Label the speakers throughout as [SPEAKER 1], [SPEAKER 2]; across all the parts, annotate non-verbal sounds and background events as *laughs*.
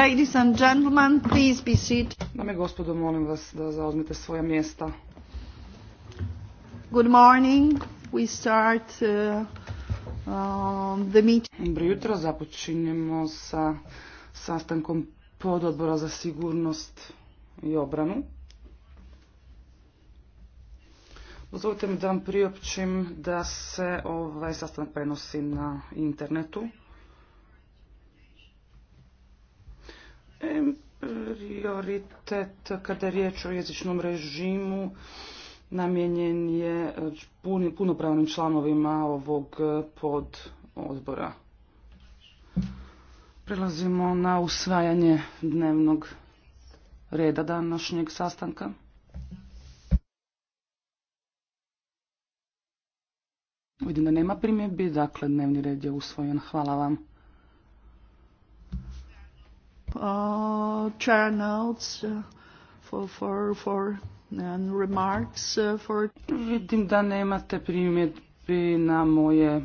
[SPEAKER 1] Ladies and gentlemen, please be seated. Dame gospodo, molim vas da zauzmete svoja mjesta. Good morning. We start uh, um, the meeting. Dobro jutro, započinjemo sa sastankom pododbora za sigurnost i obranu. Dozvolite mi da vam priopćim da se ovaj sastanak prenosi na internetu. prioritet kada je riječ o jezičnom režimu namijenjen je punopravnim članovima ovog odbora Prelazimo na usvajanje dnevnog reda današnjeg sastanka. Vidim da nema primjedbi, dakle dnevni red je usvojen. Hvala vam. Uh,
[SPEAKER 2] uh, for, for, for
[SPEAKER 1] and remarks uh, for... Vidim da nemate primjedbi na moje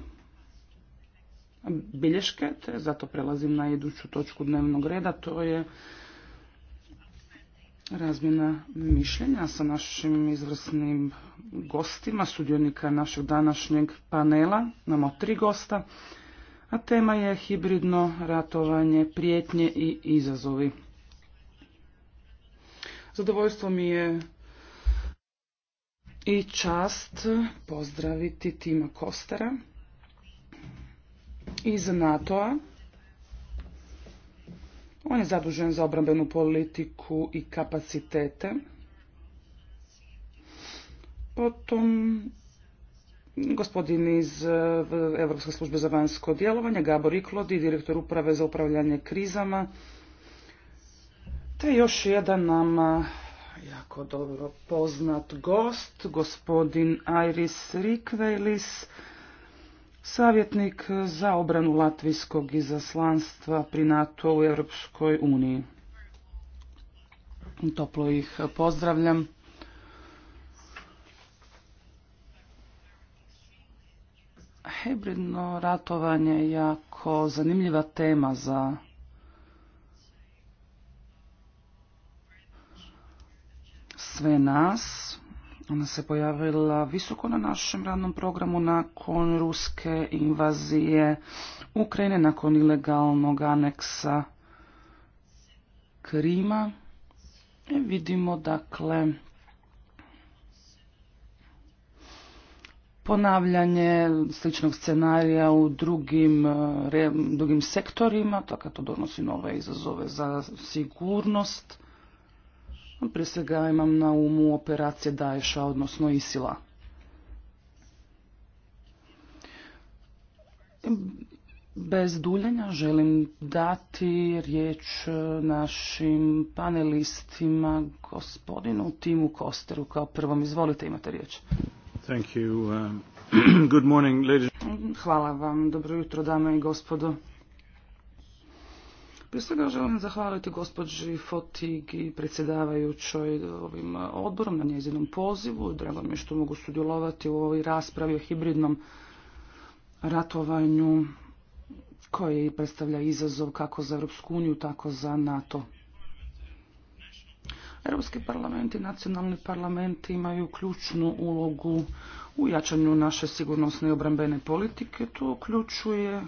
[SPEAKER 1] bilješke, te zato prelazim na iduću točku dnevnog reda, to je razmjena mišljenja sa našim izvrsnim gostima, sudionika našeg današnjeg panela. namo tri gosta a tema je hibridno ratovanje, prijetnje i izazovi. Zadovoljstvo mi je i čast pozdraviti Tima Kostara iz NATO-a. On je zadužen za obrambenu politiku i kapacitete. Potom gospodin iz Europske službe za vanjsko djelovanje, Gabor Iklodi, direktor uprave za upravljanje krizama, te još jedan nama jako dobro poznat gost, gospodin Iris Rikvelis, savjetnik za obranu latvijskog izaslanstva pri NATO u Europskoj uniji. Toplo ih pozdravljam. Hibridno ratovanje je jako zanimljiva tema za sve nas. Ona se pojavila visoko na našem radnom programu nakon ruske invazije Ukrajine, nakon ilegalnog aneksa Krima. E, vidimo dakle ponavljanje sličnog scenarija u drugim, e, drugim sektorima, tako to donosi nove izazove za sigurnost. Prije svega imam na umu operacije Daesha, odnosno Isila. Bez duljenja želim dati riječ našim panelistima, gospodinu Timu Kosteru. Kao prvom, izvolite, imate riječ. Um, *clears throat* Hvala vam, dobro jutro dame i gospodo. Prije svega želim zahvaliti gospođi Fotig predsjedavajućoj ovim odborom na njezinom pozivu. Drago mi je što mogu sudjelovati u ovoj raspravi o hibridnom ratovanju koji predstavlja izazov kako za Europsku uniju, tako za NATO. Europski parlament i nacionalni parlament imaju ključnu ulogu u jačanju naše sigurnosne i obrambene politike. To uključuje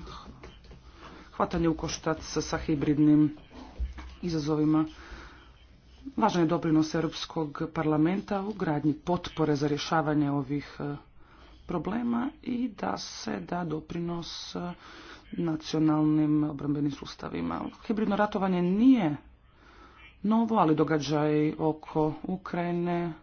[SPEAKER 1] hvatanje u koštac sa hibridnim izazovima. Važan je doprinos Europskog parlamenta u gradnji potpore za rješavanje ovih e, problema i da se da doprinos e, nacionalnim obrambenim sustavima. Hibridno ratovanje nije novo, ali događaj oko Ukrajine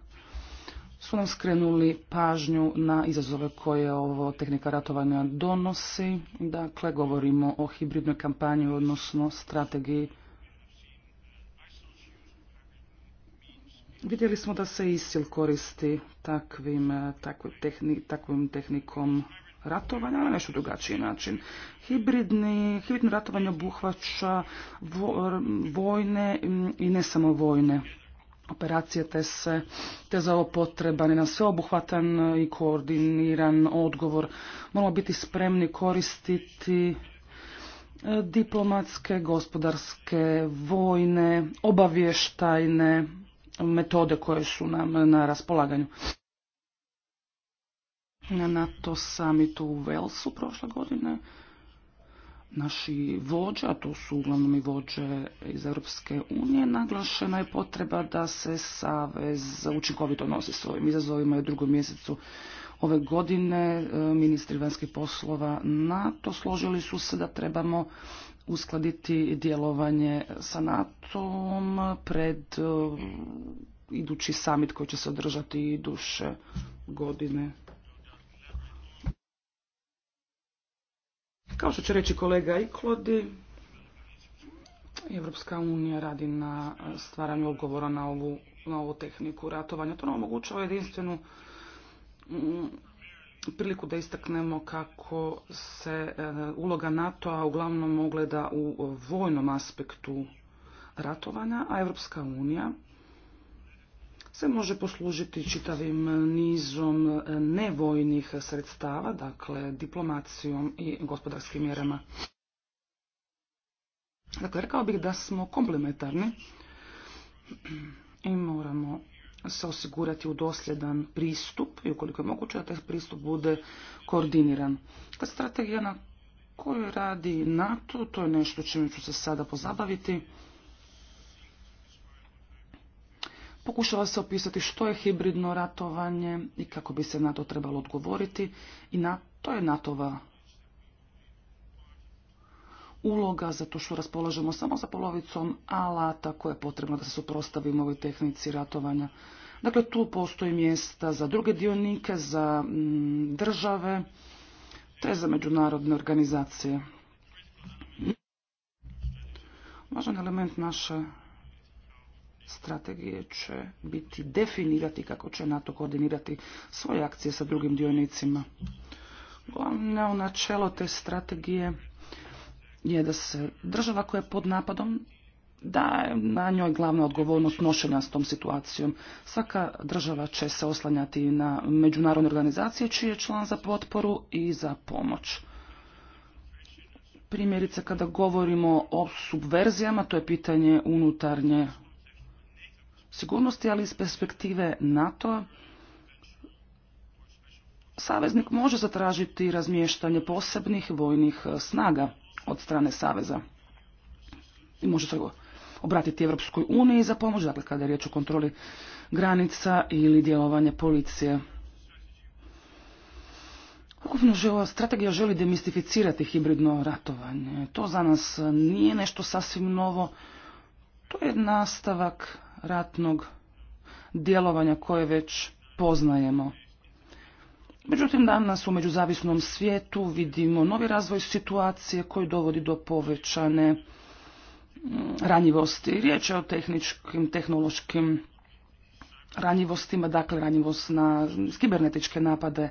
[SPEAKER 1] su nam skrenuli pažnju na izazove koje ovo tehnika ratovanja donosi. Dakle, govorimo o hibridnoj kampanji, odnosno strategiji. Vidjeli smo da se ISIL koristi takvim, takvim, takvim tehnikom ratovanja na nešto drugačiji način. Hibridni, hibridno ratovanje obuhvaća vojne i ne samo vojne operacije, te, se, te za ovo potreban i sveobuhvatan i koordiniran odgovor. Moramo biti spremni koristiti e, diplomatske, gospodarske, vojne, obavještajne metode koje su nam na raspolaganju na NATO summitu u Velsu prošle godine. Naši vođa, a to su uglavnom i vođe iz Europske unije, naglašena je potreba da se Savez učinkovito nosi s ovim izazovima i u drugom mjesecu ove godine e, ministri vanjskih poslova NATO složili su se da trebamo uskladiti djelovanje sa NATO-om pred e, idući summit koji će se održati duše godine. Kao što će reći kolega Iklodi, Evropska unija radi na stvaranju odgovora na ovu, novu tehniku ratovanja. To nam omogućava jedinstvenu mm, priliku da istaknemo kako se e, uloga NATO-a uglavnom ogleda u vojnom aspektu ratovanja, a Evropska unija se može poslužiti čitavim nizom e, nevojnih sredstava, dakle diplomacijom i gospodarskim mjerama. Dakle, rekao bih da smo komplementarni i moramo se osigurati u dosljedan pristup i ukoliko je moguće da taj pristup bude koordiniran. Ta strategija na kojoj radi NATO, to je nešto čime ću se sada pozabaviti. Pokušava se opisati što je hibridno ratovanje i kako bi se na to trebalo odgovoriti i na to je NATO-va uloga, zato što raspolažemo samo za polovicom alata koje je potrebno da se suprostavimo ovoj tehnici ratovanja. Dakle, tu postoji mjesta za druge dionike, za mm, države, te za međunarodne organizacije. Važan element naše strategije će biti definirati kako će NATO koordinirati svoje akcije sa drugim dionicima. Glavno načelo te strategije je da se država koja je pod napadom da je na njoj glavna odgovornost nošenja s tom situacijom. Svaka država će se oslanjati na međunarodne organizacije čiji je član za potporu i za pomoć. Primjerice kada govorimo o subverzijama, to je pitanje unutarnje sigurnosti, ali iz perspektive NATO saveznik može zatražiti razmještanje posebnih vojnih e, snaga od strane saveza. I može se obratiti Europskoj uniji za pomoć, dakle kada je riječ o kontroli granica ili djelovanje policije. Ukupno strategija želi demistificirati hibridno ratovanje. To za nas nije nešto sasvim novo. To je nastavak ratnog djelovanja koje već poznajemo. Međutim, danas u međuzavisnom svijetu vidimo novi razvoj situacije koji dovodi do povećane mm, ranjivosti. Riječ je o tehničkim, tehnološkim ranjivostima, dakle ranjivost na kibernetičke napade.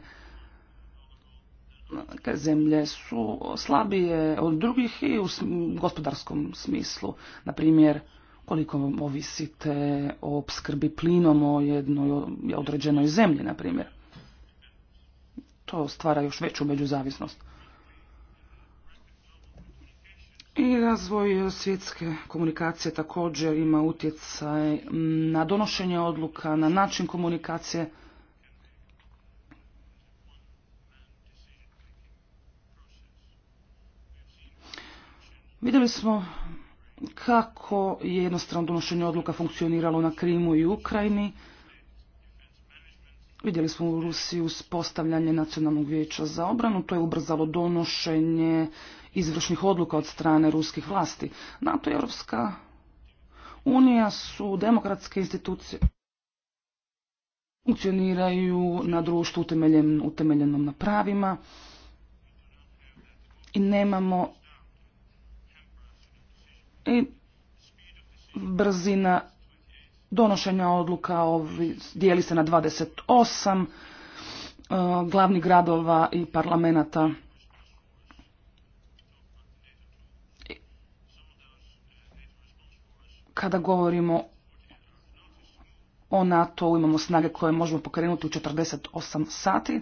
[SPEAKER 1] Zemlje su slabije od drugih i u gospodarskom smislu. Na primjer, koliko ovisite o opskrbi plinom o jednoj određenoj zemlji, na primjer. To stvara još veću međuzavisnost. I razvoj svjetske komunikacije također ima utjecaj na donošenje odluka, na način komunikacije. Vidjeli smo kako je jednostrano donošenje odluka funkcioniralo na Krimu i Ukrajini. Vidjeli smo u Rusiji uspostavljanje Nacionalnog vijeća za obranu, to je ubrzalo donošenje izvršnih odluka od strane ruskih vlasti. NATO i Europska unija su demokratske institucije. Funkcioniraju na društvu utemeljenom na pravima i nemamo i brzina donošenja odluka dijeli se na 28 e, glavnih gradova i parlamenta. Kada govorimo o NATO imamo snage koje možemo pokrenuti u 48 sati.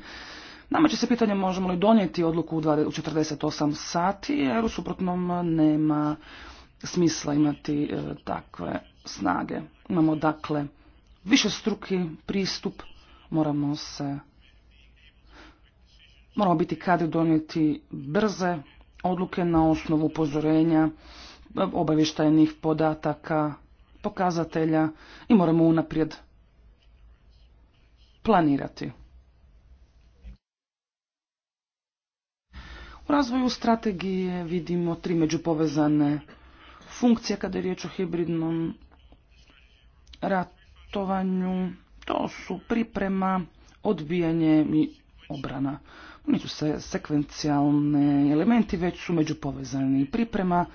[SPEAKER 1] Nama će se pitanje možemo li donijeti odluku u 48 sati, jer u suprotnom nema smisla imati e, takve snage. Imamo dakle višestruki pristup, moramo se moramo biti kada donijeti brze odluke na osnovu upozorenja, obavještajnih podataka, pokazatelja i moramo unaprijed planirati. U razvoju strategije vidimo tri međupovezane funkcija kada je riječ o hibridnom ratovanju. To su priprema, odbijanje i obrana. Nisu se sekvencijalne elementi, već su međupovezani. Priprema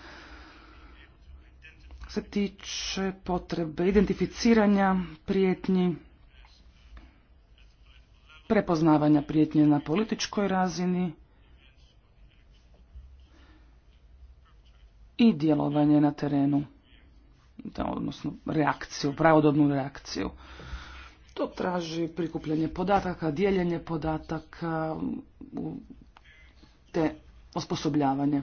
[SPEAKER 1] se tiče potrebe identificiranja prijetnji, prepoznavanja prijetnje na političkoj razini, i djelovanje na terenu, da, odnosno reakciju, pravodobnu reakciju. To traži prikupljanje podataka, dijeljenje podataka, te osposobljavanje.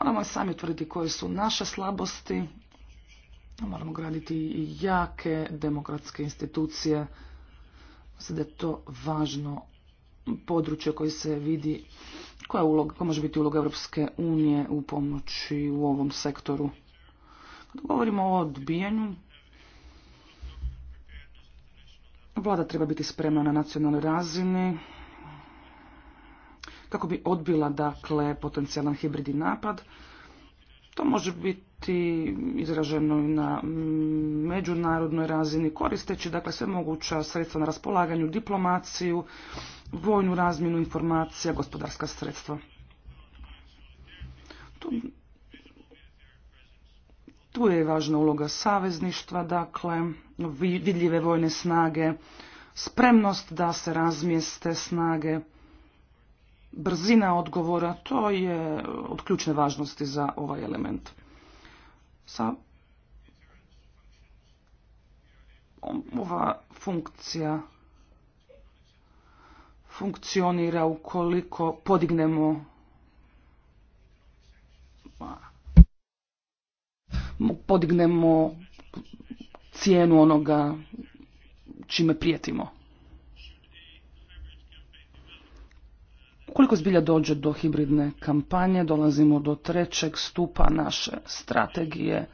[SPEAKER 1] Moramo sami tvrditi koje su naše slabosti, moramo graditi jake demokratske institucije, mislim je to važno područje koje se vidi koja uloga, može biti uloga Europske unije u pomoći u ovom sektoru? Kada govorimo o odbijanju, vlada treba biti spremna na nacionalnoj razini kako bi odbila dakle potencijalan hibridni napad. To može biti izraženo i na međunarodnoj razini koristeći dakle sve moguća sredstva na raspolaganju, diplomaciju, vojnu razmjenu informacija, gospodarska sredstva. Tu, je važna uloga savezništva, dakle, vidljive vojne snage, spremnost da se razmjeste snage, brzina odgovora, to je od ključne važnosti za ovaj element. Sa ova funkcija funkcionira ukoliko podignemo podignemo cijenu onoga čime prijetimo. Ukoliko zbilja dođe do hibridne kampanje, dolazimo do trećeg stupa naše strategije.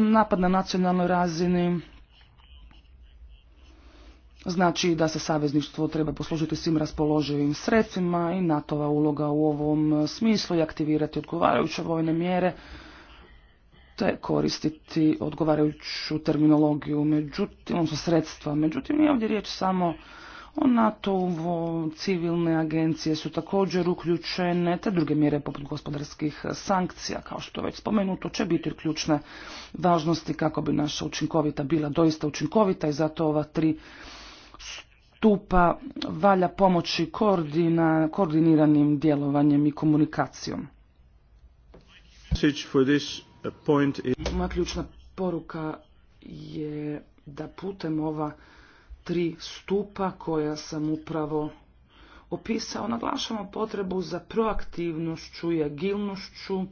[SPEAKER 1] Napad na nacionalnoj razini, Znači da se savezništvo treba poslužiti svim raspoloživim sredstvima i NATO-va uloga u ovom smislu i aktivirati odgovarajuće vojne mjere te koristiti odgovarajuću terminologiju, međutim, odnosno sredstva. Međutim, nije ovdje riječ samo o NATO, civilne agencije su također uključene, te druge mjere poput gospodarskih sankcija, kao što je već spomenuto, će biti ključne važnosti kako bi naša učinkovita bila doista učinkovita i zato ova tri stupa valja pomoći koordina, koordiniranim djelovanjem i komunikacijom. Moja ključna poruka je da putem ova tri stupa koja sam upravo opisao naglašamo potrebu za proaktivnošću i agilnošću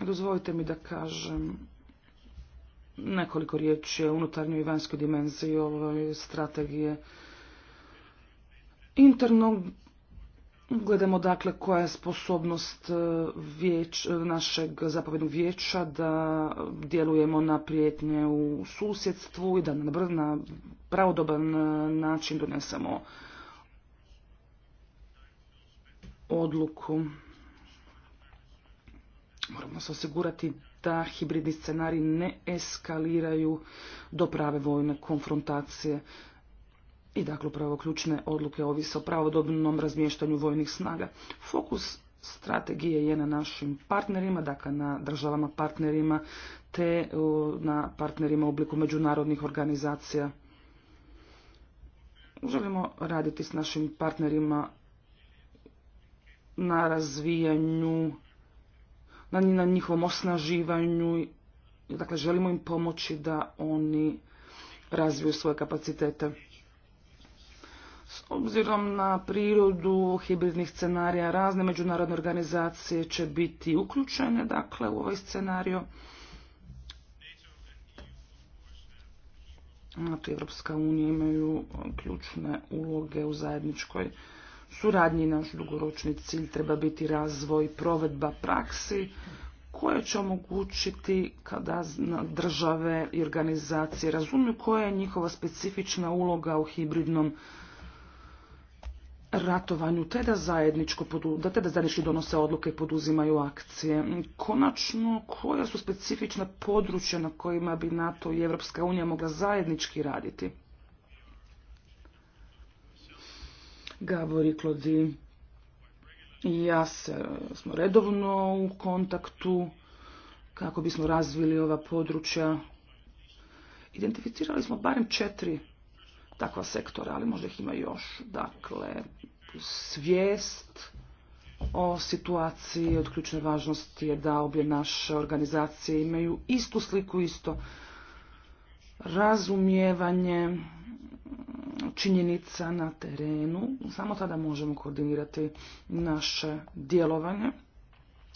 [SPEAKER 1] Dozvolite mi da kažem nekoliko riječi o unutarnjoj i vanjskoj dimenziji ovoj strategije. Interno gledamo dakle koja je sposobnost e, e, našeg zapovjednog vijeća da djelujemo na prijetnje u susjedstvu i da na pravodoban e, način donesemo odluku. Moramo se osigurati da hibridni scenariji ne eskaliraju do prave vojne konfrontacije. I dakle, upravo ključne odluke ovise o pravodobnom razmještanju vojnih snaga. Fokus strategije je na našim partnerima, dakle na državama partnerima, te na partnerima u obliku međunarodnih organizacija. Želimo raditi s našim partnerima na razvijanju na njihovom osnaživanju. Dakle, želimo im pomoći da oni razviju svoje kapacitete. S obzirom na prirodu hibridnih scenarija, razne međunarodne organizacije će biti uključene dakle, u ovaj scenario. NATO i Europska unija imaju ključne uloge u zajedničkoj suradnji. Naš dugoročni cilj treba biti razvoj i provedba praksi koje će omogućiti kada države i organizacije razumiju koja je njihova specifična uloga u hibridnom ratovanju, te da, zajedničko, da te da zajednički donose odluke i poduzimaju akcije. Konačno, koja su specifična područja na kojima bi NATO i Europska unija mogla zajednički raditi? Gabor i i ja smo redovno u kontaktu kako bismo razvili ova područja. Identificirali smo barem četiri takva sektora, ali možda ih ima još. Dakle, svijest o situaciji od ključne važnosti je da obje naše organizacije imaju istu sliku, isto razumijevanje činjenica na terenu, samo tada možemo koordinirati naše djelovanje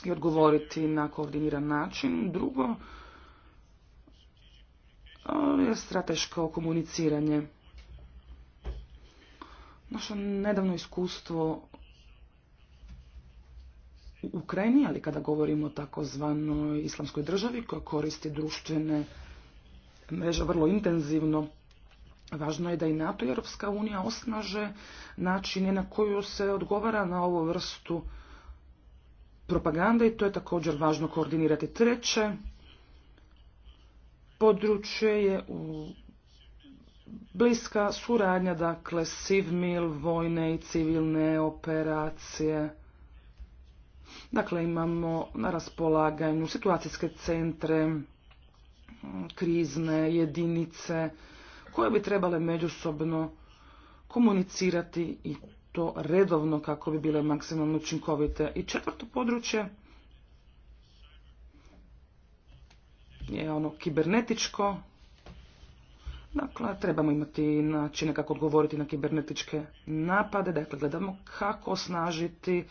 [SPEAKER 1] i odgovoriti na koordiniran način. Drugo je strateško komuniciranje. Naše nedavno iskustvo u Ukrajini, ali kada govorimo o takozvanoj islamskoj državi koja koristi društvene mreže vrlo intenzivno, Važno je da i NATO i Europska unija osnaže načine na koju se odgovara na ovu vrstu propagande i to je također važno koordinirati. Treće područje je u bliska suradnja, dakle mil vojne i civilne operacije. Dakle, imamo na raspolaganju situacijske centre, krizne jedinice, koje bi trebale međusobno komunicirati i to redovno kako bi bile maksimalno učinkovite. I četvrto područje je ono kibernetičko. Dakle, trebamo imati načine kako odgovoriti na kibernetičke napade. Dakle, gledamo kako osnažiti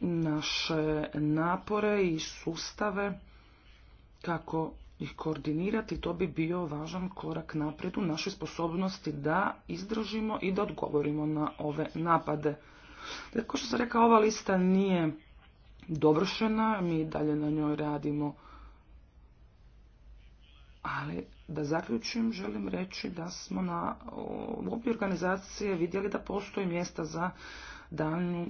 [SPEAKER 1] naše napore i sustave kako ih koordinirati, to bi bio važan korak naprijed u našoj sposobnosti da izdržimo i da odgovorimo na ove napade. Tako e, što sam rekao, ova lista nije dovršena, mi dalje na njoj radimo. Ali, da zaključim, želim reći da smo na, u organizacije vidjeli da postoji mjesta za danju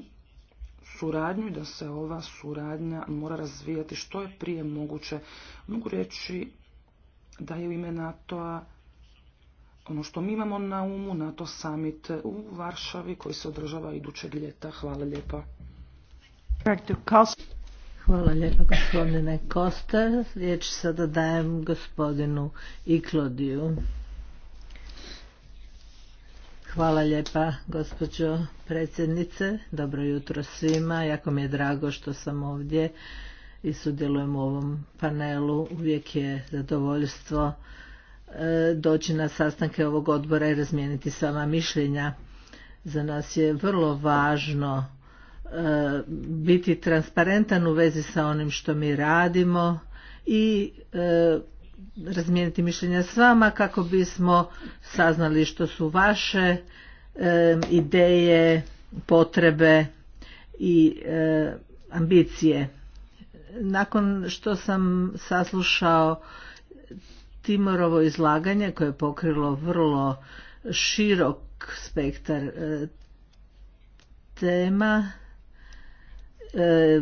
[SPEAKER 1] suradnju da se ova suradnja mora razvijati što je prije moguće. Mogu reći da je u ime NATO-a ono što mi imamo na umu, NATO summit u Varšavi koji se održava idućeg ljeta. Hvala lijepa.
[SPEAKER 2] Hvala lijepa gospodine Koster. Riječ sada dajem gospodinu Iklodiju. Hvala lijepa gospođo predsjednice, dobro jutro svima, jako mi je drago što sam ovdje i sudjelujem u ovom panelu, uvijek je zadovoljstvo e, doći na sastanke ovog odbora i razmijeniti s mišljenja. Za nas je vrlo važno e, biti transparentan u vezi sa onim što mi radimo i e, razmijeniti mišljenja s vama kako bismo saznali što su vaše ideje, potrebe i ambicije. Nakon što sam saslušao Timorovo izlaganje koje je pokrilo vrlo širok spektar e, tema, e,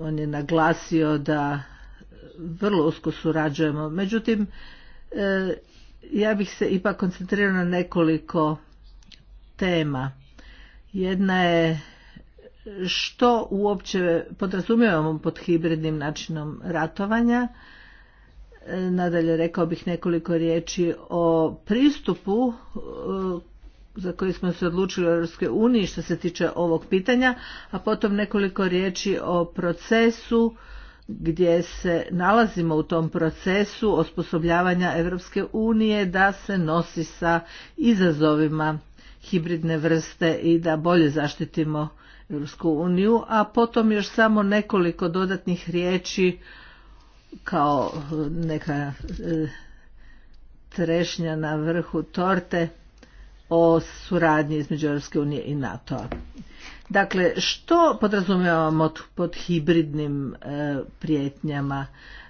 [SPEAKER 2] on je naglasio da vrlo usko surađujemo. Međutim, e, ja bih se ipak koncentrirao na nekoliko tema. Jedna je što uopće podrazumijevamo pod hibridnim načinom ratovanja. E, nadalje rekao bih nekoliko riječi o pristupu e, za koji smo se odlučili u EU uniji što se tiče ovog pitanja, a potom nekoliko riječi o procesu gdje se nalazimo u tom procesu osposobljavanja Europske unije da se nosi sa izazovima hibridne vrste i da bolje zaštitimo Europsku uniju, a potom još samo nekoliko dodatnih riječi kao e, neka e, trešnja na vrhu torte o suradnji između Europske unije i NATO-a. Dakle, što podrazumijevamo pod hibridnim e, prijetnjama?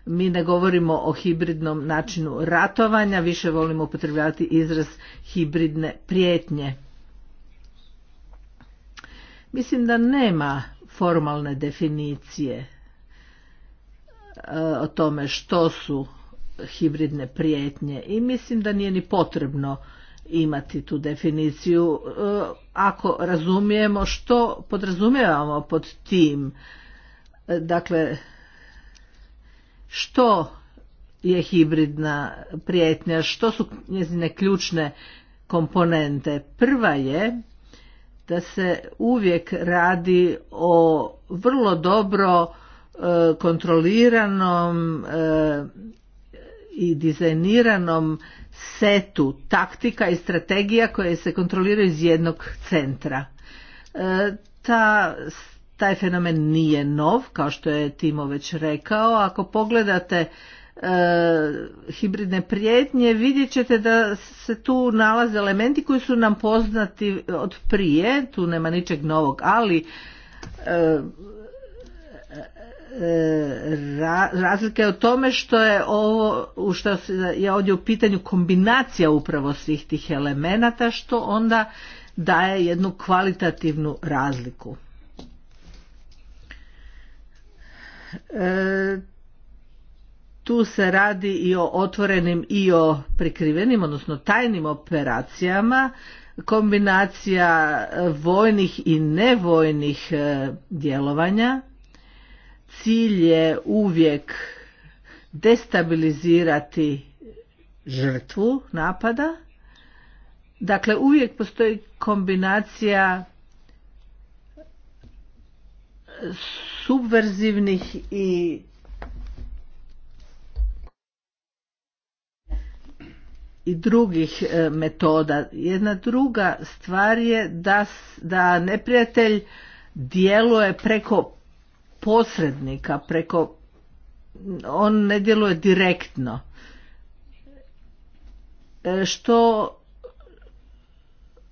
[SPEAKER 2] Mi ne govorimo o hibridnom načinu ratovanja, više volimo upotrebljavati izraz hibridne prijetnje. Mislim da nema formalne definicije e, o tome što su hibridne prijetnje i mislim da nije ni potrebno imati tu definiciju e, ako razumijemo što podrazumijevamo pod tim e, dakle što je hibridna prijetnja što su njezine ključne komponente prva je da se uvijek radi o vrlo dobro e, kontroliranom i dizajniranom setu taktika i strategija koje se kontroliraju iz jednog centra. E, ta, taj fenomen nije nov, kao što je Timo već rekao. Ako pogledate e, hibridne prijetnje, vidjet ćete da se tu nalaze elementi koji su nam poznati od prije, tu nema ničeg novog, ali e, E, razlika je u tome što je ovo što je ovdje u pitanju kombinacija upravo svih tih elemenata što onda daje jednu kvalitativnu razliku. E, tu se radi i o otvorenim i o prikrivenim, odnosno tajnim operacijama, kombinacija vojnih i nevojnih e, djelovanja cilj je uvijek destabilizirati žrtvu napada. Dakle, uvijek postoji kombinacija subverzivnih i i drugih e, metoda. Jedna druga stvar je da, da neprijatelj djeluje preko posrednika preko on ne djeluje direktno e, što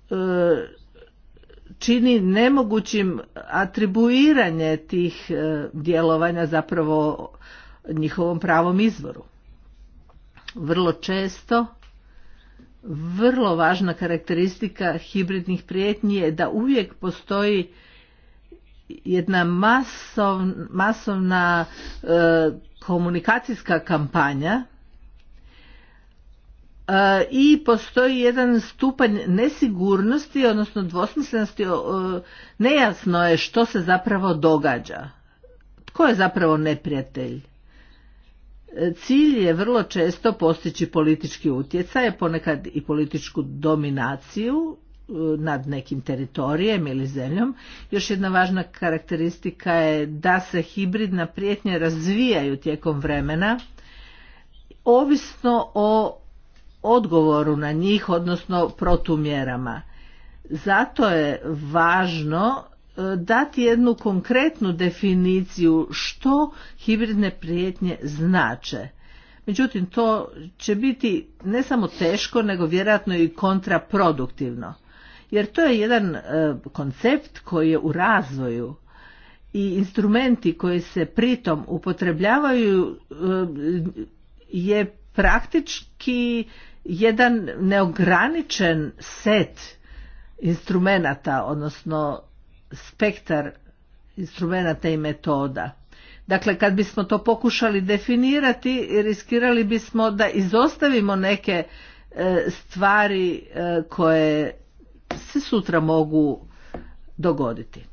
[SPEAKER 2] e, čini nemogućim atribuiranje tih e, djelovanja zapravo njihovom pravom izvoru. Vrlo često vrlo važna karakteristika hibridnih prijetnji je da uvijek postoji jedna masovna, masovna e, komunikacijska kampanja e, i postoji jedan stupanj nesigurnosti odnosno dvosmislenosti nejasno je što se zapravo događa tko je zapravo neprijatelj e, cilj je vrlo često postići politički utjecaj ponekad i političku dominaciju nad nekim teritorijem ili zemljom. Još jedna važna karakteristika je da se hibridna prijetnja razvijaju tijekom vremena ovisno o odgovoru na njih, odnosno protumjerama. Zato je važno e, dati jednu konkretnu definiciju što hibridne prijetnje znače. Međutim, to će biti ne samo teško, nego vjerojatno i kontraproduktivno jer to je jedan e, koncept koji je u razvoju i instrumenti koji se pritom upotrebljavaju e, je praktički jedan neograničen set instrumenata, odnosno spektar instrumenata i metoda. Dakle, kad bismo to pokušali definirati, riskirali bismo da izostavimo neke e, stvari koje se sutra mogu dogoditi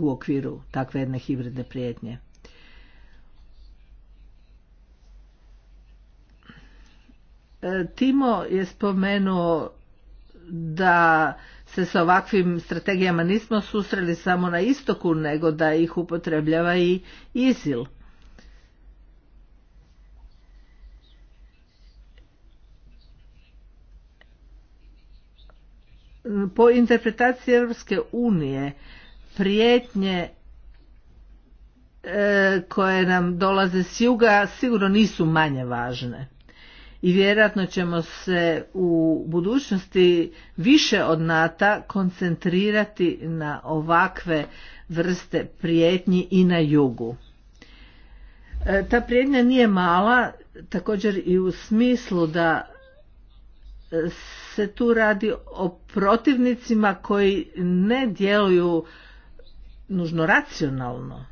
[SPEAKER 2] u okviru takve jedne hibridne prijetnje. E, Timo je spomenuo da se sa ovakvim strategijama nismo susreli samo na istoku, nego da ih upotrebljava i ISIL. po interpretaciji Europske unije prijetnje e, koje nam dolaze s juga sigurno nisu manje važne i vjerojatno ćemo se u budućnosti više od NATO koncentrirati na ovakve vrste prijetnji i na jugu. E, ta prijetnja nije mala, također i u smislu da se tu radi o protivnicima koji ne djeluju nužno racionalno.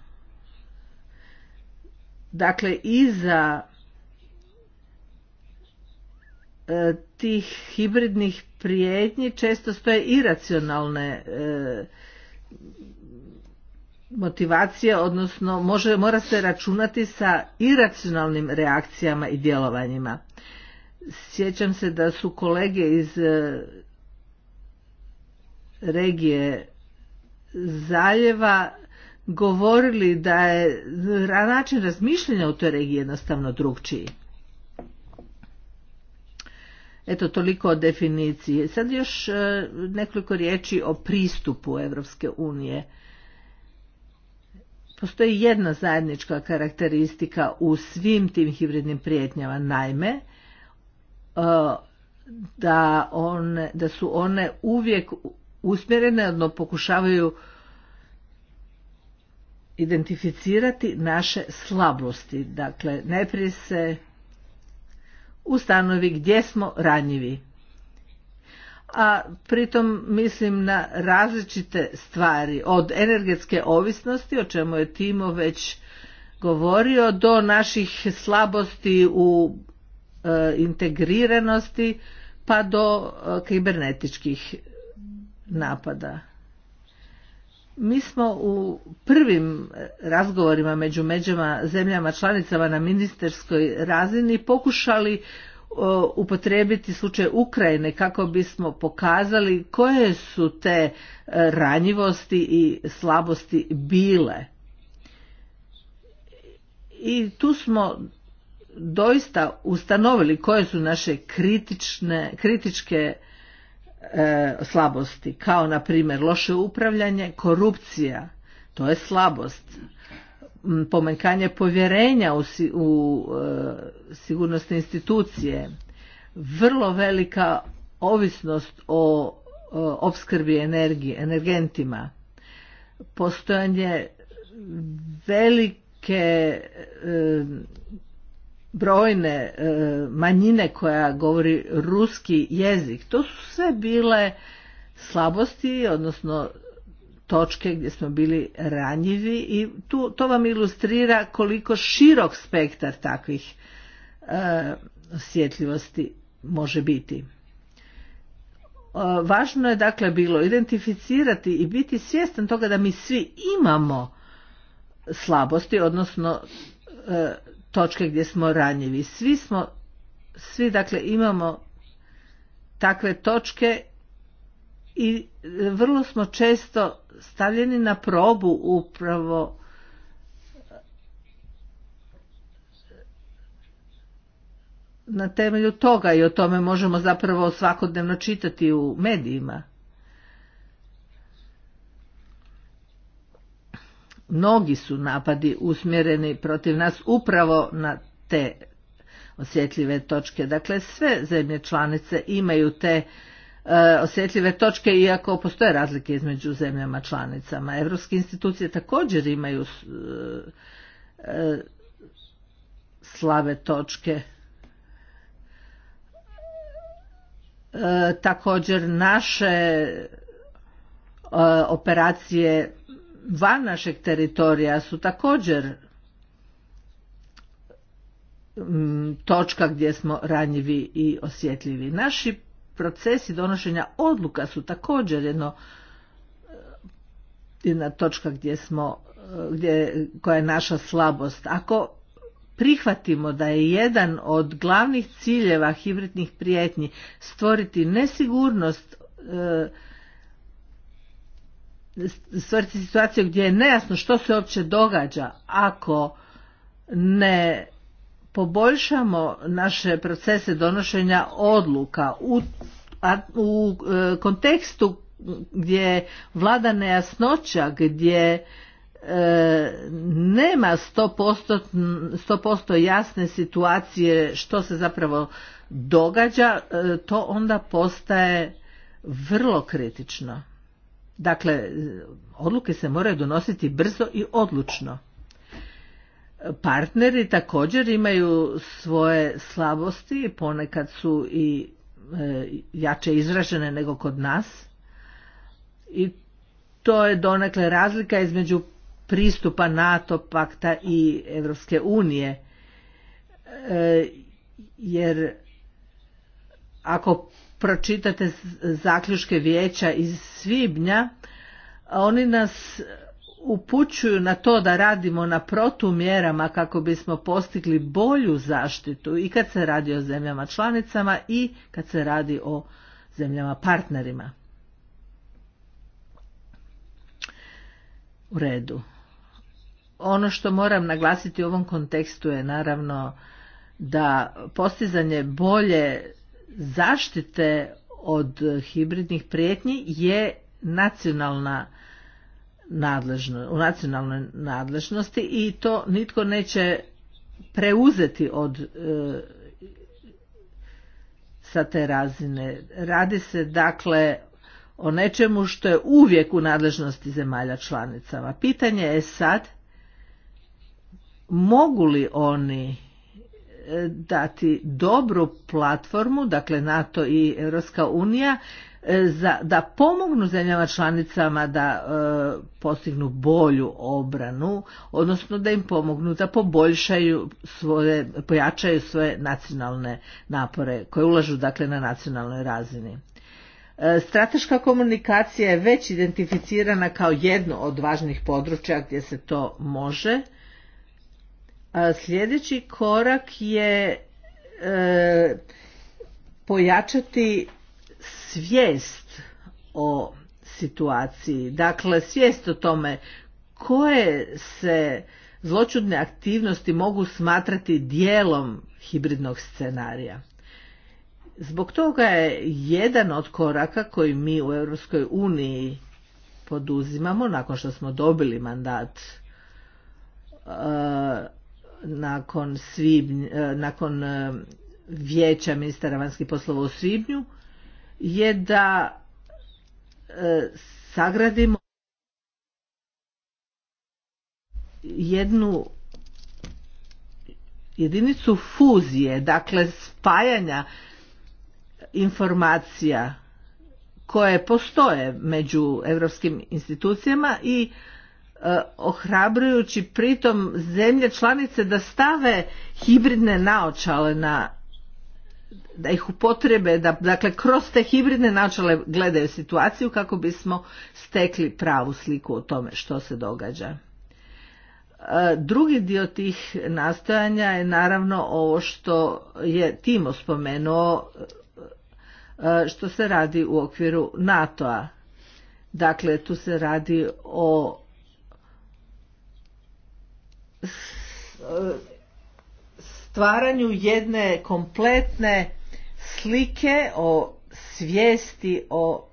[SPEAKER 2] Dakle, iza e, tih hibridnih prijetnji često stoje iracionalne e, motivacije, odnosno može, mora se računati sa iracionalnim reakcijama i djelovanjima. Sjećam se da su kolege iz e, regije zaljeva govorili da je način razmišljanja u toj regiji jednostavno drugčiji. Eto, toliko o definiciji. Sad još e, nekoliko riječi o pristupu Evropske unije. Postoji jedna zajednička karakteristika u svim tim hibridnim prijetnjama. Naime, E, da, one, da su one uvijek usmjerene, odno pokušavaju identificirati naše slabosti. Dakle, najprije se ustanovi gdje smo ranjivi. A pritom mislim na različite stvari, od energetske ovisnosti, o čemu je Timo već govorio, do naših slabosti u Eh, integriranosti pa do eh, kibernetičkih napada. Mi smo u prvim eh, razgovorima među međama zemljama članicama na ministerskoj razini pokušali upotrijebiti slučaj Ukrajine kako bismo pokazali koje su te ranjivosti i slabosti bile. I tu smo doista ustanovili koje su naše kritične, kritičke e, slabosti, kao na primjer loše upravljanje, korupcija, to je slabost, mm, pomenkanje povjerenja u, e, sigurnosne institucije, vrlo velika ovisnost o opskrbi energije, energentima, postojanje velike e, brojne e, manjine koja govori ruski jezik. To su sve bile slabosti, odnosno točke gdje smo bili ranjivi i tu, to vam ilustrira koliko širok spektar takvih e, osjetljivosti može biti. E, važno je dakle bilo identificirati i biti svjestan toga da mi svi imamo slabosti, odnosno e, točke gdje smo ranjivi. Svi smo, svi dakle imamo takve točke i vrlo smo često stavljeni na probu upravo na temelju toga i o tome možemo zapravo svakodnevno čitati u medijima. mnogi su napadi usmjereni protiv nas upravo na te osjetljive točke. Dakle, sve zemlje članice imaju te e, osjetljive točke, iako postoje razlike između zemljama članicama. Europske institucije također imaju e, e slabe točke. E, također naše operacije van našeg teritorija su također mm, točka gdje smo ranjivi i osjetljivi. Naši procesi donošenja odluka su također jedno eh, jedna točka gdje smo eh, gdje, koja je naša slabost. Ako prihvatimo da je jedan od glavnih ciljeva hibridnih prijetnji stvoriti nesigurnost eh, stvoriti situaciju gdje je nejasno što se uopće događa ako ne poboljšamo naše procese donošenja odluka u, u e, kontekstu gdje vlada nejasnoća, gdje e, nema 100%, 100% jasne situacije što se zapravo događa, e, to onda postaje vrlo kritično. Dakle, odluke se moraju donositi brzo i odlučno. Partneri također imaju svoje slabosti, ponekad su i e, jače izražene nego kod nas. I to je donekle razlika između pristupa NATO pakta i Europske unije. E, jer ako pročitate zaključke vijeća iz svibnja, oni nas upućuju na to da radimo na protumjerama kako bismo postigli bolju zaštitu i kad se radi o zemljama članicama i kad se radi o zemljama partnerima. U redu. Ono što moram naglasiti u ovom kontekstu je naravno da postizanje bolje zaštite od hibridnih prijetnji je nacionalna u nacionalnoj nadležnosti i to nitko neće preuzeti od e, sa te razine. Radi se dakle o nečemu što je uvijek u nadležnosti zemalja članicama. Pitanje je sad mogu li oni dati dobru platformu, dakle NATO i Europska unija, e, za, da pomognu zemljama članicama da e, postignu bolju obranu, odnosno da im pomognu da poboljšaju svoje, pojačaju svoje nacionalne napore koje ulažu dakle na nacionalnoj razini. E, strateška komunikacija je već identificirana kao jedno od važnih područja gdje se to može Sljedeći korak je e, pojačati svijest o situaciji. Dakle, svijest o tome koje se zločudne aktivnosti mogu smatrati dijelom hibridnog scenarija. Zbog toga je jedan od koraka koji mi u Europskoj uniji poduzimamo nakon što smo dobili mandat e, nakon, svibnj, e, nakon e, vijeća ministara vanjskih poslova u svibnju je da e, sagradimo jednu jedinicu fuzije, dakle spajanja informacija koje postoje među europskim institucijama i E, ohrabrujući pritom zemlje članice da stave hibridne naočale na da ih upotrebe, da dakle kroz te hibridne naočale gledaju situaciju kako bismo stekli pravu sliku o tome što se događa. E, drugi dio tih nastojanja je naravno ovo što je Timo spomenuo e, što se radi u okviru NATO-a. Dakle, tu se radi o stvaranju jedne kompletne slike o svijesti o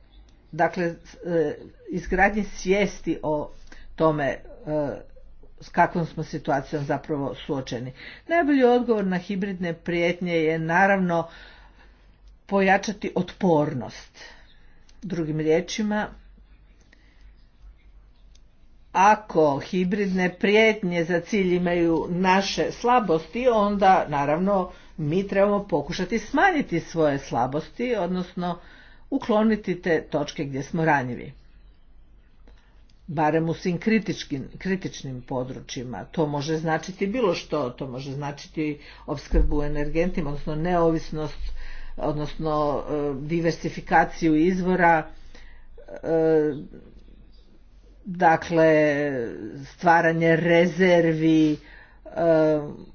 [SPEAKER 2] dakle e, izgradnji svijesti o tome e, s kakvom smo situacijom zapravo suočeni. Najbolji odgovor na hibridne prijetnje je naravno pojačati otpornost. Drugim riječima, ako hibridne prijetnje za cilj imaju naše slabosti, onda naravno mi trebamo pokušati smanjiti svoje slabosti, odnosno ukloniti te točke gdje smo ranjivi. Barem u svim kritičnim područjima. To može značiti bilo što, to može značiti opskrbu energentima, odnosno neovisnost, odnosno e, diversifikaciju izvora, e, dakle stvaranje rezervi um,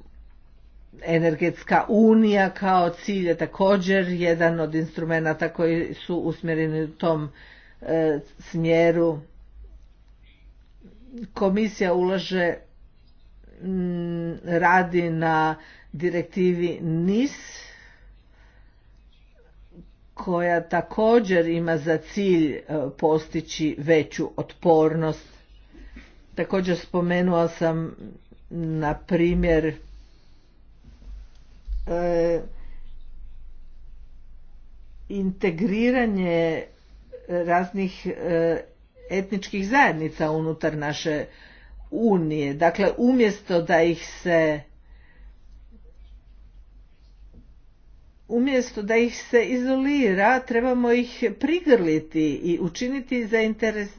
[SPEAKER 2] energetska unija kao cilj je također jedan od instrumenata koji su usmjereni u tom uh, smjeru komisija ulaže mm, radi na direktivi NIS koja također ima za cilj e, postići veću otpornost. Također spomenuo sam na primjer e, integriranje raznih e, etničkih zajednica unutar naše unije. Dakle, umjesto da ih se umjesto da ih se izolira, trebamo ih prigrliti i učiniti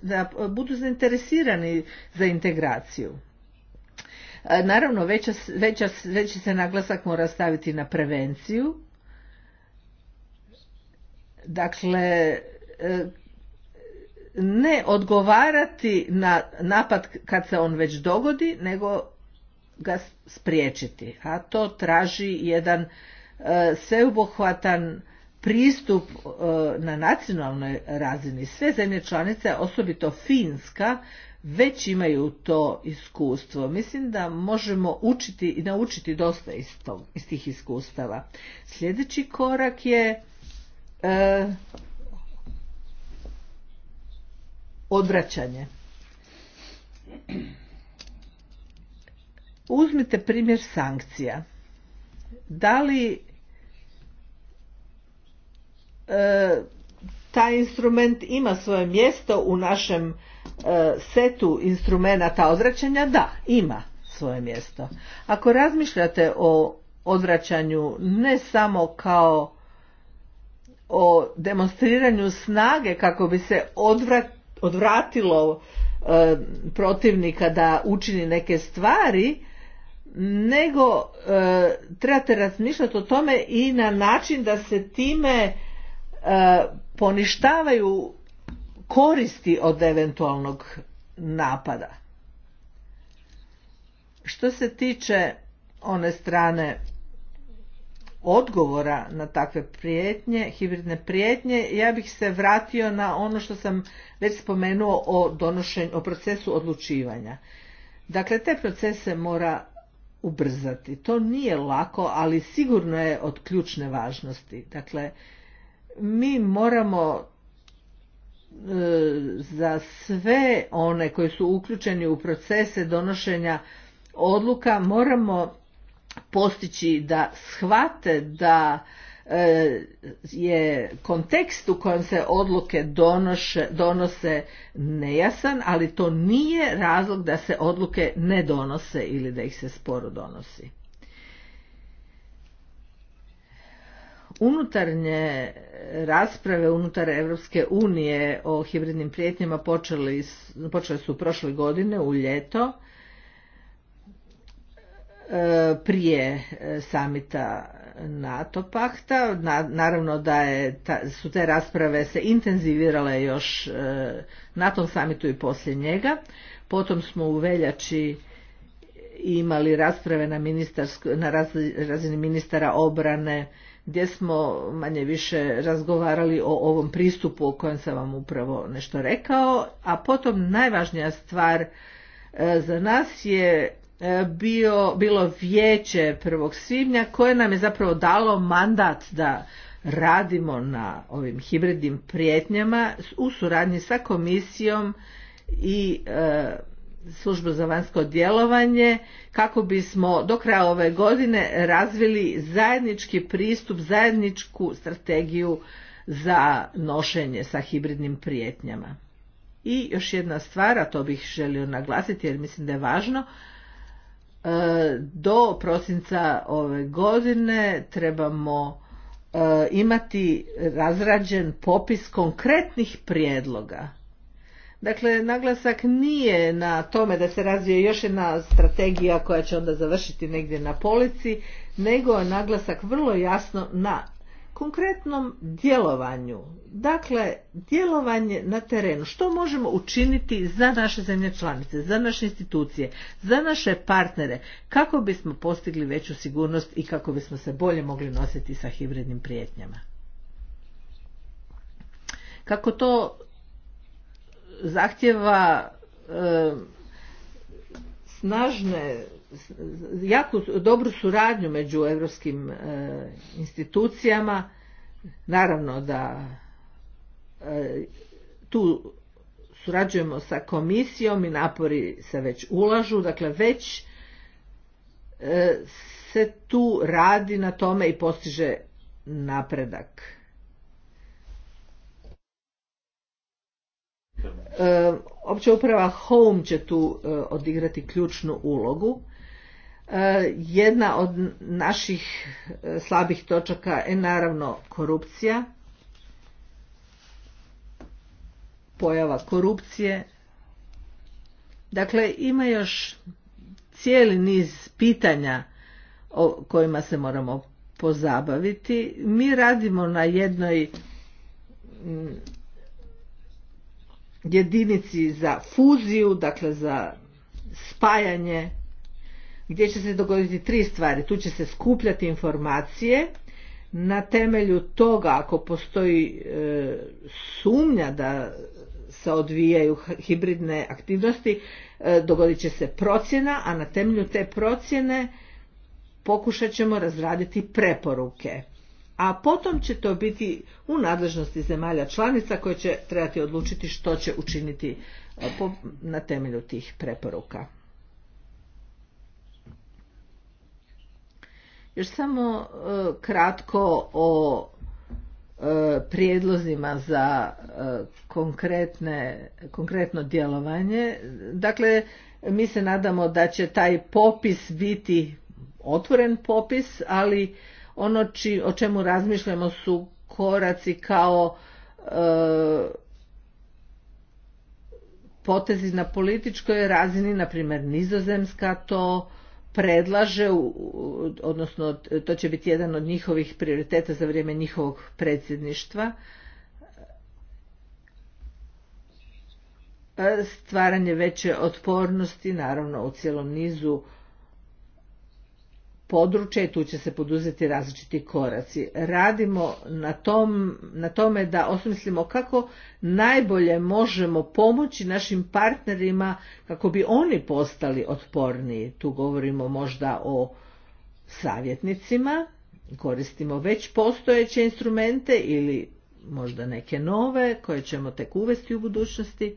[SPEAKER 2] da budu zainteresirani za integraciju. Naravno, veća, veća, veći se naglasak mora staviti na prevenciju. Dakle, e, ne odgovarati na napad kad se on već dogodi, nego ga spriječiti. A to traži jedan E, sveobuhvatan pristup e, na nacionalnoj razini. Sve zemlje članice, osobito Finska, već imaju to iskustvo. Mislim da možemo učiti i naučiti dosta iz, iz tih iskustava. Sljedeći korak je e, odvraćanje. Uzmite primjer sankcija da li e, taj instrument ima svoje mjesto u našem e, setu instrumenata odvraćanja da ima svoje mjesto ako razmišljate o odvraćanju ne samo kao o demonstriranju snage kako bi se odvrat, odvratilo e, protivnika da učini neke stvari nego e, trebate razmišljati o tome i na način da se time e, poništavaju koristi od eventualnog napada. Što se tiče one strane odgovora na takve prijetnje, hibridne prijetnje, ja bih se vratio na ono što sam već spomenuo o, donošenju, o procesu odlučivanja. Dakle, te procese mora ubrzati. To nije lako, ali sigurno je od ključne važnosti. Dakle, mi moramo e, za sve one koji su uključeni u procese donošenja odluka moramo postići da shvate da E, je kontekst u kojem se odluke donoše, donose nejasan, ali to nije razlog da se odluke ne donose ili da ih se sporo donosi. Unutarnje rasprave unutar Europske unije o hibridnim prijetnjama počele su prošle godine u ljeto E, prije e, samita NATO pakta. Naravno da je, su te rasprave se intenzivirale još e, na tom samitu i poslije njega. Potom smo u veljači imali rasprave na, na razini ministara obrane gdje smo manje više razgovarali o ovom pristupu o kojem sam vam upravo nešto rekao, a potom najvažnija stvar za nas je E, bio, bilo vijeće 1. svibnja koje nam je zapravo dalo mandat da radimo na ovim hibridnim prijetnjama u suradnji sa komisijom i e, za vanjsko djelovanje kako bismo do kraja ove godine razvili zajednički pristup, zajedničku strategiju za nošenje sa hibridnim prijetnjama. I još jedna stvar, a to bih želio naglasiti jer mislim da je važno, E, do prosinca ove godine trebamo e, imati razrađen popis konkretnih prijedloga. Dakle, naglasak nije na tome da se razvije još jedna strategija koja će onda završiti negdje na polici, nego je naglasak vrlo jasno na konkretnom djelovanju. Dakle, djelovanje na terenu. Što možemo učiniti za naše zemlje članice, za naše institucije, za naše partnere, kako bismo postigli veću sigurnost i kako bismo se bolje mogli nositi sa hibridnim prijetnjama. Kako to zahtjeva e, snažne jako dobru suradnju među europskim e, institucijama. Naravno da e, tu surađujemo sa komisijom i napori se već ulažu, dakle već e, se tu radi na tome i postiže napredak. Opća uprava Home će tu odigrati ključnu ulogu. E, jedna od naših e, slabih točaka je naravno korupcija, pojava korupcije. Dakle, ima još cijeli niz pitanja o kojima se moramo pozabaviti. Mi radimo na jednoj jedinici za fuziju, dakle za spajanje gdje će se dogoditi tri stvari. Tu će se skupljati informacije, na temelju toga ako postoji e, sumnja da se odvijaju hibridne aktivnosti, e, dogodit će se procjena, a na temelju te procjene pokušat ćemo razraditi preporuke. A potom će to biti u nadležnosti zemalja članica koje će trebati odlučiti što će učiniti e, na temelju tih preporuka. Još samo e, kratko o e, prijedlozima za e, konkretne, konkretno djelovanje. Dakle, mi se nadamo da će taj popis biti otvoren popis, ali ono o čemu razmišljamo su koraci kao potezi na političkoj razini, na primjer Nizozemska to predlaže, odnosno to će biti jedan od njihovih prioriteta za vrijeme njihovog predsjedništva, e, stvaranje veće otpornosti, naravno u cijelom nizu područja i tu će se poduzeti različiti koraci. Radimo na, tom, na tome da osmislimo kako najbolje možemo pomoći našim partnerima kako bi oni postali otporniji. Tu govorimo možda o savjetnicima, koristimo već postojeće instrumente ili možda neke nove koje ćemo tek uvesti u budućnosti.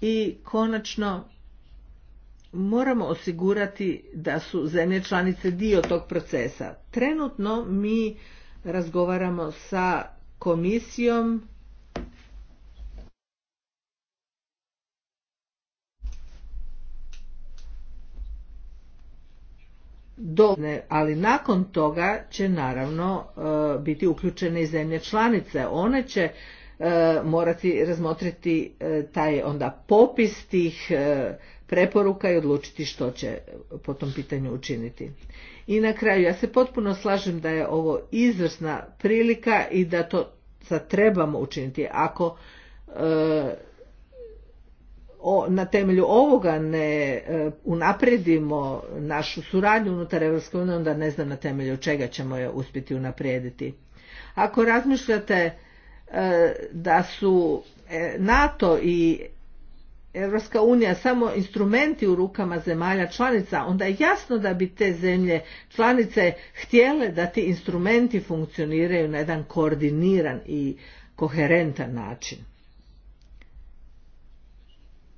[SPEAKER 2] I konačno moramo osigurati da su zemlje članice dio tog procesa. Trenutno mi razgovaramo sa komisijom done ali nakon toga će naravno e, biti uključene i zemlje članice. One će e, morati razmotriti e, taj onda popis tih preporuka i odlučiti što će po tom pitanju učiniti. I na kraju, ja se potpuno slažem da je ovo izvrsna prilika i da to sad trebamo učiniti. Ako e, na temelju ovoga ne e, unaprijedimo našu suradnju unutar EU, onda ne znam na temelju čega ćemo je uspjeti unaprijediti. Ako razmišljate e, da su e, NATO i Europska unija samo instrumenti u rukama zemalja članica, onda je jasno da bi te zemlje članice htjele da ti instrumenti funkcioniraju na jedan koordiniran i koherentan način.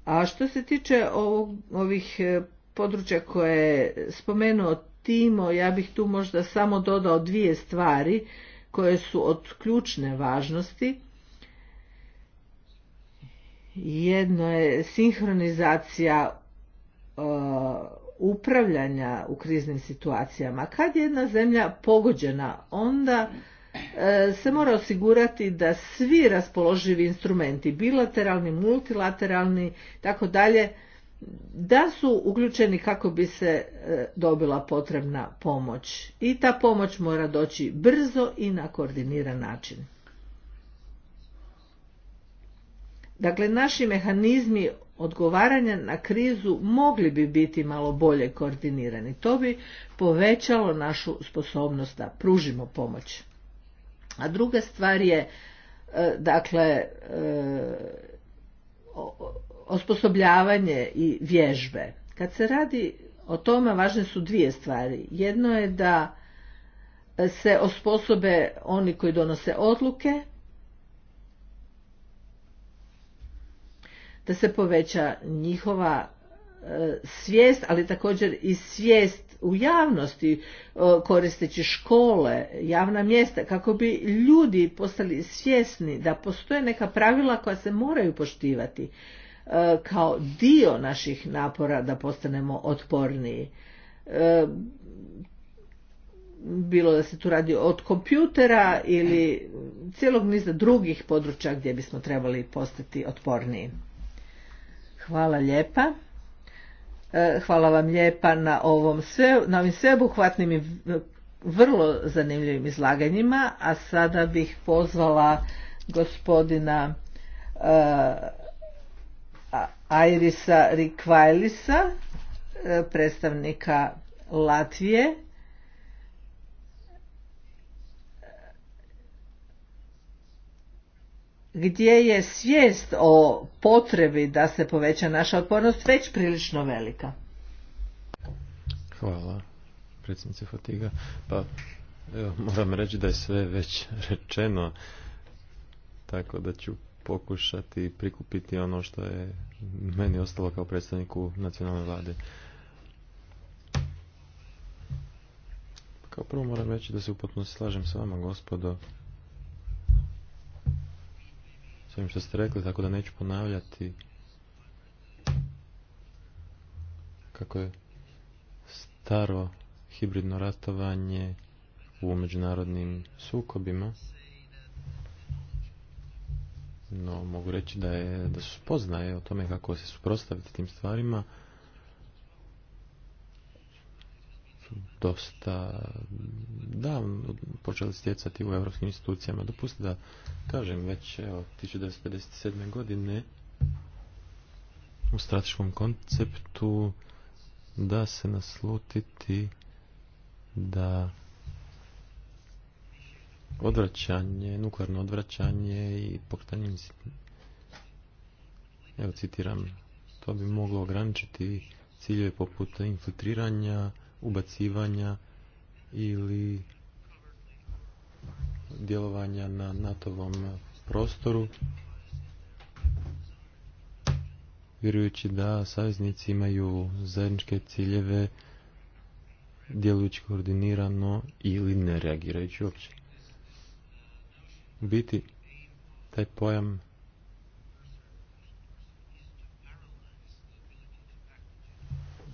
[SPEAKER 2] A što se tiče ovog, ovih e, područja koje je spomenuo Timo, ja bih tu možda samo dodao dvije stvari koje su od ključne važnosti jedno je sinhronizacija e, upravljanja u kriznim situacijama. Kad je jedna zemlja pogođena, onda e, se mora osigurati da svi raspoloživi instrumenti, bilateralni, multilateralni, tako dalje, da su uključeni kako bi se e, dobila potrebna pomoć. I ta pomoć mora doći brzo i na koordiniran način. Dakle, naši mehanizmi odgovaranja na krizu mogli bi biti malo bolje koordinirani. To bi povećalo našu sposobnost da pružimo pomoć. A druga stvar je, e, dakle, e, osposobljavanje i vježbe. Kad se radi o tome, važne su dvije stvari. Jedno je da se osposobe oni koji donose odluke, da se poveća njihova e, svijest, ali također i svijest u javnosti e, koristeći škole, javna mjesta, kako bi ljudi postali svjesni da postoje neka pravila koja se moraju poštivati e, kao dio naših napora da postanemo otporniji. Bilo da se tu radi od kompjutera ili cijelog niza drugih područja gdje bismo trebali postati otporniji. Hvala lijepa. E, hvala vam lijepa na, ovom sve, na ovim sveobuhvatnim i vrlo zanimljivim izlaganjima, a sada bih pozvala gospodina e, Airisa Rikvajlisa, e, predstavnika Latvije, gdje je svijest o potrebi da se poveća naša otpornost već prilično velika.
[SPEAKER 3] Hvala, predsjednice Fatiga. Pa, evo, moram reći da je sve već *laughs* rečeno, tako da ću pokušati prikupiti ono što je meni ostalo kao predstavniku nacionalne vlade. Kao prvo moram reći da se potpunosti slažem s vama, gospodo, s ovim što ste rekli, tako da neću ponavljati kako je staro hibridno ratovanje u međunarodnim sukobima. No, mogu reći da, je, da su spoznaje o tome kako se suprostaviti tim stvarima dosta da, počeli stjecati u europskim institucijama. Dopustite da kažem već od 1957. godine u strateškom konceptu da se naslutiti da odvraćanje, nuklearno odvraćanje i pokretanje evo citiram to bi moglo ograničiti ciljeve poput infiltriranja ubacivanja ili djelovanja na nato prostoru, vjerujući da saveznici imaju zajedničke ciljeve djelujući koordinirano ili ne reagirajući uopće. U biti, taj pojam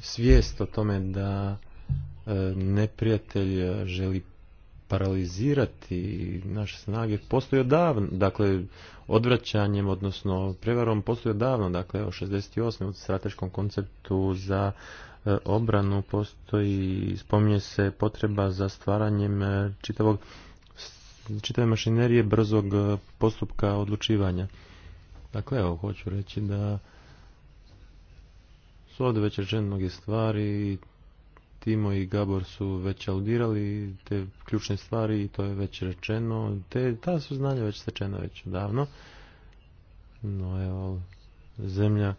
[SPEAKER 3] svijest o tome da E, neprijatelj e, želi paralizirati naše snage postoji odavno, dakle odvraćanjem, odnosno prevarom postoji odavno, dakle evo 68. u strateškom konceptu za e, obranu postoji, spominje se potreba za stvaranjem čitavog čitave mašinerije brzog postupka odlučivanja. Dakle, evo, hoću reći da su ovdje već mnoge stvari Timo i Gabor su već audirali te ključne stvari i to je već rečeno. Te, ta su znanja već stečena već davno. No evo, zemlja.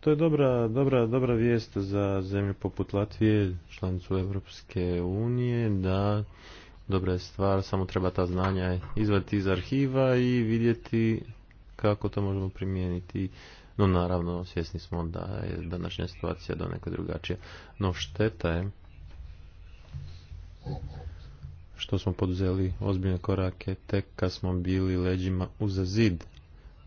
[SPEAKER 3] To je dobra, dobra, dobra vijest za zemlju poput Latvije, članicu Europske unije, da dobra je stvar, samo treba ta znanja izvaditi iz arhiva i vidjeti kako to možemo primijeniti no naravno, svjesni smo da je današnja situacija do neko drugačija. No šteta je što smo poduzeli ozbiljne korake tek kad smo bili leđima uza zid.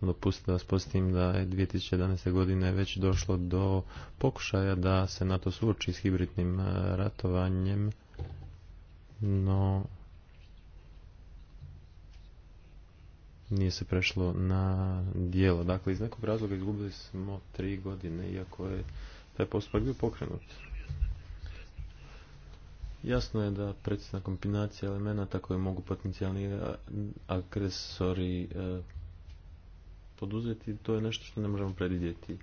[SPEAKER 3] Dopustite da vas da je 2011. godine već došlo do pokušaja da se NATO suoči s hibridnim eh, ratovanjem, no nije se prešlo na dijelo. Dakle, iz nekog razloga izgubili smo tri godine, iako je taj postupak bio pokrenut. Jasno je da predsjedna kombinacija elemenata koje mogu potencijalni eh, agresori eh, poduzeti, to je nešto što ne možemo predvidjeti.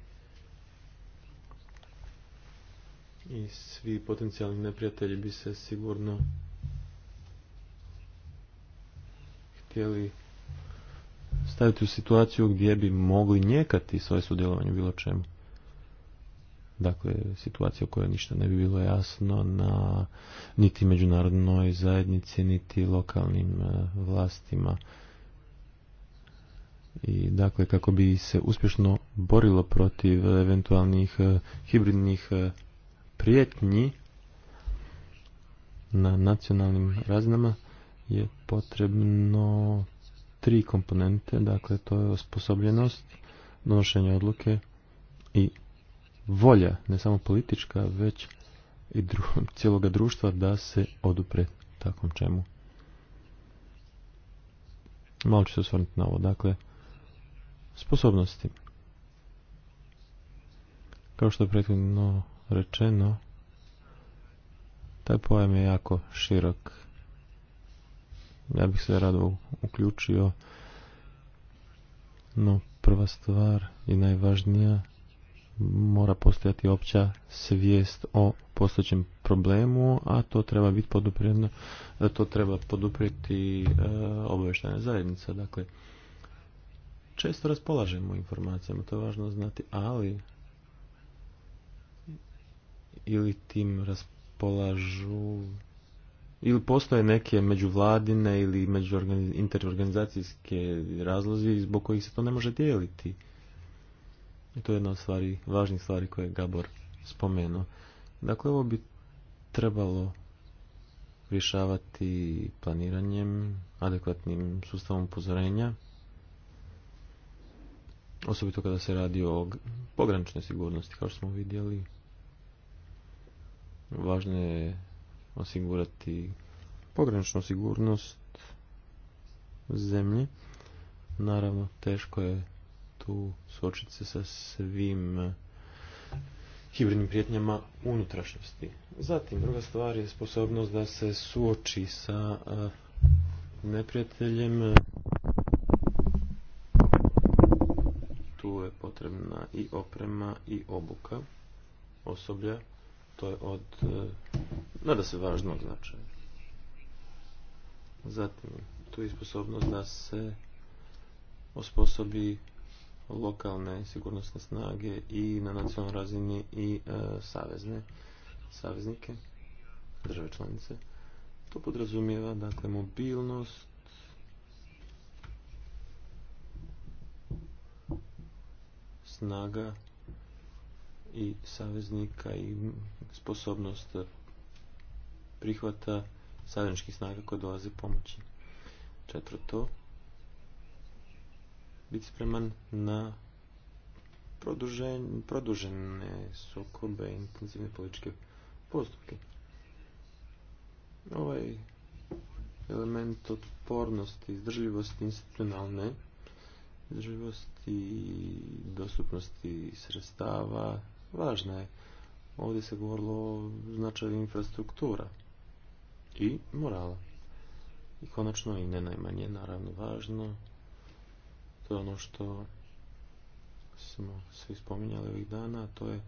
[SPEAKER 3] I svi potencijalni neprijatelji bi se sigurno htjeli staviti u situaciju gdje bi mogli njekati svoje sudjelovanje bilo čemu. Dakle, situacija u kojoj ništa ne bi bilo jasno na niti međunarodnoj zajednici, niti lokalnim e, vlastima. I dakle, kako bi se uspješno borilo protiv eventualnih e, hibridnih e, prijetnji na nacionalnim razinama je potrebno tri komponente, dakle to je osposobljenost, donošenje odluke i volja, ne samo politička, već i dru *laughs* cijeloga društva da se odupre takvom čemu. Malo ću se osvrniti na ovo, dakle, sposobnosti. Kao što je prethodno rečeno, taj pojam je jako širok ja bih se rado uključio, no prva stvar i najvažnija mora postojati opća svijest o postojećem problemu, a to treba biti podupredno to treba poduprijeti e, zajednica. Dakle, često raspolažemo informacijama, to je važno znati, ali ili tim raspolažu ili postoje neke međuvladine ili među interorganizacijske razlozi zbog kojih se to ne može dijeliti. I to je jedna od stvari, važnih stvari koje je Gabor spomenuo. Dakle, ovo bi trebalo rješavati planiranjem, adekvatnim sustavom upozorenja, osobito kada se radi o pograničnoj sigurnosti, kao što smo vidjeli. Važno je osigurati pograničnu sigurnost zemlje. Naravno, teško je tu suočiti se sa svim eh, hibridnim prijetnjama unutrašnjosti. Zatim, druga stvar je sposobnost da se suoči sa eh, neprijateljem. Tu je potrebna i oprema i obuka osoblja to je od nada eh, se važnog značaja. Zatim, tu je sposobnost da se osposobi lokalne sigurnosne snage i na nacionalnoj razini i eh, savezne, saveznike, države članice. To podrazumijeva dakle mobilnost snaga i saveznika i sposobnost prihvata savjeničkih snaga koje dolaze pomoći. Četvrto, biti spreman na produžene sukobe, intenzivne političke postupke. Ovaj element otpornosti, izdržljivosti institucionalne, izdržljivosti i dostupnosti sredstava važna je Ovdje se govorilo o značaju infrastruktura i morala. I konačno i ne najmanje, naravno važno, to je ono što smo svi spominjali ovih dana, to je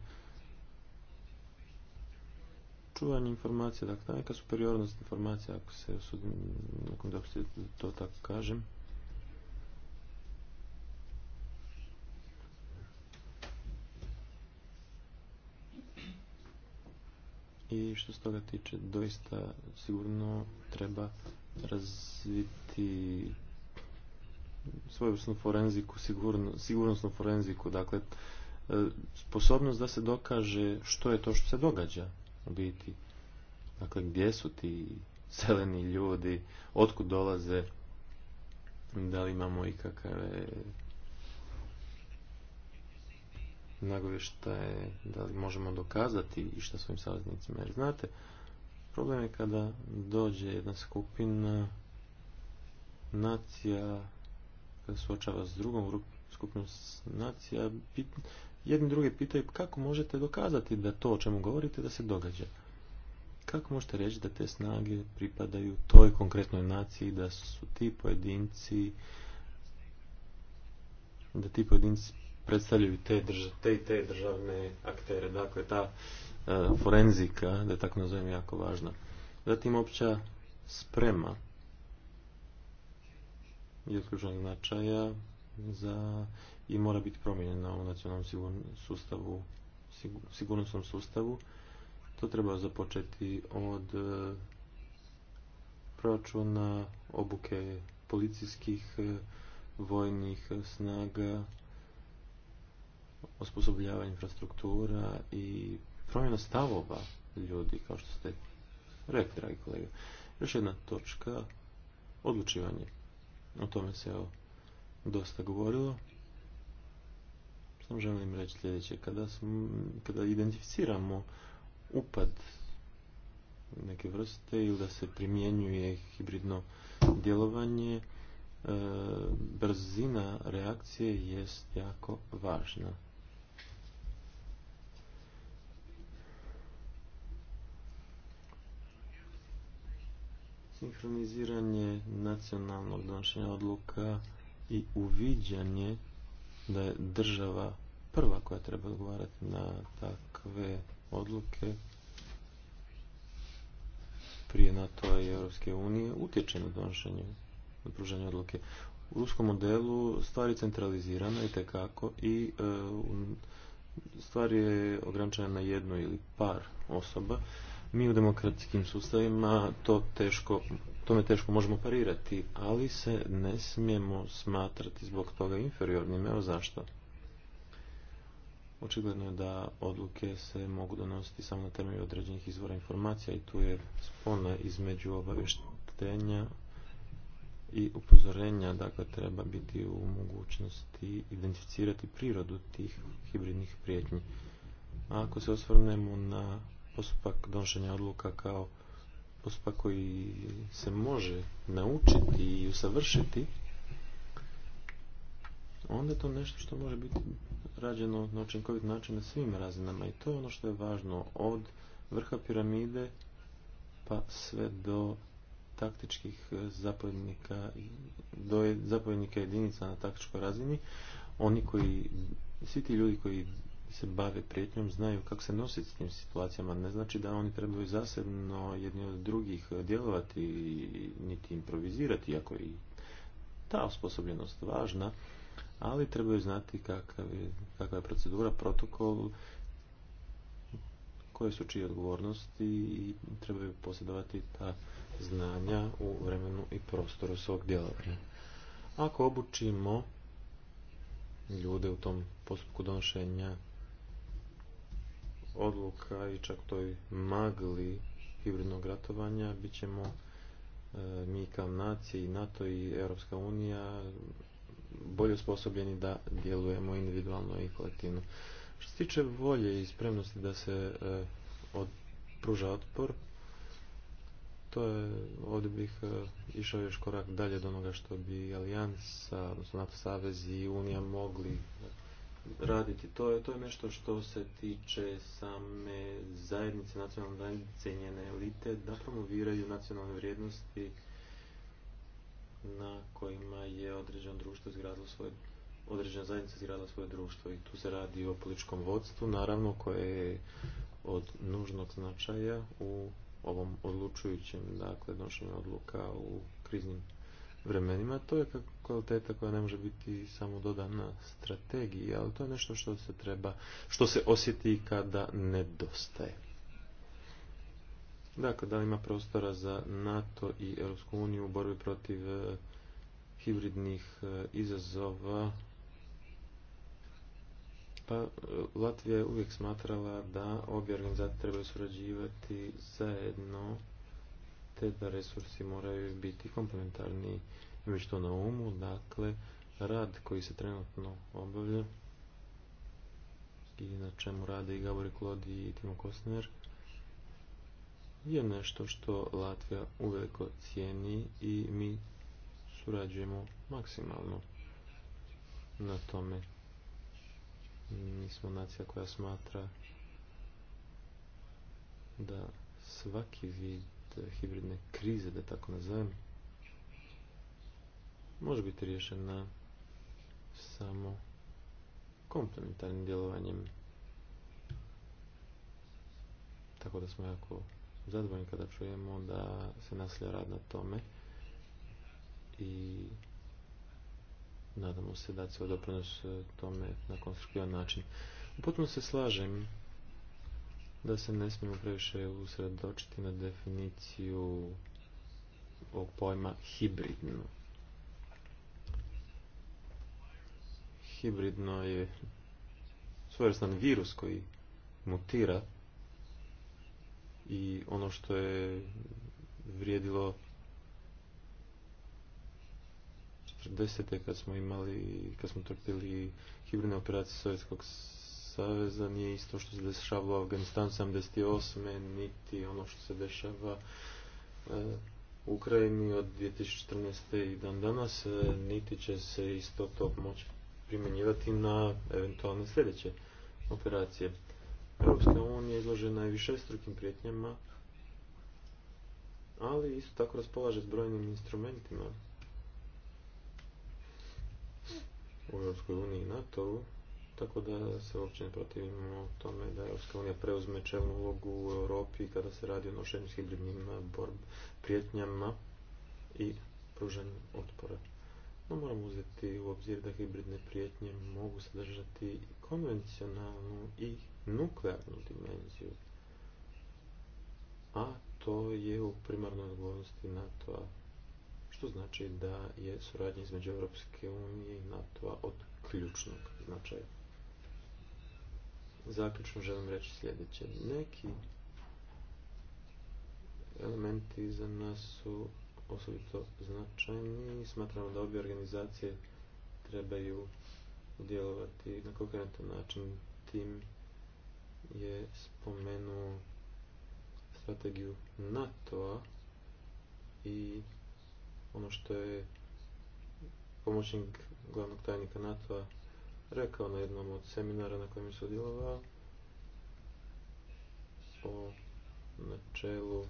[SPEAKER 3] čuvanje informacija, dakle neka superiornost informacija, ako se ako se to tako kažem. i što se toga tiče doista sigurno treba razviti svojevrsnu forenziku, sigurnosnu forenziku, dakle e, sposobnost da se dokaže što je to što se događa u biti. Dakle, gdje su ti zeleni ljudi, otkud dolaze, da li imamo ikakve nagovještaje da li možemo dokazati i šta svojim saveznicima. Jer znate, problem je kada dođe jedna skupina nacija kada suočava s drugom skupinom nacija, jedni drugi pitaju kako možete dokazati da to o čemu govorite da se događa. Kako možete reći da te snage pripadaju toj konkretnoj naciji, da su ti pojedinci da ti pojedinci predstavljaju te, te i te državne aktere. Dakle, ta e, forenzika, da je tako nazovem, jako važna. Zatim, opća sprema je od značaja za, i mora biti promijenjena u nacionalnom sigurn, sustavu, sigur, sigurnosnom sustavu. To treba započeti od e, proračuna, obuke policijskih, e, vojnih snaga, osposobljavanje infrastruktura i promjena stavova ljudi, kao što ste rekli, dragi kolega. Još jedna točka, odlučivanje. O tome se dosta govorilo. Samo želim reći sljedeće, kada, kada identificiramo upad neke vrste ili da se primjenjuje hibridno djelovanje, e, brzina reakcije jest jako važna. Sinhroniziranje nacionalnog donošenja odluka i uviđanje da je država prva koja treba odgovarati na takve odluke prije NATO i Europske unije utječe na donošenje na pružanje odluke. U ruskom modelu stvar je centralizirana i tekako i e, stvar je ograničena na jednu ili par osoba mi u demokratskim sustavima to teško, tome teško možemo parirati, ali se ne smijemo smatrati zbog toga inferiornim. Evo zašto? Očigledno je da odluke se mogu donositi samo na temelju određenih izvora informacija i tu je spona između obavještenja i upozorenja, dakle treba biti u mogućnosti identificirati prirodu tih hibridnih prijetnji. ako se osvrnemo na postupak donošenja odluka kao postupak koji se može naučiti i usavršiti, onda je to nešto što može biti rađeno na učinkovit način na svim razinama i to je ono što je važno od vrha piramide pa sve do taktičkih zapovjednika do zapovjednika jedinica na taktičkoj razini oni koji svi ti ljudi koji se bave prijetnjom znaju kako se nositi s tim situacijama. Ne znači da oni trebaju zasebno jedni od drugih djelovati niti improvizirati, iako i ta osposobljenost važna, ali trebaju znati je, kakva je procedura, protokol, koje su čije odgovornosti i trebaju posjedovati ta znanja u vremenu i prostoru svog djelovanja. Ako obučimo ljude u tom postupku donošenja odluka i čak toj magli hibridnog ratovanja bit ćemo e, mi kao nacije i NATO i Europska unija bolje usposobljeni da djelujemo individualno i kolektivno. Što se tiče volje i spremnosti da se e, od, pruža otpor, to je, ovdje bih e, išao još korak dalje do onoga što bi Alijansa, odnosno NATO Savez i Unija mogli raditi. To je, to je nešto što se tiče same zajednice, nacionalne zajednice i njene elite, da promoviraju nacionalne vrijednosti na kojima je određeno društvo izgradilo svoje određena zajednica izgradila svoje društvo i tu se radi o političkom vodstvu, naravno koje je od nužnog značaja u ovom odlučujućem, dakle, donošenju odluka u kriznim vremenima, to je kvaliteta koja ne može biti samo dodana strategiji, ali to je nešto što se treba, što se osjeti kada nedostaje. Dakle, da li ima prostora za NATO i Europsku uniju u borbi protiv eh, hibridnih eh, izazova? Pa eh, Latvija je uvijek smatrala da obje organizacije trebaju surađivati zajedno te da resursi moraju biti komplementarni imajući to na umu, dakle rad koji se trenutno obavlja i na čemu rade i Gabor Klodi i Timo Kostner je nešto što Latvija uveliko cijeni i mi surađujemo maksimalno na tome. Mi smo nacija koja smatra da svaki vid Eh, hibridne krize, da tako nazovem, može biti riješena samo komplementarnim djelovanjem. Tako da smo jako zadovoljni kada čujemo da se naslija rad na tome i nadamo se da će doprinos eh, tome na konstruktivan način. Potpuno se slažem da se ne smijemo previše usredočiti na definiciju ovog pojma hibridno. Hibridno je svojrstan virus koji mutira i ono što je vrijedilo 40. kad smo imali, kad smo trpili hibridne operacije Sovjetskog saveza nije isto što se dešava u Afganistanu 78. niti ono što se dešava e, u Ukrajini od 2014. i dan danas, e, niti će se isto to moći primjenjivati na eventualne sljedeće operacije. Europska unija je najviše strukim višestrukim prijetnjama, ali isto tako raspolaže s brojnim instrumentima u Europskoj uniji i NATO-u tako da se uopće ne protivimo tome da Europska unija preuzme čelnu ulogu u Europi kada se radi o nošenju s hibridnim prijetnjama i pružanju otpora. No moramo uzeti u obzir da hibridne prijetnje mogu sadržati i konvencionalnu i nuklearnu dimenziju. A to je u primarnoj odgovornosti NATO-a, što znači da je suradnja između Europske unije i NATO-a od ključnog značaja zaključno želim reći sljedeće. Neki elementi za nas su osobito značajni. Smatramo da obje organizacije trebaju djelovati na konkretan način. Tim je spomenuo strategiju NATO-a i ono što je pomoćnik glavnog tajnika NATO-a rekao na jednom od seminara na kojem je sudjelovao o načelu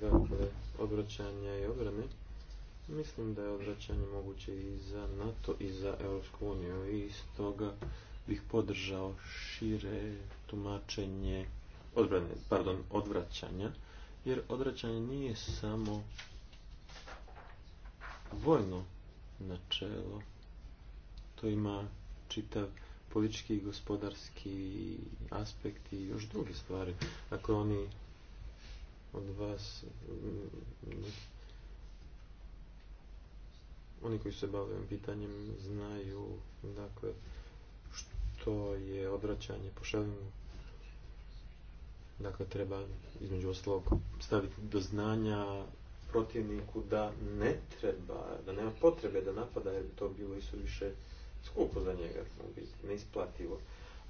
[SPEAKER 3] dakle, odvraćanja i obrane. Mislim da je odvraćanje moguće i za NATO i za Europsku uniju i stoga bih podržao šire tumačenje odbrane, pardon, odvraćanja, jer odvraćanje nije samo vojno načelo, to ima čitav politički i gospodarski aspekt i još druge stvari. Dakle, oni od vas oni koji se bave pitanjem znaju dakle što je odvraćanje pošaljenju dakle treba između ostalog staviti do znanja protivniku da ne treba da nema potrebe da napada jer bi to bilo i više skupo za njega, neisplativo.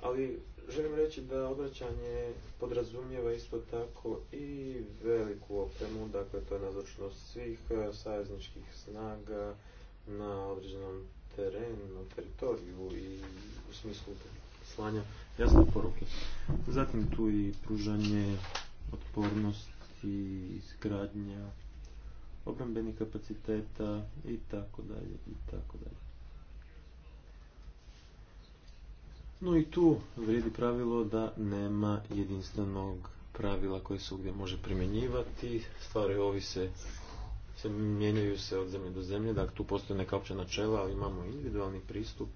[SPEAKER 3] Ali želim reći da obraćanje podrazumijeva isto tako i veliku opremu, dakle to je nazočnost svih e, savezničkih snaga na određenom terenu, teritoriju i u smislu slanja jasne poruke. Zatim tu i pružanje otpornosti, izgradnja obrambenih kapaciteta i tako dalje i tako dalje. No i tu vrijedi pravilo da nema jedinstvenog pravila koje se ugdje može primjenjivati. Stvari ovise, se mijenjaju se od zemlje do zemlje, dakle tu postoje neka opća načela, ali imamo individualni pristup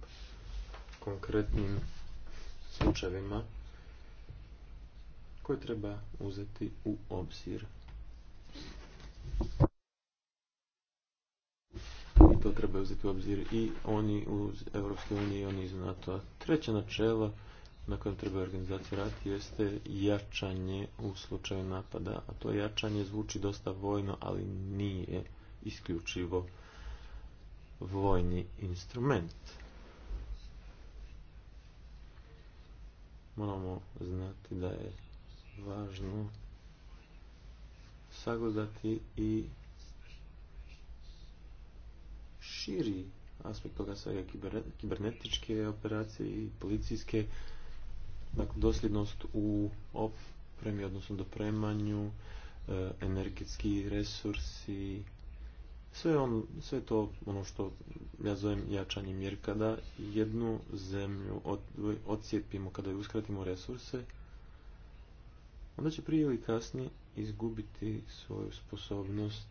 [SPEAKER 3] konkretnim slučajevima koje treba uzeti u obzir to treba uzeti u obzir i oni u Europske unije i oni iz nato Treće načelo na kojem treba organizacija raditi jeste jačanje u slučaju napada, a to jačanje zvuči dosta vojno, ali nije isključivo vojni instrument. Moramo znati da je važno sagledati i širi aspekt toga svega kibernetičke operacije i policijske dakle dosljednost u opremi odnosno dopremanju e, energetski resursi sve, on, sve to ono što ja zovem jačanjem jer kada jednu zemlju odsjetpimo kada ju uskratimo resurse onda će prije ili kasnije izgubiti svoju sposobnost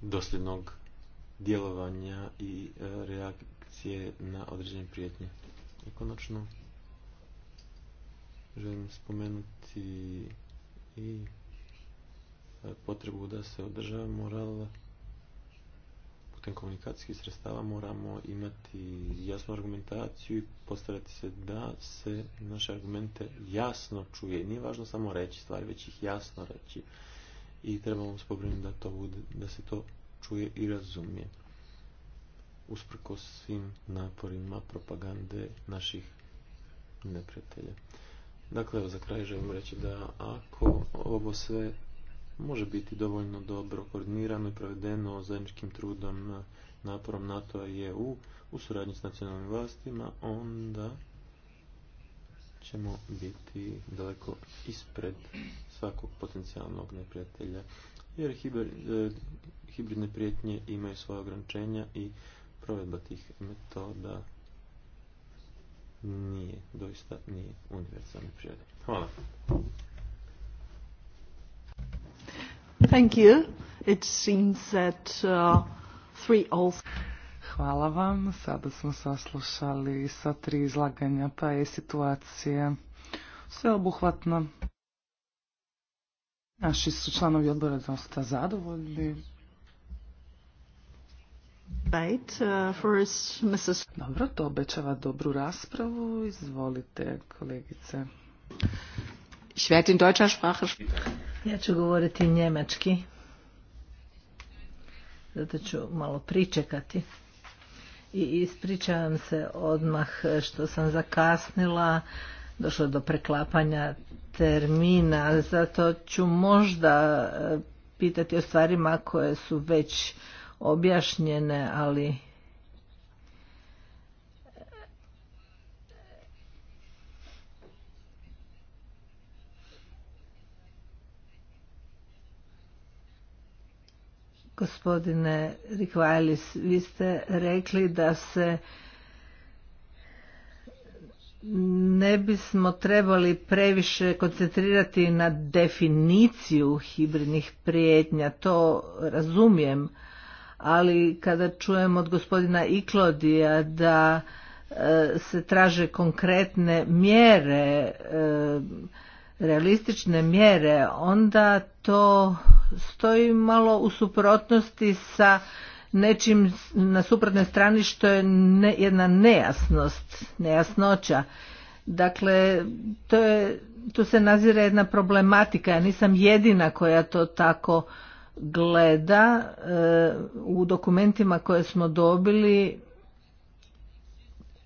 [SPEAKER 3] dosljednog djelovanja i e, reakcije na određene prijetnje. I konačno želim spomenuti i e, potrebu da se održava moral putem komunikacijskih sredstava moramo imati jasnu argumentaciju i postaviti se da se naše argumente jasno čuje. Nije važno samo reći stvari, već ih jasno reći. I trebamo spomenuti da, to da se to čuje i razumije. Usprko svim naporima propagande naših neprijatelja. Dakle, evo za kraj želim reći da ako ovo sve može biti dovoljno dobro koordinirano i provedeno zajedničkim trudom, naporom NATO-a i EU u suradnji s nacionalnim vlastima, onda ćemo biti daleko ispred svakog potencijalnog neprijatelja. Jer hiber, hibridne prijetnje imaju svoje ograničenja i provedba tih metoda nije, doista nije univerzalne Hvala.
[SPEAKER 1] Thank uh, Hvala vam. Sada smo saslušali sa tri izlaganja, pa je situacija sveobuhvatna. Naši su članovi odbora dosta zadovoljni Right, uh, Mrs. Dobro, to obećava dobru raspravu. Izvolite, kolegice. Ich werde in deutscher
[SPEAKER 2] Ja ću govoriti njemački. Zato ću malo pričekati. I ispričavam se odmah što sam zakasnila. Došlo do preklapanja termina. Zato ću možda e, pitati o stvarima koje su već objašnjene, ali Gospodine Rikvajlis, vi ste rekli da se ne bismo trebali previše koncentrirati na definiciju hibridnih prijetnja, to razumijem, ali kada čujem od gospodina Iklodija da e, se traže konkretne mjere, e, realistične mjere, onda to stoji malo u suprotnosti sa nečim na suprotnoj strani što je jedna nejasnost, nejasnoća. Dakle, to je, tu se nazira jedna problematika, ja nisam jedina koja to tako gleda eh, u dokumentima koje smo dobili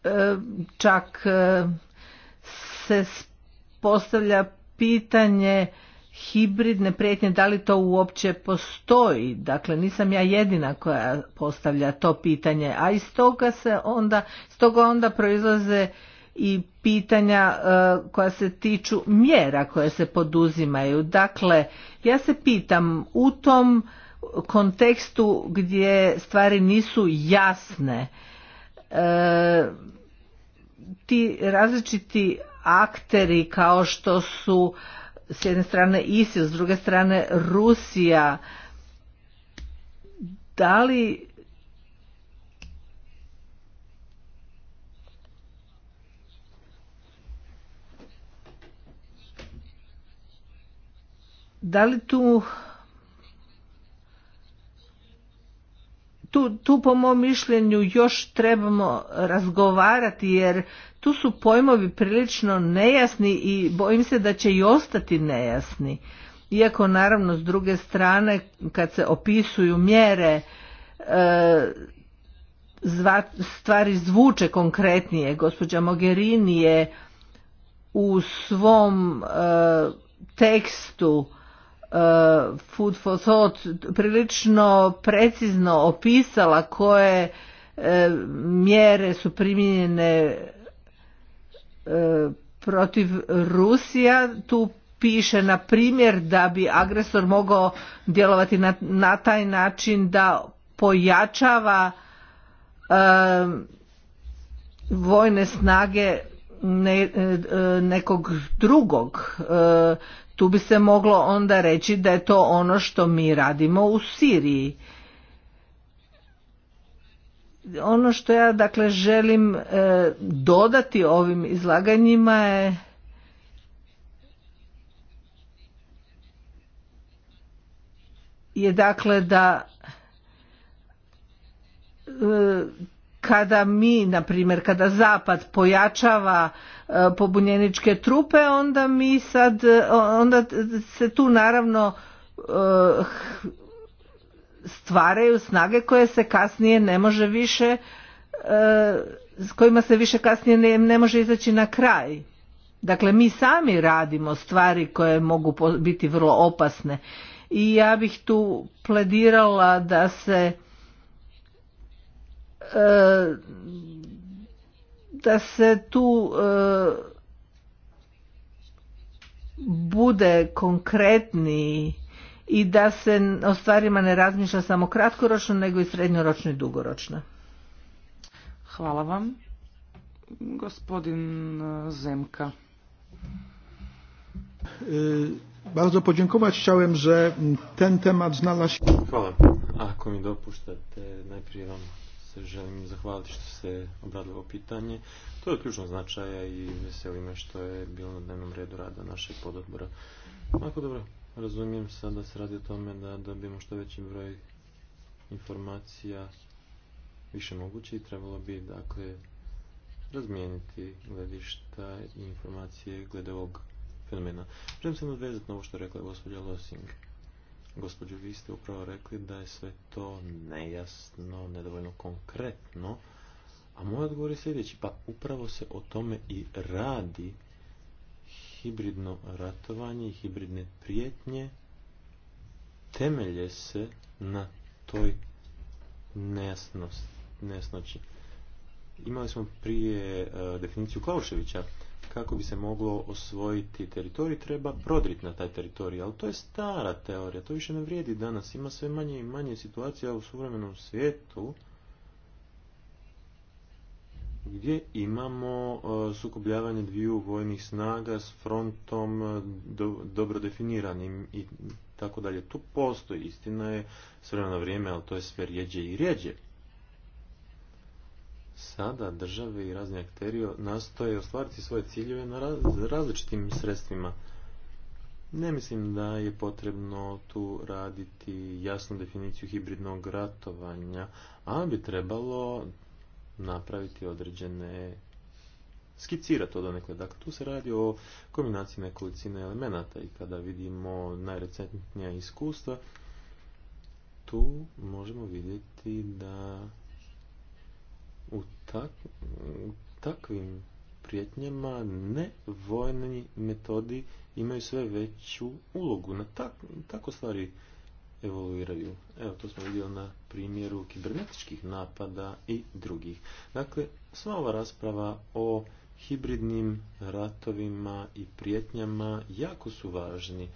[SPEAKER 2] eh, čak eh, se postavlja pitanje hibridne prijetnje, da li to uopće postoji. Dakle, nisam ja jedina koja postavlja to pitanje, a iz toga se onda, iz onda proizlaze i pitanja e, koja se tiču mjera koje se poduzimaju. Dakle, ja se pitam u tom kontekstu gdje stvari nisu jasne, e, ti različiti akteri kao što su s jedne strane ISIL, s druge strane Rusija, da li Da li tu Tu, po mom mišljenju još trebamo razgovarati jer tu su pojmovi prilično nejasni i bojim se da će i ostati nejasni. Iako naravno s druge strane kad se opisuju mjere e, stvari zvuče konkretnije. Gospođa Mogherini je u svom e, tekstu Eh, Food for Thought prilično precizno opisala koje eh, mjere su primijenjene eh, protiv Rusija. Tu piše na primjer da bi agresor mogao djelovati na, taj način da pojačava vojne snage nekog drugog tu bi se moglo onda reći da je to ono što mi radimo u Siriji. Ono što ja dakle želim e, dodati ovim izlaganjima je je dakle da e, kada mi, na primjer, kada Zapad pojačava e, pobunjeničke trupe, onda mi sad, e, onda se tu naravno e, stvaraju snage koje se kasnije ne može više, s kojima se više kasnije ne, ne može izaći na kraj. Dakle, mi sami radimo stvari koje mogu biti vrlo opasne i ja bih tu pledirala da se E, da se tu e, bude konkretniji i da se o stvarima ne razmišlja samo kratkoročno nego i srednjoročno i dugoročno.
[SPEAKER 1] Hvala vam. Gospodin e, Zemka. Bardzo podziękować chciałem, że ten temat znalazł się...
[SPEAKER 3] Hvala. Ako mi dopuštate, najprije vam želim zahvaliti što se obradili ovo pitanje. To je ključno značaja i veseli me što je bilo na dnevnom redu rada našeg pododbora. Ako dobro, razumijem sada se radi o tome da dobijemo što veći broj informacija više moguće i trebalo bi dakle razmijeniti gledišta i informacije glede ovog fenomena. Želim se nadvezati na ovo što je rekla gospođa Losing. Gospođo, vi ste upravo rekli da je sve to nejasno, nedovoljno konkretno, a moj odgovor je sljedeći, pa upravo se o tome i radi hibridno ratovanje i hibridne prijetnje temelje se na toj nejasnosti, nejasnoći. Imali smo prije eh, definiciju Klauševića, kako bi se moglo osvojiti teritorij treba prodrit na taj teritorij, ali to je stara teorija, to više ne vrijedi danas, ima sve manje i manje situacija u suvremenom svijetu gdje imamo e, sukobljavanje dviju vojnih snaga s frontom e, dobro definiranim i tako dalje. Tu postoji, istina je s vremena na vrijeme, ali to je sve rjeđe i rjeđe sada države i razni akteri nastoje ostvariti svoje ciljeve na različitim sredstvima. Ne mislim da je potrebno tu raditi jasnu definiciju hibridnog ratovanja, a bi trebalo napraviti određene skicira to donekle. Dakle, tu se radi o kombinaciji nekolicine elemenata i kada vidimo najrecentnija iskustva, tu možemo vidjeti da u takvim prijetnjama ne vojni metodi imaju sve veću ulogu. Na tak, tako stvari evoluiraju. Evo, to smo vidjeli na primjeru kibernetičkih napada i drugih. Dakle, sva ova rasprava o hibridnim ratovima i prijetnjama jako su važni,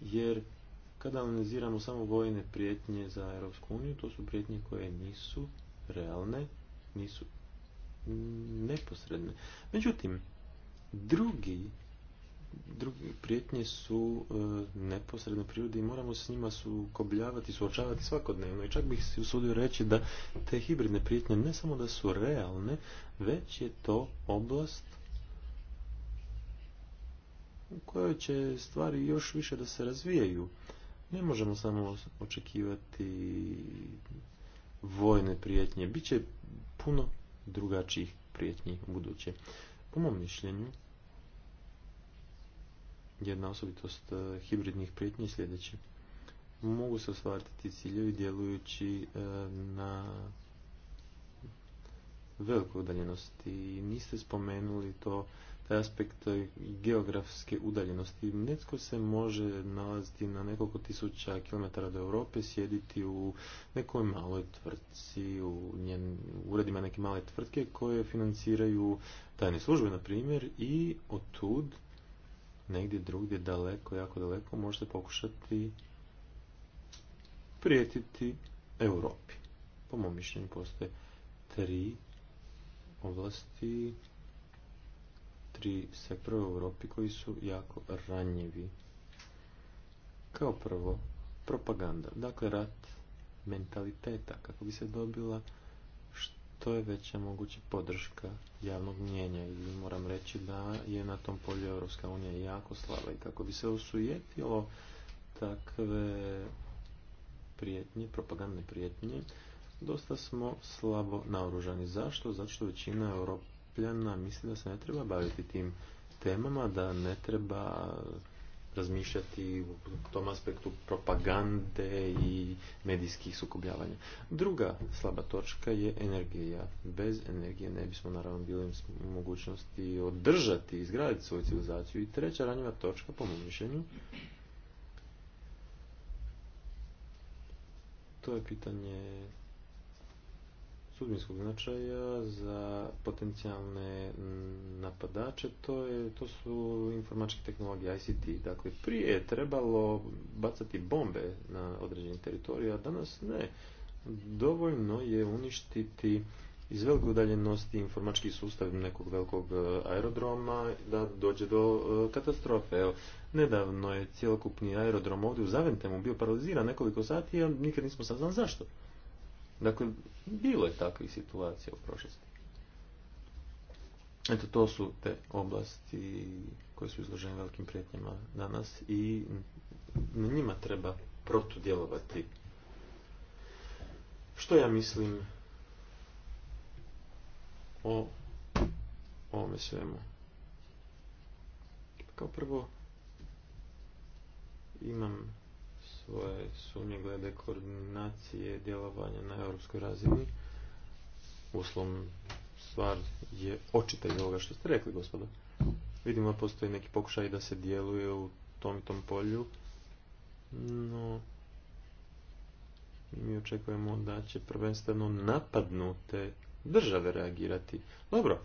[SPEAKER 3] jer kada analiziramo samo vojne prijetnje za Europsku uniju, to su prijetnje koje nisu realne, nisu neposredne. Međutim, drugi drugi prijetnje su e, neposredne prirode i moramo s njima sukobljavati, suočavati svakodnevno. I čak bih se usudio reći da te hibridne prijetnje ne samo da su realne, već je to oblast u kojoj će stvari još više da se razvijaju. Ne možemo samo očekivati vojne prijetnje. Biće puno drugačijih prijetnji u buduće. Po mom mišljenju, jedna osobitost e, hibridnih prijetnji je Mogu se ostvariti ciljevi djelujući e, na velikoj udaljenosti. Niste spomenuli to taj aspekt geografske udaljenosti. Netko se može nalaziti na nekoliko tisuća kilometara do Europe, sjediti u nekoj maloj tvrtci, u uredima neke male tvrtke koje financiraju tajne službe, na primjer, i otud negdje drugdje daleko, jako daleko, možete pokušati prijetiti Europi. Po mom mišljenju postoje tri oblasti tri sektora u Europi koji su jako ranjivi. Kao prvo, propaganda, dakle rat mentaliteta, kako bi se dobila što je veća moguća podrška javnog mnjenja i moram reći da je na tom polju Europska unija jako slaba i kako bi se osujetilo takve prijetnje, propagandne prijetnje, dosta smo slabo naoružani. Zašto? Zato što većina Europ, Mislim misli da se ne treba baviti tim temama, da ne treba razmišljati u tom aspektu propagande i medijskih sukobljavanja. Druga slaba točka je energija. Bez energije ne bismo naravno bili u mogućnosti održati, izgraditi svoju civilizaciju. I treća ranjiva točka, po mom mišljenju, to je pitanje sudbinskog značaja za potencijalne napadače, to, je, to su informačke tehnologije ICT. Dakle, prije je trebalo bacati bombe na određeni teritorij, a danas ne. Dovoljno je uništiti iz velike udaljenosti informački sustav nekog velikog e, aerodroma da dođe do e, katastrofe. Evo, nedavno je cjelokupni aerodrom ovdje u Zaventemu bio paraliziran nekoliko sati, a nikad nismo saznali zašto. Dakle, bilo je takvih situacija u prošlosti. Eto, to su te oblasti koje su izložene velikim prijetnjama danas i na njima treba protudjelovati. Što ja mislim o ovome svemu? Kao prvo, imam svoje sumnje glede koordinacije djelovanja na europskoj razini. Uslom stvar je očita iz ovoga što ste rekli, gospodo. Vidimo da postoji neki pokušaj da se djeluje u tom tom polju, no mi očekujemo da će prvenstveno napadnute države reagirati. Dobro,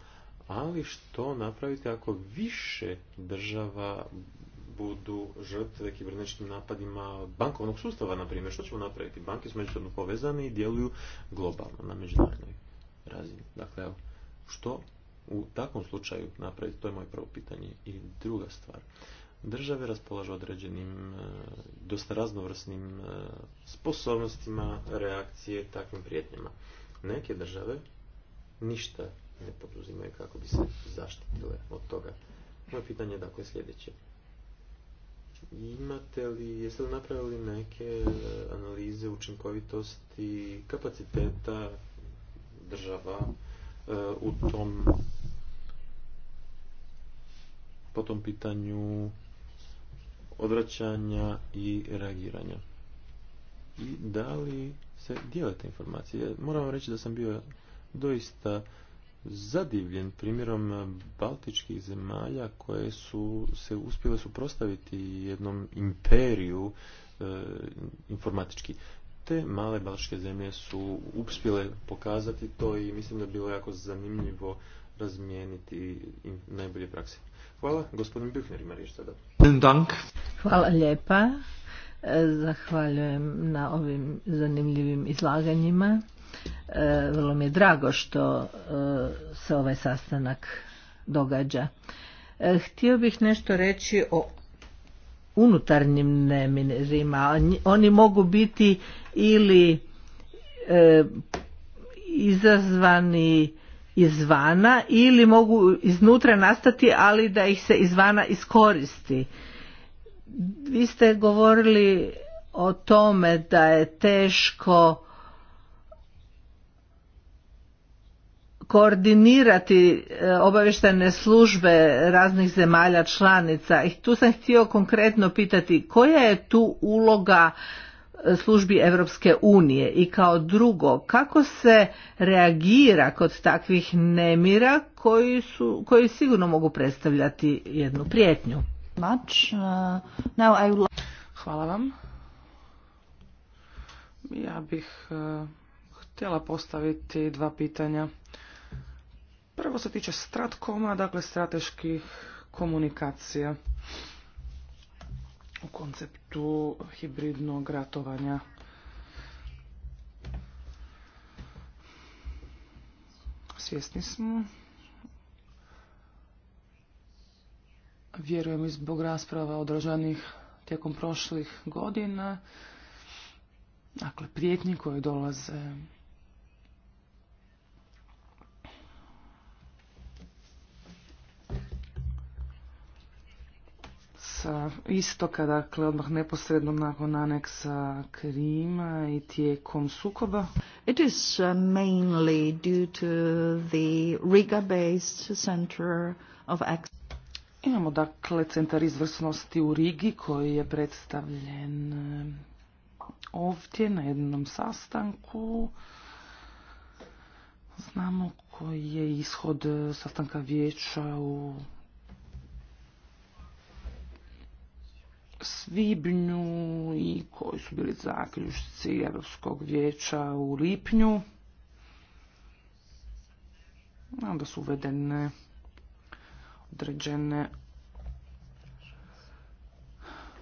[SPEAKER 3] ali što napraviti ako više država budu žrtve kibernetičkim napadima bankovnog sustava, na primjer. Što ćemo napraviti? Banke su međusobno povezane i djeluju globalno na međunarodnoj razini. Dakle, evo, što u takvom slučaju napraviti? To je moje prvo pitanje. I druga stvar. Države raspolažu određenim, e, dosta raznovrsnim e, sposobnostima reakcije takvim prijetnjama. Neke države ništa ne poduzimaju kako bi se zaštitile od toga. Moje pitanje dakle, je dakle sljedeće. Imate li, jeste li napravili neke e, analize učinkovitosti kapaciteta država e, u tom po tom pitanju odvraćanja i reagiranja? I da li se dijele informacije? Moram vam reći da sam bio doista zadivljen primjerom baltičkih zemalja koje su se uspjele suprostaviti jednom imperiju e, informatički. Te male baltičke zemlje su uspjele pokazati to i mislim da je bilo jako zanimljivo razmijeniti najbolje prakse. Hvala, gospodin Bifner ima riječ
[SPEAKER 2] Hvala lijepa. E, zahvaljujem na ovim zanimljivim izlaganjima. E, vrlo mi je drago što e, se ovaj sastanak događa. E, htio bih nešto reći o unutarnjim neminezima. Oni mogu biti ili izazvani izvana ili mogu iznutra nastati, ali da ih se izvana iskoristi. Vi ste govorili o tome da je teško koordinirati e, obavještajne službe raznih zemalja članica i tu sam htio konkretno pitati koja je tu uloga e, službi Europske unije i kao drugo kako se reagira kod takvih nemira koji, su, koji sigurno mogu predstavljati jednu prijetnju. Uh,
[SPEAKER 1] Hvala vam. Ja bih e, htjela postaviti dva pitanja. Prvo se tiče stratkoma, dakle strateških komunikacija u konceptu hibridnog ratovanja. Svjesni smo. Vjerujem i zbog rasprava održanih tijekom prošlih godina. Dakle, prijetnji koje dolaze sa e, istoka, dakle odmah neposredno nakon aneksa Krima i tijekom sukoba? It is uh, mainly due to the Riga-based center of Imamo dakle centar izvrsnosti u Rigi koji je predstavljen e, ovdje na jednom sastanku. Znamo koji je ishod sastanka vijeća u svibnju i koji su bili zaključci Europskog vijeća u lipnju. Onda su uvedene određene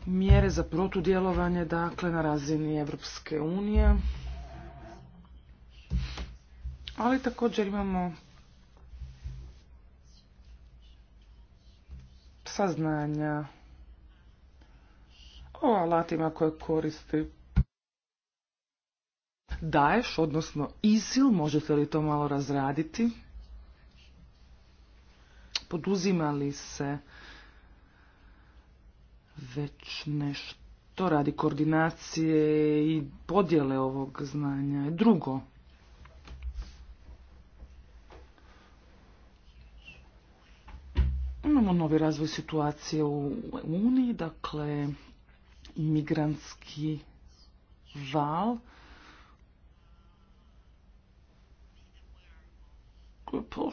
[SPEAKER 1] mjere za protudjelovanje dakle na razini Europske unije. Ali također imamo saznanja o alatima koje koristi Daješ, odnosno ISIL, možete li to malo razraditi? Poduzima li se već nešto radi koordinacije i podjele ovog znanja? Drugo, imamo novi razvoj situacije u Uniji, dakle migrantski val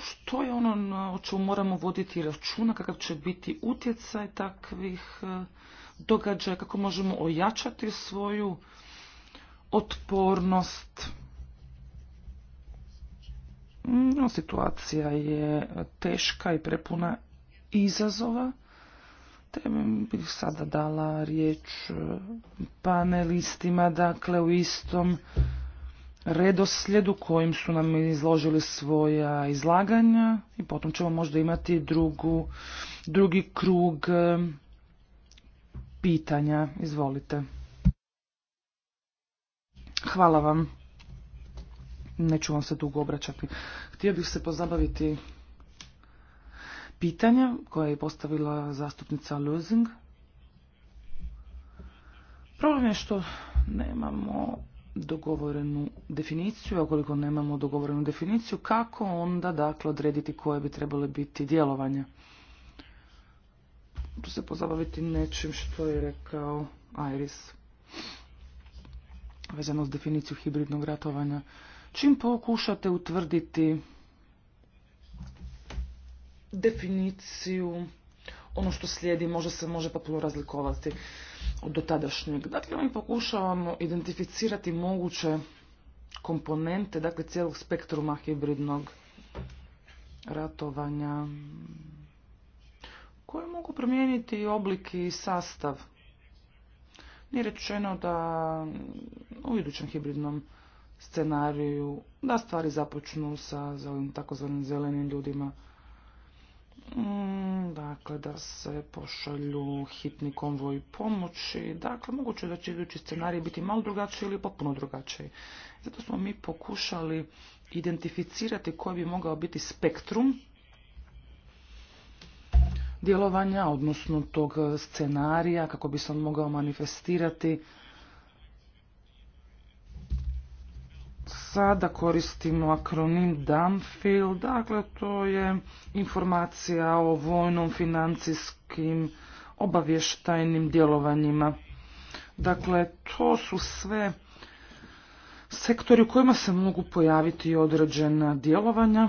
[SPEAKER 1] što je ono o čemu moramo voditi računa, kakav će biti utjecaj takvih e, događaja, kako možemo ojačati svoju otpornost. Mm, situacija je teška i prepuna izazova. Temu bih sada dala riječ e, panelistima, dakle u istom redoslijedu kojim su nam izložili svoja izlaganja i potom ćemo možda imati drugu, drugi krug e, pitanja. Izvolite. Hvala vam. Neću vam se dugo obraćati. Htio bih se pozabaviti pitanja koje je postavila zastupnica Lozing. Problem je što nemamo dogovorenu definiciju, a ukoliko nemamo dogovorenu definiciju, kako onda dakle odrediti koje bi trebale biti djelovanja? Tu se pozabaviti nečim što je rekao Iris vezano s definiciju hibridnog ratovanja. Čim pokušate utvrditi definiciju, ono što slijedi možda se može potpuno razlikovati od dotadašnjeg. Dakle, mi pokušavamo identificirati moguće komponente, dakle, cijelog spektruma hibridnog ratovanja koje mogu promijeniti i oblik i sastav. Nije rečeno da u idućem hibridnom scenariju da stvari započnu sa takozvanim zelenim ljudima. Mm, dakle da se pošalju hitni konvoj pomoći. Dakle, moguće da će idući scenarij biti malo drugačiji ili potpuno drugačiji. Zato smo mi pokušali identificirati koji bi mogao biti spektrum djelovanja, odnosno tog scenarija, kako bi se on mogao manifestirati sada koristimo akronim DAMFIL, dakle to je informacija o vojnom, financijskim, obavještajnim djelovanjima. Dakle, to su sve sektori u kojima se mogu pojaviti određena djelovanja.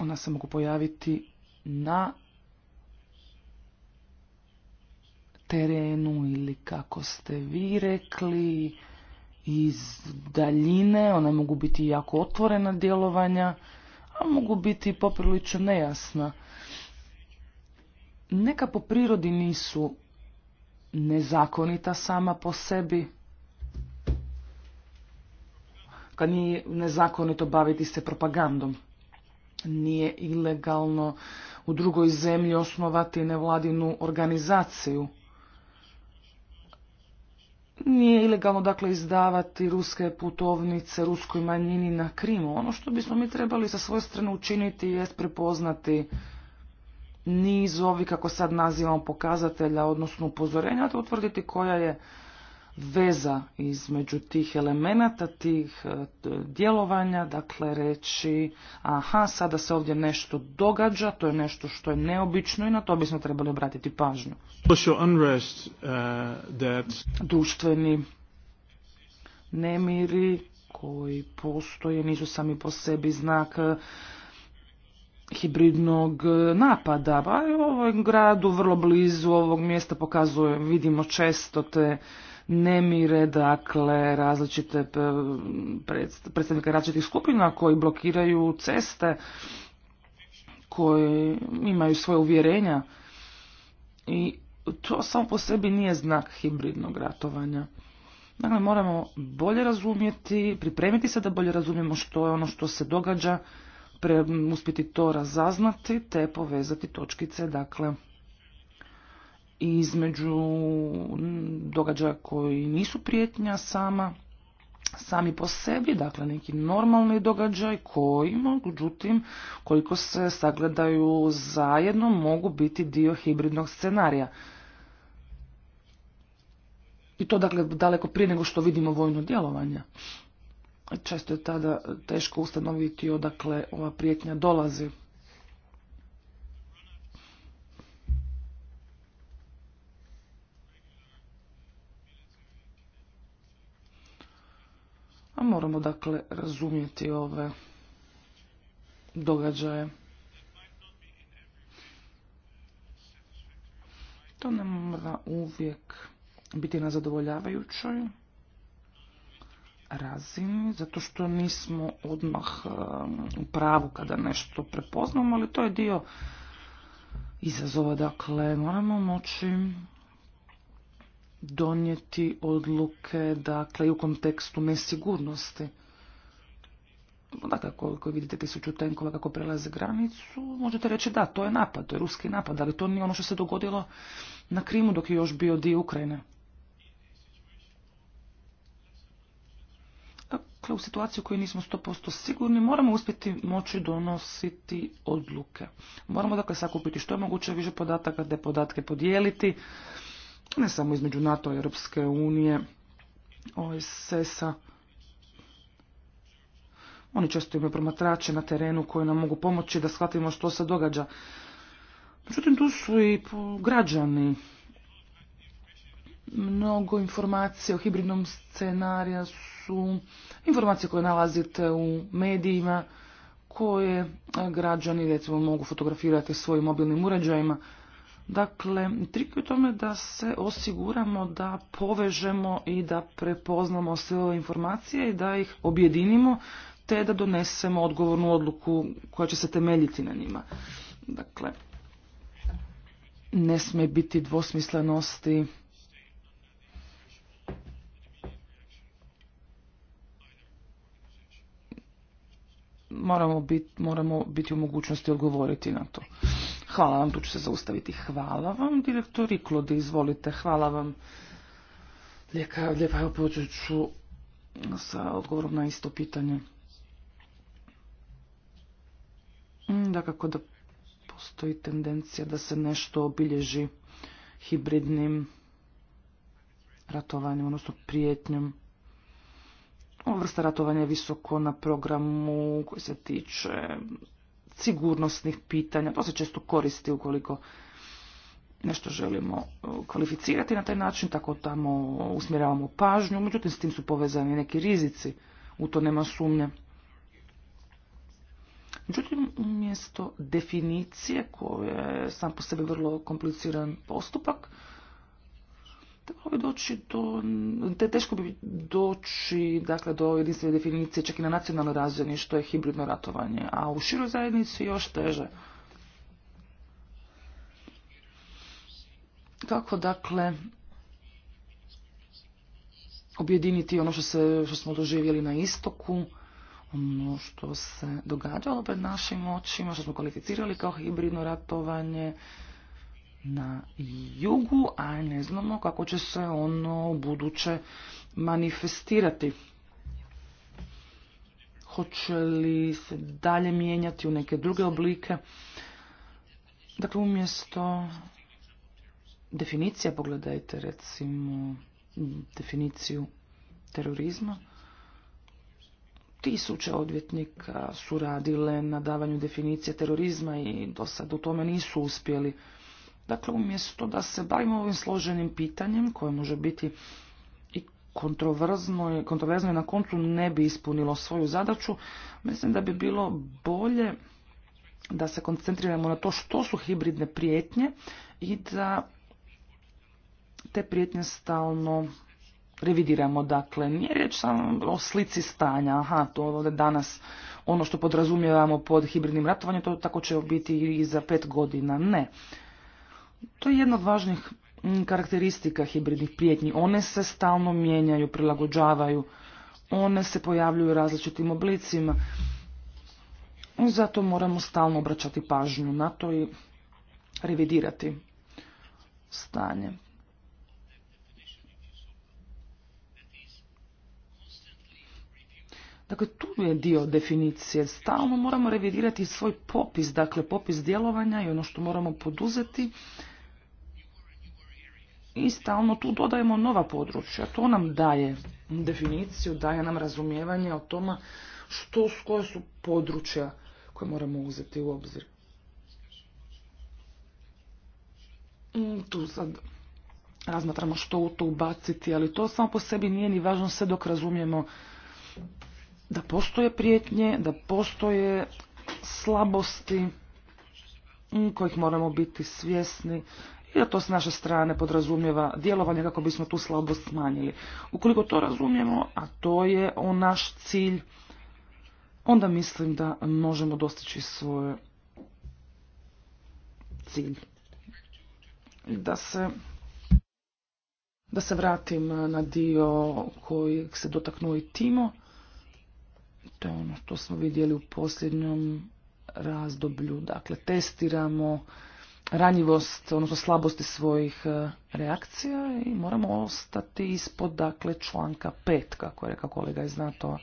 [SPEAKER 1] Ona se mogu pojaviti na terenu ili kako ste vi rekli iz daljine, one mogu biti jako otvorena djelovanja, a mogu biti poprilično nejasna. Neka po prirodi nisu nezakonita sama po sebi, kad nije nezakonito baviti se propagandom. Nije ilegalno u drugoj zemlji osnovati nevladinu organizaciju nije ilegalno dakle izdavati ruske putovnice ruskoj manjini na Krimu. Ono što bismo mi trebali sa svoje strane učiniti jest prepoznati niz ovih, kako sad nazivamo, pokazatelja, odnosno upozorenja, te utvrditi koja je veza između tih elemenata, tih e, djelovanja, dakle reći aha, sada se ovdje nešto događa, to je nešto što je neobično i na to bismo trebali obratiti pažnju. Unrest, uh, Društveni nemiri koji postoje nisu sami po sebi znak e, hibridnog e, napada. Pa ovaj u ovom gradu, vrlo blizu ovog mjesta pokazuje, vidimo često te nemire, dakle različite e, predstavnike različitih skupina koji blokiraju ceste, koji imaju svoje uvjerenja i to samo po sebi nije znak hibridnog ratovanja. Dakle, moramo bolje razumjeti, pripremiti se da bolje razumijemo što je ono što se događa, uspjeti to razaznati te povezati točkice, dakle, između događaja koji nisu prijetnja sama, sami po sebi, dakle neki normalni događaj koji, međutim, koliko se sagledaju zajedno, mogu biti dio hibridnog scenarija. I to dakle daleko prije nego što vidimo vojno djelovanje. Često je tada teško ustanoviti odakle ova prijetnja dolazi. A moramo dakle razumjeti ove događaje. To ne mora uvijek biti na zadovoljavajućoj razini, zato što nismo odmah e, u pravu kada nešto prepoznamo, ali to je dio izazova. Dakle, moramo moći donijeti odluke, dakle, i u kontekstu nesigurnosti. Dakle, koliko vidite tisuću tenkova kako prelaze granicu, možete reći da, to je napad, to je ruski napad, ali to nije ono što se dogodilo na Krimu dok je još bio dio Ukrajine. Dakle, u situaciju u nismo 100% sigurni, moramo uspjeti moći donositi odluke. Moramo, dakle, sakupiti što je moguće više podataka, te podatke podijeliti, ne samo između NATO i Europske unije, OSS-a. Oni često imaju promatrače na terenu koji nam mogu pomoći da shvatimo što se događa. Međutim, tu su i građani. Mnogo informacija o hibridnom scenariju su informacije koje nalazite u medijima, koje građani recimo mogu fotografirati svojim mobilnim uređajima. Dakle, trik tome da se osiguramo da povežemo i da prepoznamo sve ove informacije i da ih objedinimo te da donesemo odgovornu odluku koja će se temeljiti na njima. Dakle, ne smije biti dvosmislenosti moramo biti, moramo biti u mogućnosti odgovoriti na to. Hvala vam, tu ću se zaustaviti. Hvala vam, direktor Iklodi, izvolite, hvala vam. Lijeka, lijepa, evo počet ću sa odgovorom na isto pitanje. Mm, da, kako da postoji tendencija da se nešto obilježi hibridnim ratovanjem, odnosno prijetnjom. Ova vrsta ratovanja je visoko na programu koji se tiče sigurnosnih pitanja. To se često koristi ukoliko nešto želimo e, kvalificirati na taj način, tako tamo usmjeravamo pažnju, međutim s tim su povezani neki rizici, u to nema sumnje. Međutim, umjesto definicije koje je sam po sebi vrlo kompliciran postupak, Trebalo bi doći do, te teško bi doći dakle, do jedinstvene definicije čak i na nacionalnoj razini što je hibridno ratovanje, a u široj zajednici još teže. Kako dakle objediniti ono što, se, što smo doživjeli na istoku, ono što se događalo pred našim očima, što smo kvalificirali kao hibridno ratovanje, na jugu, a ne znamo kako će se ono buduće manifestirati. Hoće li se dalje mijenjati u neke druge oblike? Dakle, umjesto definicija, pogledajte recimo definiciju terorizma, tisuće odvjetnika su radile na davanju definicije terorizma i do sada u tome nisu uspjeli. Dakle, umjesto da se bavimo ovim složenim pitanjem koje može biti i kontroverzno, kontroverzno i na koncu ne bi ispunilo svoju zadaću, mislim da bi bilo bolje da se koncentriramo na to što su hibridne prijetnje i da te prijetnje stalno revidiramo. Dakle, nije riječ samo o slici stanja, aha, to ovdje danas ono što podrazumijevamo pod hibridnim ratovanjem, to tako će biti i za pet godina. Ne. To je jedna od važnih mm, karakteristika hibridnih prijetnji. One se stalno mijenjaju, prilagođavaju, one se pojavljuju u različitim oblicima. Zato moramo stalno obraćati pažnju na to i revidirati stanje. Dakle, tu je dio definicije. Stalno moramo revidirati svoj popis, dakle popis djelovanja i ono što moramo poduzeti i stalno tu dodajemo nova područja. To nam daje definiciju, daje nam razumijevanje o tome što s koje su područja koje moramo uzeti u obzir. Mm, tu sad razmatramo što u to ubaciti, ali to samo po sebi nije ni važno sve dok razumijemo da postoje prijetnje, da postoje slabosti mm, kojih moramo biti svjesni, jer to s naše strane podrazumijeva djelovanje kako bismo tu slabost smanjili. Ukoliko to razumijemo, a to je on naš cilj, onda mislim da možemo dostići svoj cilj. Da se, da se vratim na dio koji se dotaknuo i Timo. To je ono što smo vidjeli u posljednjom razdoblju. Dakle, testiramo ranjivost, odnosno slabosti svojih e, reakcija i moramo ostati ispod dakle članka 5, kako je rekao kolega iz nato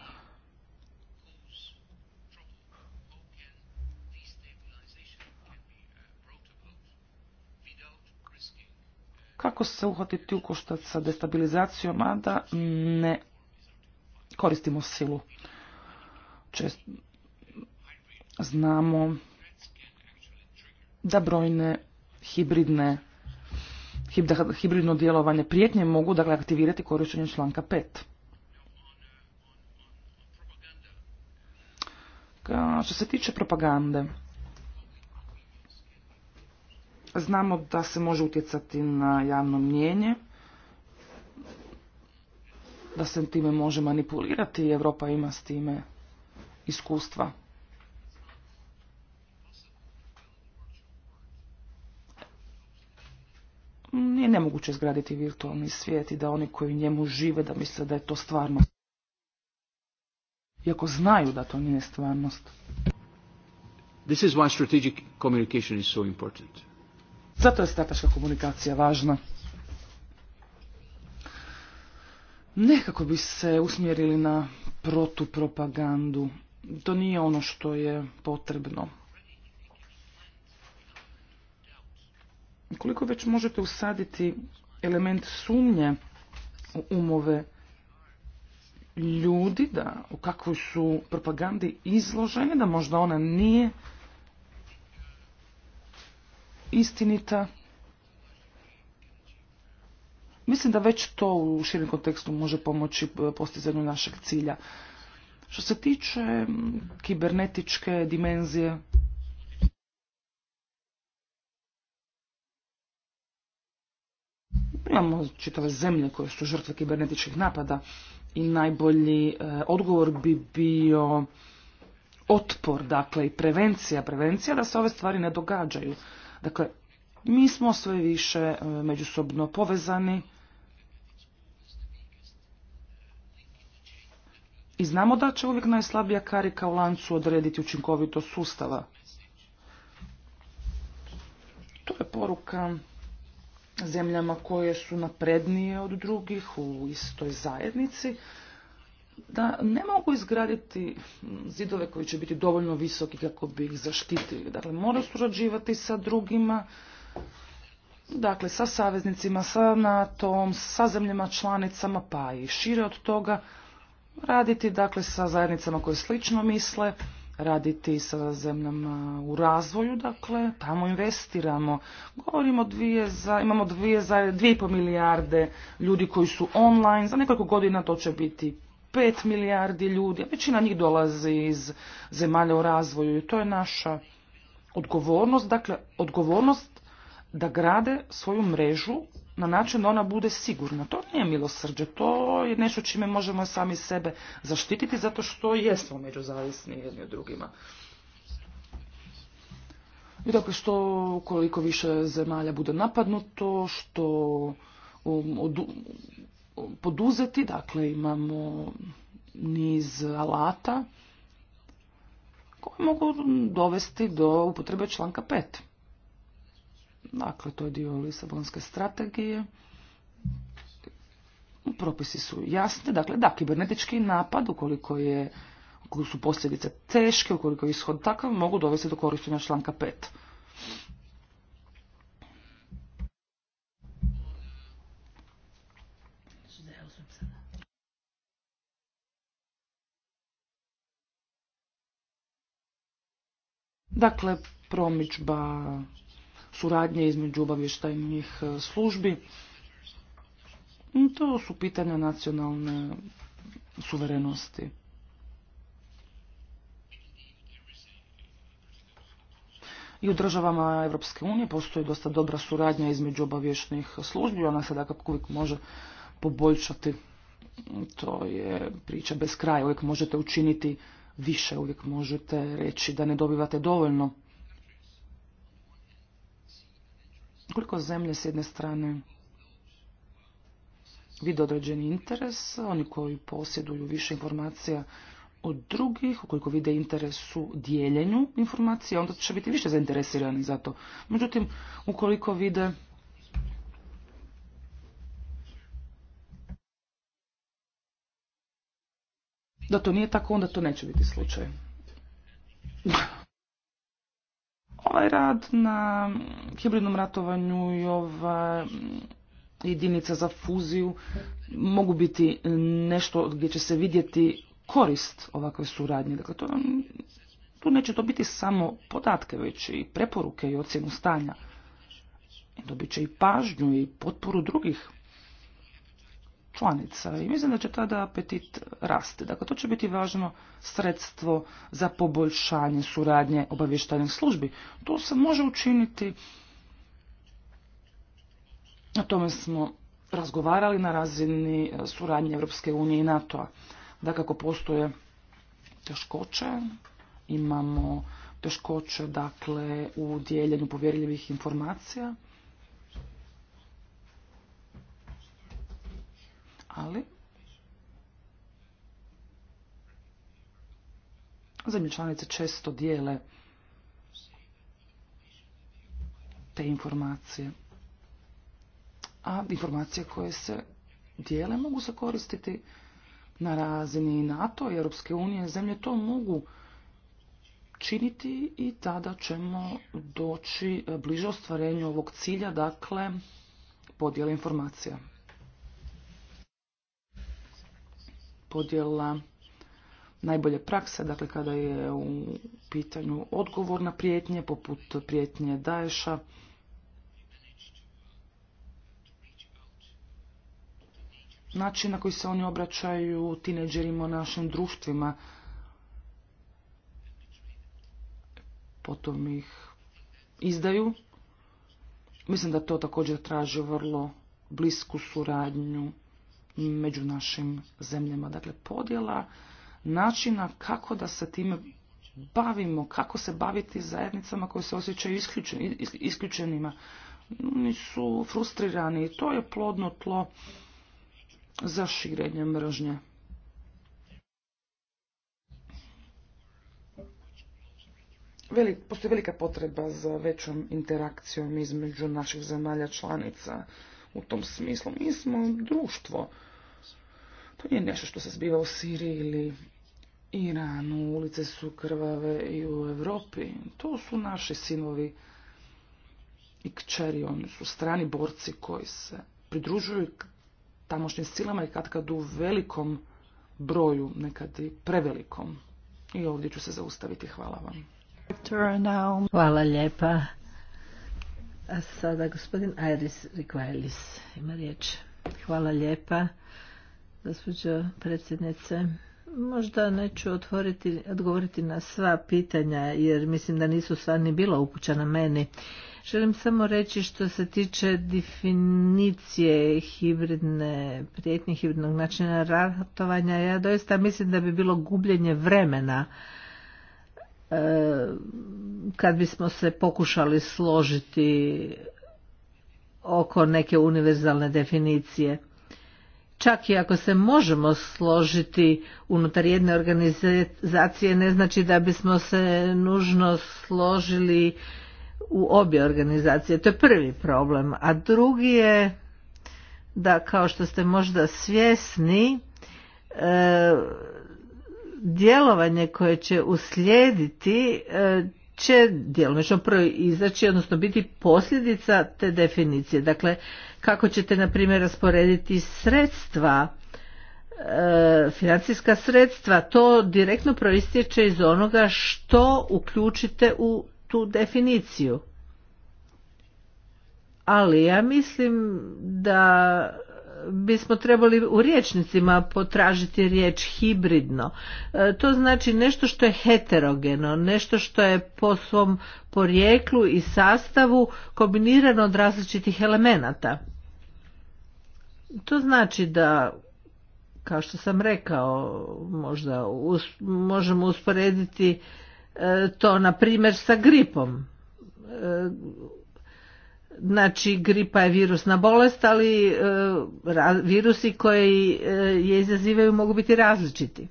[SPEAKER 1] Kako se uhvatiti u koštac sa destabilizacijom, a da ne koristimo silu? Znamo da brojne hibridne, hibridno djelovanje prijetnje mogu dakle, aktivirati korištenjem članka 5. što se tiče propagande, znamo da se može utjecati na javno mnjenje, da se time može manipulirati i Europa ima s time iskustva. nije nemoguće izgraditi virtualni svijet i da oni koji u njemu žive da misle da je to stvarnost. Iako znaju da to nije stvarnost.
[SPEAKER 3] This is why strategic communication is so important.
[SPEAKER 1] Zato je strateška komunikacija važna. Nekako bi se usmjerili na protupropagandu. To nije ono što je potrebno. koliko već možete usaditi element sumnje u umove ljudi, da u kakvoj su propagandi izloženi, da možda ona nije istinita. Mislim da već to u širem kontekstu može pomoći postizanju našeg cilja. Što se tiče kibernetičke dimenzije, Imamo čitave zemlje koje su žrtve kibernetičkih napada i najbolji e, odgovor bi bio otpor, dakle i prevencija, prevencija da se ove stvari ne događaju. Dakle, mi smo sve više e, međusobno povezani i znamo da će uvijek najslabija karika u lancu odrediti učinkovitost sustava. To je poruka zemljama koje su naprednije od drugih u istoj zajednici, da ne mogu izgraditi zidove koji će biti dovoljno visoki kako bi ih zaštitili. Dakle, moraju surađivati sa drugima, dakle, sa saveznicima, sa NATO-om, sa zemljama članicama, pa i šire od toga, raditi dakle sa zajednicama koje slično misle, raditi sa zemljama u razvoju, dakle, tamo investiramo. Govorimo dvije za, imamo dvije za, i po milijarde ljudi koji su online, za nekoliko godina to će biti pet milijardi ljudi, a većina njih dolazi iz zemalja u razvoju i to je naša odgovornost, dakle, odgovornost da grade svoju mrežu na način da ona bude sigurna. To nije milosrđe, to je nešto čime možemo sami sebe zaštititi zato što jesmo zavisni jedni od drugima. I dakle, što koliko više zemalja bude napadnuto, što poduzeti, dakle, imamo niz alata koje mogu dovesti do upotrebe članka 5. Dakle, to je dio Lisabonske strategije. Propisi su jasni. Dakle, da, kibernetički napad, ukoliko je su posljedice teške, ukoliko je ishod takav, mogu dovesti do korištenja članka 5. Dakle, promičba suradnje između obavještajnih e, službi. To su pitanja nacionalne suverenosti. I u državama Europske unije postoji dosta dobra suradnja između obavještajnih službi. Ona se dakle uvijek može poboljšati. To je priča bez kraja. Uvijek možete učiniti više. Uvijek možete reći da ne dobivate dovoljno. Koliko zemlje s jedne strane vide određeni interes, oni koji posjeduju više informacija od drugih, ukoliko vide interes u dijeljenju informacija, onda će biti više zainteresirani za to. Međutim, ukoliko vide da to nije tako, onda to neće biti slučaj. Ovaj rad na hibridnom ratovanju i ova jedinica za fuziju mogu biti nešto gdje će se vidjeti korist ovakve suradnje. Dakle, to, tu neće to biti samo podatke, već i preporuke i ocjenu stanja. Dobit će i pažnju i potporu drugih članica i mislim da će tada apetit rasti. Dakle, to će biti važno sredstvo za poboljšanje suradnje obavještajnih službi. To se može učiniti, o tome smo razgovarali na razini e, suradnje Europske unije i NATO-a. Da kako postoje teškoće, imamo teškoće dakle u dijeljenju povjerljivih informacija, ali zemlje članice često dijele te informacije. A informacije koje se dijele mogu se koristiti na razini NATO i Europske unije. Zemlje to mogu činiti i tada ćemo doći bliže ostvarenju ovog cilja, dakle podjele informacija. podjela najbolje prakse, dakle kada je u pitanju odgovor na prijetnje, poput prijetnje Daesha. Način na koji se oni obraćaju tineđerima u našim društvima, potom ih izdaju. Mislim da to također traži vrlo blisku suradnju među našim zemljama. Dakle, podjela načina kako da se time bavimo, kako se baviti zajednicama koje se osjećaju isključenima. Oni su frustrirani i to je plodno tlo za širenje mržnje. postoji velika potreba za većom interakcijom između naših zemalja članica. U tom smislu mi smo društvo to nije nešto što se zbiva u Siriji ili Iranu, ulice su krvave i u Europi. To su naši sinovi i kćeri, oni su strani borci koji se pridružuju tamošnjim silama i kad kad u velikom broju, nekad i prevelikom. I ovdje ću se zaustaviti. Hvala
[SPEAKER 2] vam. Hvala lijepa. A sada gospodin Iris ima riječ. Hvala lijepa gospođo predsjednice. Možda neću otvoriti, odgovoriti na sva pitanja jer mislim da nisu sva ni bila upućena meni. Želim samo reći što se tiče definicije hibridne prijetnje, hibridnog načina ratovanja, ja doista mislim da bi bilo gubljenje vremena e, kad bismo se pokušali složiti oko neke univerzalne definicije čak i ako se možemo složiti unutar jedne organizacije ne znači da bismo se nužno složili u obje organizacije. To je prvi problem. A drugi je da kao što ste možda svjesni e, djelovanje koje će uslijediti e, će djelomično prvo izaći, odnosno biti posljedica te definicije. Dakle, kako ćete na primjer rasporediti sredstva e, financijska sredstva to direktno proistječe iz onoga što uključite u tu definiciju ali ja mislim da bismo trebali u riječnicima potražiti riječ hibridno. E, to znači nešto što je heterogeno, nešto što je po svom porijeklu i sastavu kombinirano od različitih elemenata. To znači da kao što sam rekao, možda možemo usporediti e, to na primjer sa gripom. E, znači gripa je virusna bolest, ali e, virusi koji e, je izazivaju mogu biti različiti.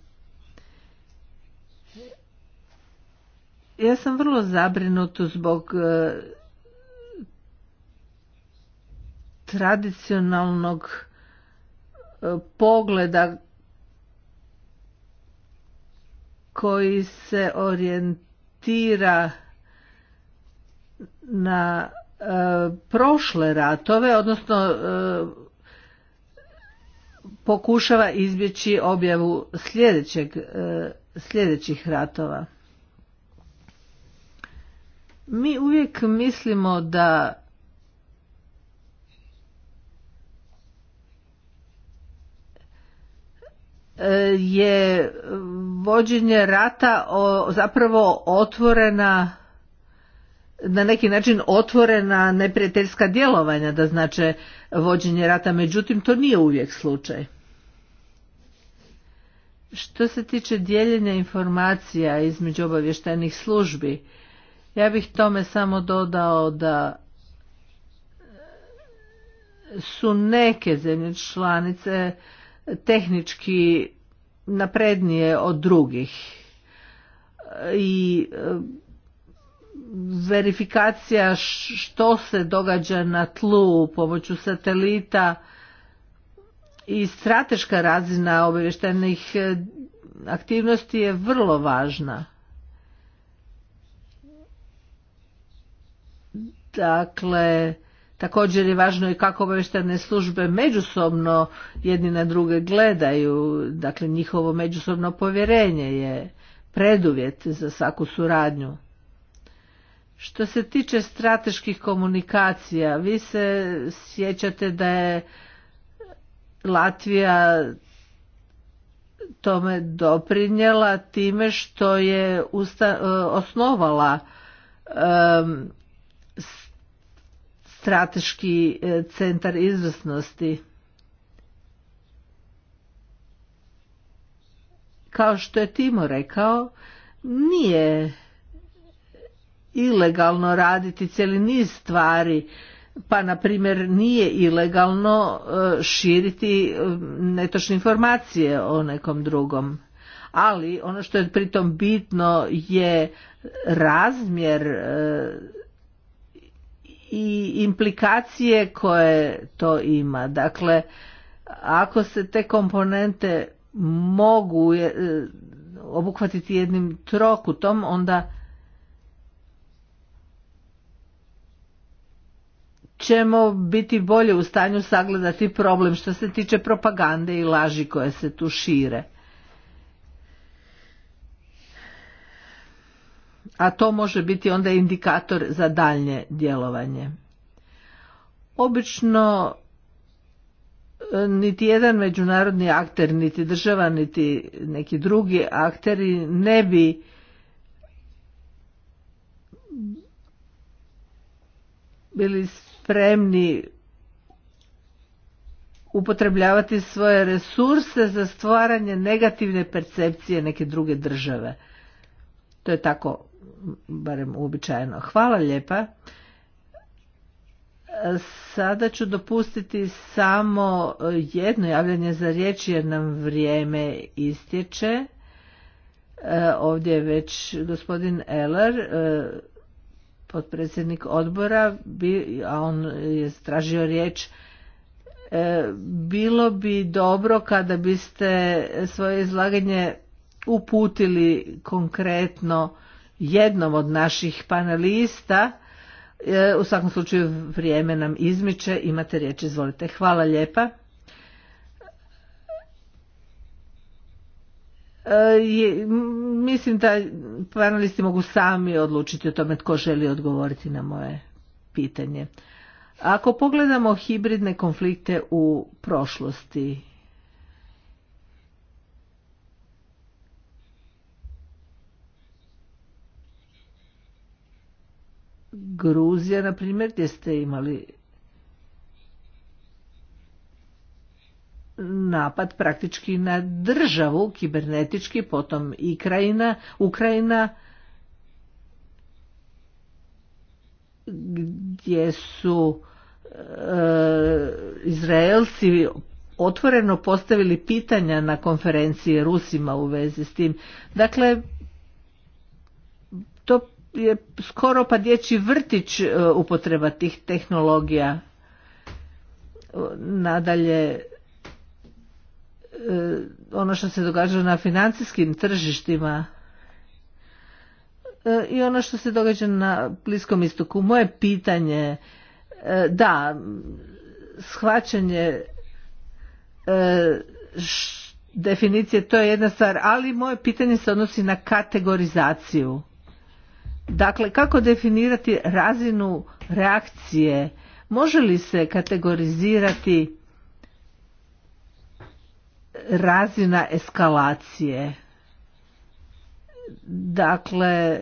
[SPEAKER 2] Ja sam vrlo zabrinut zbog tradicionalnog pogleda koji se orijentira na e, prošle ratove, odnosno e, pokušava izbjeći objavu sljedećeg, e, sljedećih ratova. Mi uvijek mislimo da je vođenje rata zapravo otvorena na neki način otvorena neprijateljska djelovanja da znače vođenje rata međutim to nije uvijek slučaj što se tiče dijeljenja informacija između obavještajnih službi ja bih tome samo dodao da su neke zemlje članice tehnički naprednije od drugih i e, verifikacija što se događa na tlu pomoću satelita i strateška razina obještenih e, aktivnosti je vrlo važna. Dakle, Također je važno i kako obavještajne službe međusobno jedni na druge gledaju, dakle njihovo međusobno povjerenje je preduvjet za svaku suradnju. Što se tiče strateških komunikacija, vi se sjećate da je Latvija tome doprinjela time što je osnovala strateški e, centar izvrsnosti. Kao što je Timo rekao, nije ilegalno raditi cijeli niz stvari, pa na primjer nije ilegalno e, širiti e, netočne informacije o nekom drugom. Ali ono što je pritom bitno je razmjer i implikacije koje to ima. Dakle, ako se te komponente mogu e, obuhvatiti jednim trokutom, onda ćemo biti bolje u stanju sagledati problem što se tiče propagande i laži koje se tu šire. a to može biti onda indikator za daljnje djelovanje. Obično e, niti jedan međunarodni akter, niti država, niti neki drugi akteri ne bi bili spremni upotrebljavati svoje resurse za stvaranje negativne percepcije neke druge države. To je tako barem uobičajeno. Hvala lijepa. Sada ću dopustiti samo jedno javljanje za riječ jer nam vrijeme istječe. E, ovdje je već gospodin Eller, e, potpredsjednik odbora, a on je stražio riječ. E, bilo bi dobro kada biste svoje izlaganje uputili konkretno jednom od naših panelista. E, u svakom slučaju vrijeme nam izmiče, imate riječ, izvolite. Hvala lijepa. E, mislim da panelisti mogu sami odlučiti o tome tko želi odgovoriti na moje pitanje. Ako pogledamo hibridne konflikte u prošlosti, Gruzija, na primjer, gdje ste imali napad praktički na državu, kibernetički, potom i krajina, Ukrajina, gdje su e, Izraelci otvoreno postavili pitanja na konferenciji Rusima u vezi s tim. Dakle, je skoro pa dječji vrtić e, upotreba tih tehnologija. Nadalje, e, ono što se događa na financijskim tržištima e, i ono što se događa na Bliskom istoku. Moje pitanje, da, shvaćanje definicije, to je jedna stvar, ali moje pitanje se odnosi na kategorizaciju. Dakle, kako definirati razinu reakcije? Može li se kategorizirati razina eskalacije? Dakle,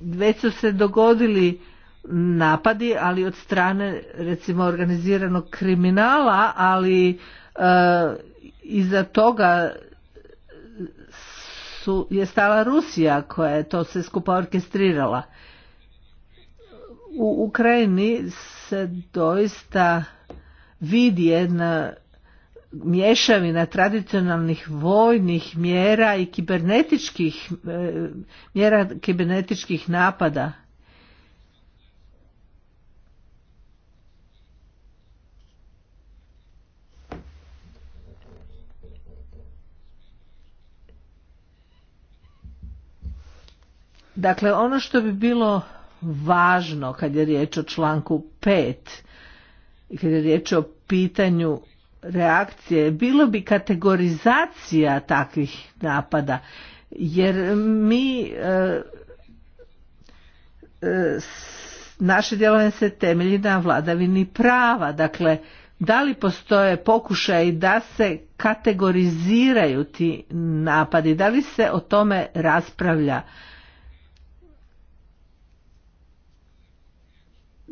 [SPEAKER 2] već su se dogodili napadi, ali od strane recimo organiziranog kriminala, ali e, iza toga su, je stala Rusija koja je to sve skupa orkestrirala. U Ukrajini se doista vidi jedna mješavina tradicionalnih vojnih mjera i kibernetičkih e, mjera kibernetičkih napada Dakle, ono što bi bilo važno kad je riječ o članku 5 i kad je riječ o pitanju reakcije, bilo bi kategorizacija takvih napada, jer mi e, e, naše djelovanje se temelji na vladavini prava, dakle da li postoje pokušaj da se kategoriziraju ti napadi, da li se o tome raspravlja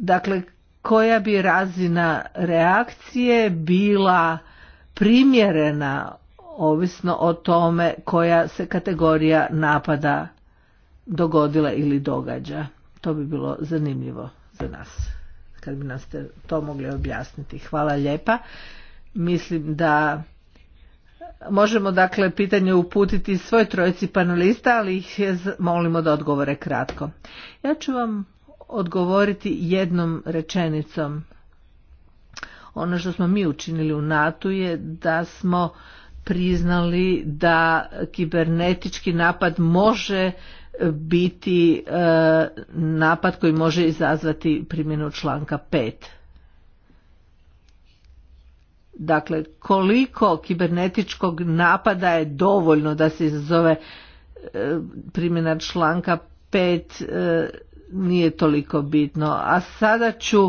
[SPEAKER 2] Dakle, koja bi razina reakcije bila primjerena ovisno o tome koja se kategorija napada dogodila ili događa. To bi bilo zanimljivo za nas, kad bi nas to mogli objasniti. Hvala lijepa. Mislim da možemo dakle pitanje uputiti svoj trojici panelista, ali ih molimo da odgovore kratko. Ja ću vam odgovoriti jednom rečenicom. Ono što smo mi učinili u NATO je da smo priznali da kibernetički napad može biti e, napad koji može izazvati primjenu članka 5. Dakle, koliko kibernetičkog napada je dovoljno da se izazove e, primjena članka 5 nije toliko bitno. A sada ću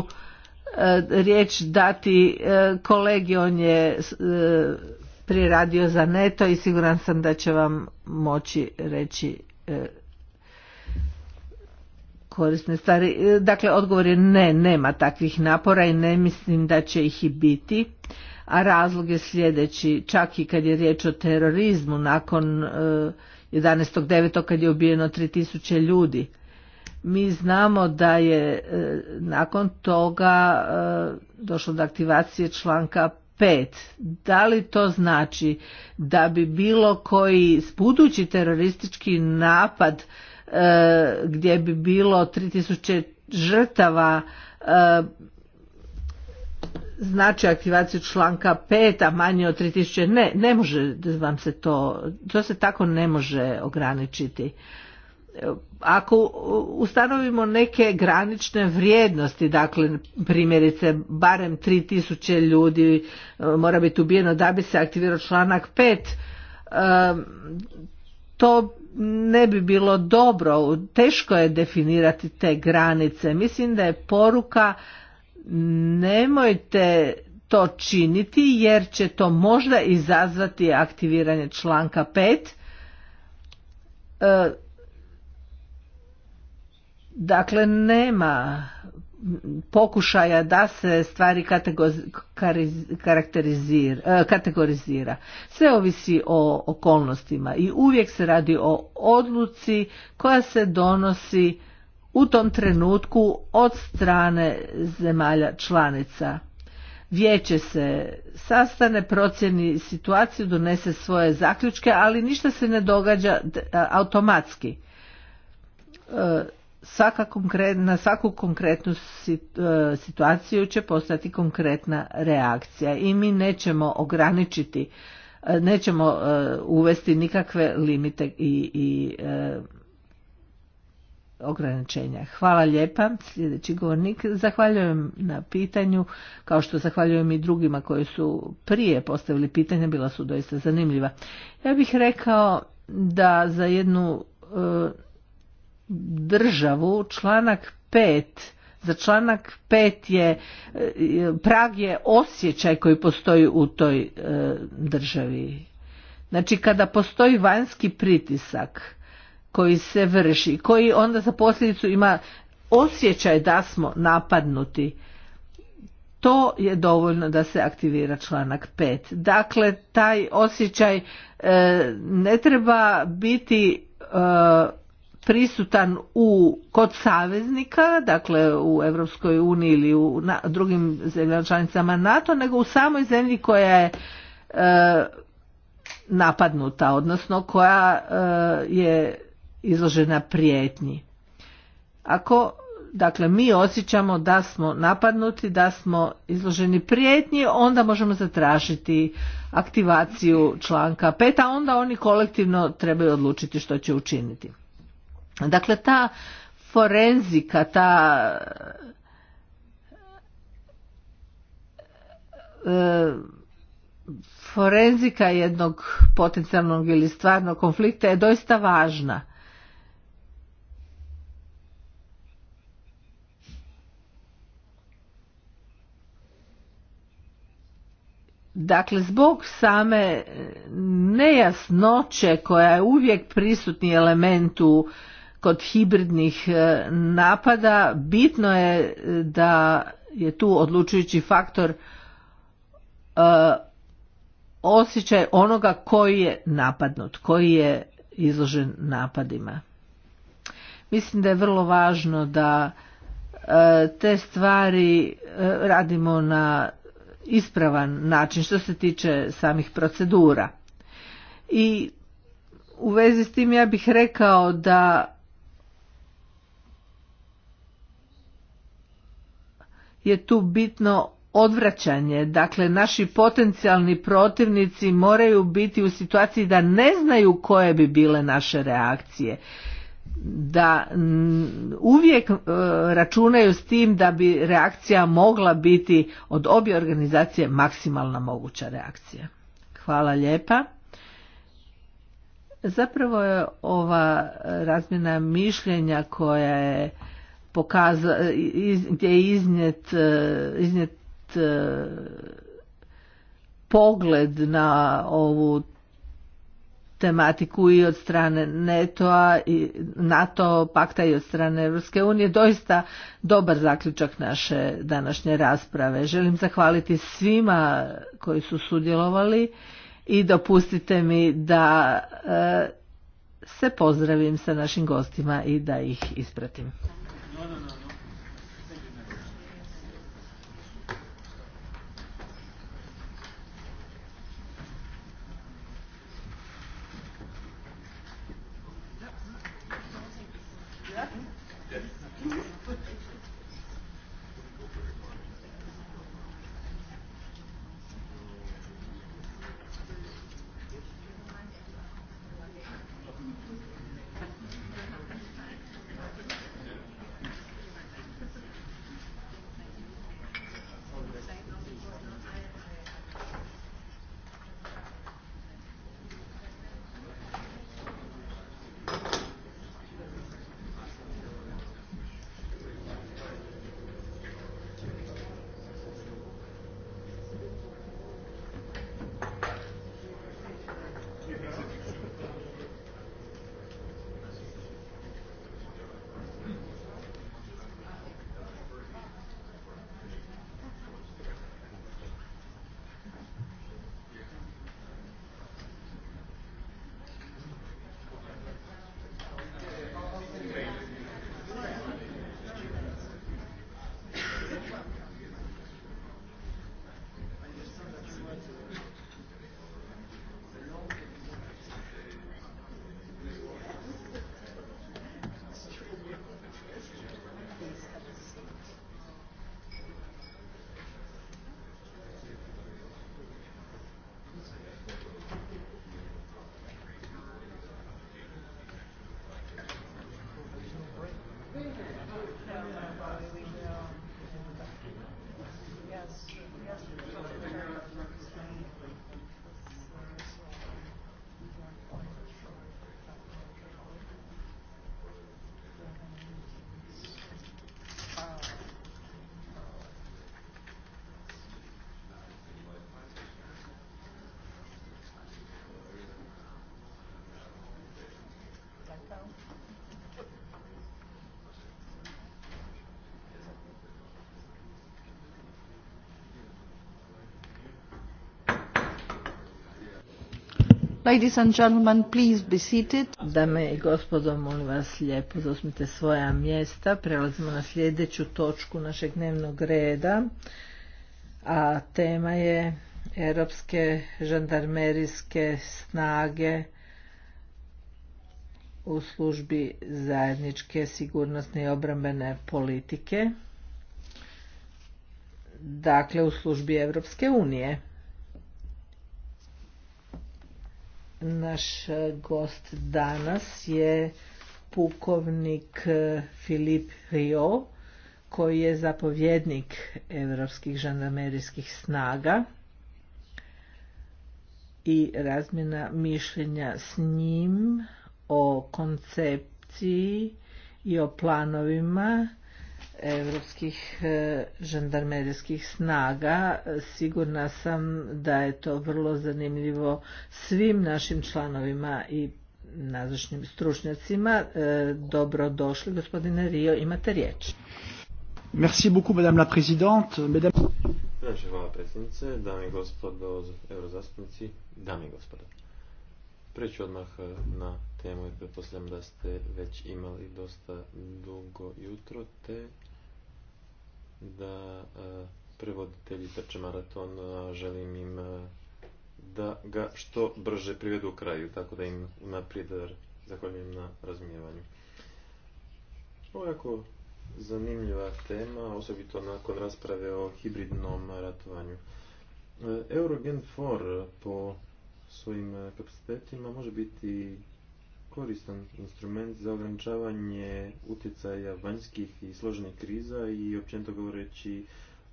[SPEAKER 2] e, riječ dati e, kolegi, on je e, priradio za neto i siguran sam da će vam moći reći korisne stvari. Dakle, odgovor je ne, nema takvih napora i ne mislim da će ih i biti. A razlog je sljedeći, čak i kad je riječ o terorizmu nakon 11.9. kad je ubijeno 3000 ljudi. Mi znamo da je e, nakon toga e, došlo do aktivacije članka 5. Da li to znači da bi bilo koji budući teroristički napad e, gdje bi bilo 3000 žrtava znači aktivaciju članka 5, a manje od 3000, ne, ne može vam se to, to se tako ne može ograničiti ako ustanovimo neke granične vrijednosti, dakle primjerice barem 3000 ljudi e, mora biti ubijeno da bi se aktivirao članak 5, e, to ne bi bilo dobro, teško je definirati te granice. Mislim da je poruka nemojte to činiti jer će to možda izazvati aktiviranje članka 5 Dakle, nema pokušaja da se stvari e, kategorizira. Sve ovisi o okolnostima i uvijek se radi o odluci koja se donosi u tom trenutku od strane zemalja članica. Vijeće se sastane, procjeni situaciju, donese svoje zaključke, ali ništa se ne događa automatski. E, na svaku konkretnu e, situaciju će postati konkretna reakcija i mi nećemo ograničiti, e, nećemo e, uvesti nikakve limite i, i ograničenja. Hvala lijepa, sljedeći govornik. Zahvaljujem na pitanju, kao što zahvaljujem i drugima koji su prije postavili pitanja, bila su doista zanimljiva. Ja bih rekao da za jednu državu članak 5 za članak 5 je e, prag je osjećaj koji postoji u toj e, državi. Znači kada postoji vanjski pritisak koji se vrši, koji onda za posljedicu ima osjećaj da smo napadnuti, to je dovoljno da se aktivira članak 5. Dakle, taj osjećaj e, ne treba biti prisutan u kod saveznika, dakle u Europskoj uniji ili u drugim zemljama članicama NATO, nego u samoj zemlji koja je e, napadnuta, odnosno koja e, je izložena prijetnji. Ako dakle mi osjećamo da smo napadnuti, da smo izloženi prijetnji, onda možemo zatražiti aktivaciju članka 5, a onda oni kolektivno trebaju odlučiti što će učiniti. Dakle, ta forenzika, ta e, forenzika jednog potencijalnog ili stvarnog konflikta je doista važna. Dakle, zbog same nejasnoće koja je uvijek prisutni element u kod hibridnih e, napada bitno je e, da je tu odlučujući faktor e, osjećaj onoga koji je napadnut, koji je izložen napadima. Mislim da je vrlo važno da te stvari radimo na ispravan način što se tiče samih procedura. I u vezi s tim ja bih rekao da je tu bitno odvraćanje. Dakle, naši potencijalni protivnici moraju biti u situaciji da ne znaju koje bi bile naše reakcije. Da uvijek e, računaju s tim da bi reakcija mogla biti od obje organizacije maksimalna moguća reakcija. Hvala lijepa. Zapravo je ova razmjena mišljenja koja je pokaza, iz, gdje je iznijet, e, e, pogled na ovu tematiku i od strane NATO-a i NATO pakta i od strane Europske unije doista dobar zaključak naše današnje rasprave. Želim zahvaliti svima koji su sudjelovali i dopustite mi da e, se pozdravim sa našim gostima i da ih ispratim. Ladies and gentlemen, please be seated. Dame i gospodo, molim vas lijepo zauzmite svoja mjesta. Prelazimo na sljedeću točku našeg dnevnog reda, a tema je Europske žandarmerijske snage u službi zajedničke sigurnosne i obrambene politike, dakle u službi Europske unije. Naš e, gost danas je pukovnik e, Filip Rio, koji je zapovjednik Europskih žandarmerijskih snaga i razmjena mišljenja s njim o koncepciji i o planovima evropskih e, žandarmerijskih snaga. Sigurna sam da je to vrlo zanimljivo svim našim članovima i nazvašnjim stručnjacima. E, Dobro došli, gospodine Rio, imate riječ.
[SPEAKER 1] Merci beaucoup, madame
[SPEAKER 2] la
[SPEAKER 3] présidente. Mesdames... Znači, hvala predsjednice, dame i gospodo, eurozastupnici, dame i gospodo. Preću odmah e, na temu i pretpostavljam da ste već imali dosta dugo jutro te da e, prevoditelji trče maraton želim im e, da ga što brže privedu u kraju tako da im naprijed zahvaljujem na razumijevanju. Ovo jako zanimljiva tema, osobito nakon rasprave o hibridnom ratovanju. E, Eurogen 4 po svojim kapacitetima može biti koristan instrument za ograničavanje utjecaja vanjskih i složenih kriza i općenito govoreći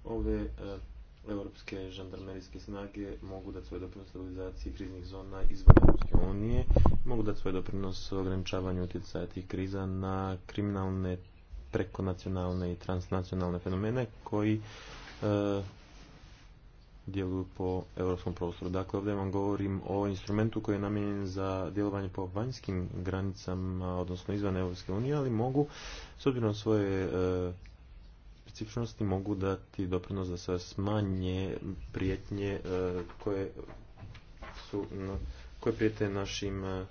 [SPEAKER 3] ove e, europske žandarmerijske snage mogu dati svoj doprinos stabilizaciji kriznih zona izvan Europske unije, mogu dati svoj doprinos ograničavanju utjecaja tih kriza na kriminalne, prekonacionalne i transnacionalne fenomene koji e, djeluju po europskom prostoru. Dakle, ovdje vam govorim o instrumentu koji je namijenjen za djelovanje po vanjskim granicama, odnosno izvan Europske unije, ali mogu, s obzirom svoje e, specifičnosti, mogu dati doprinos da se smanje prijetnje e, koje su, koje prijete našim e,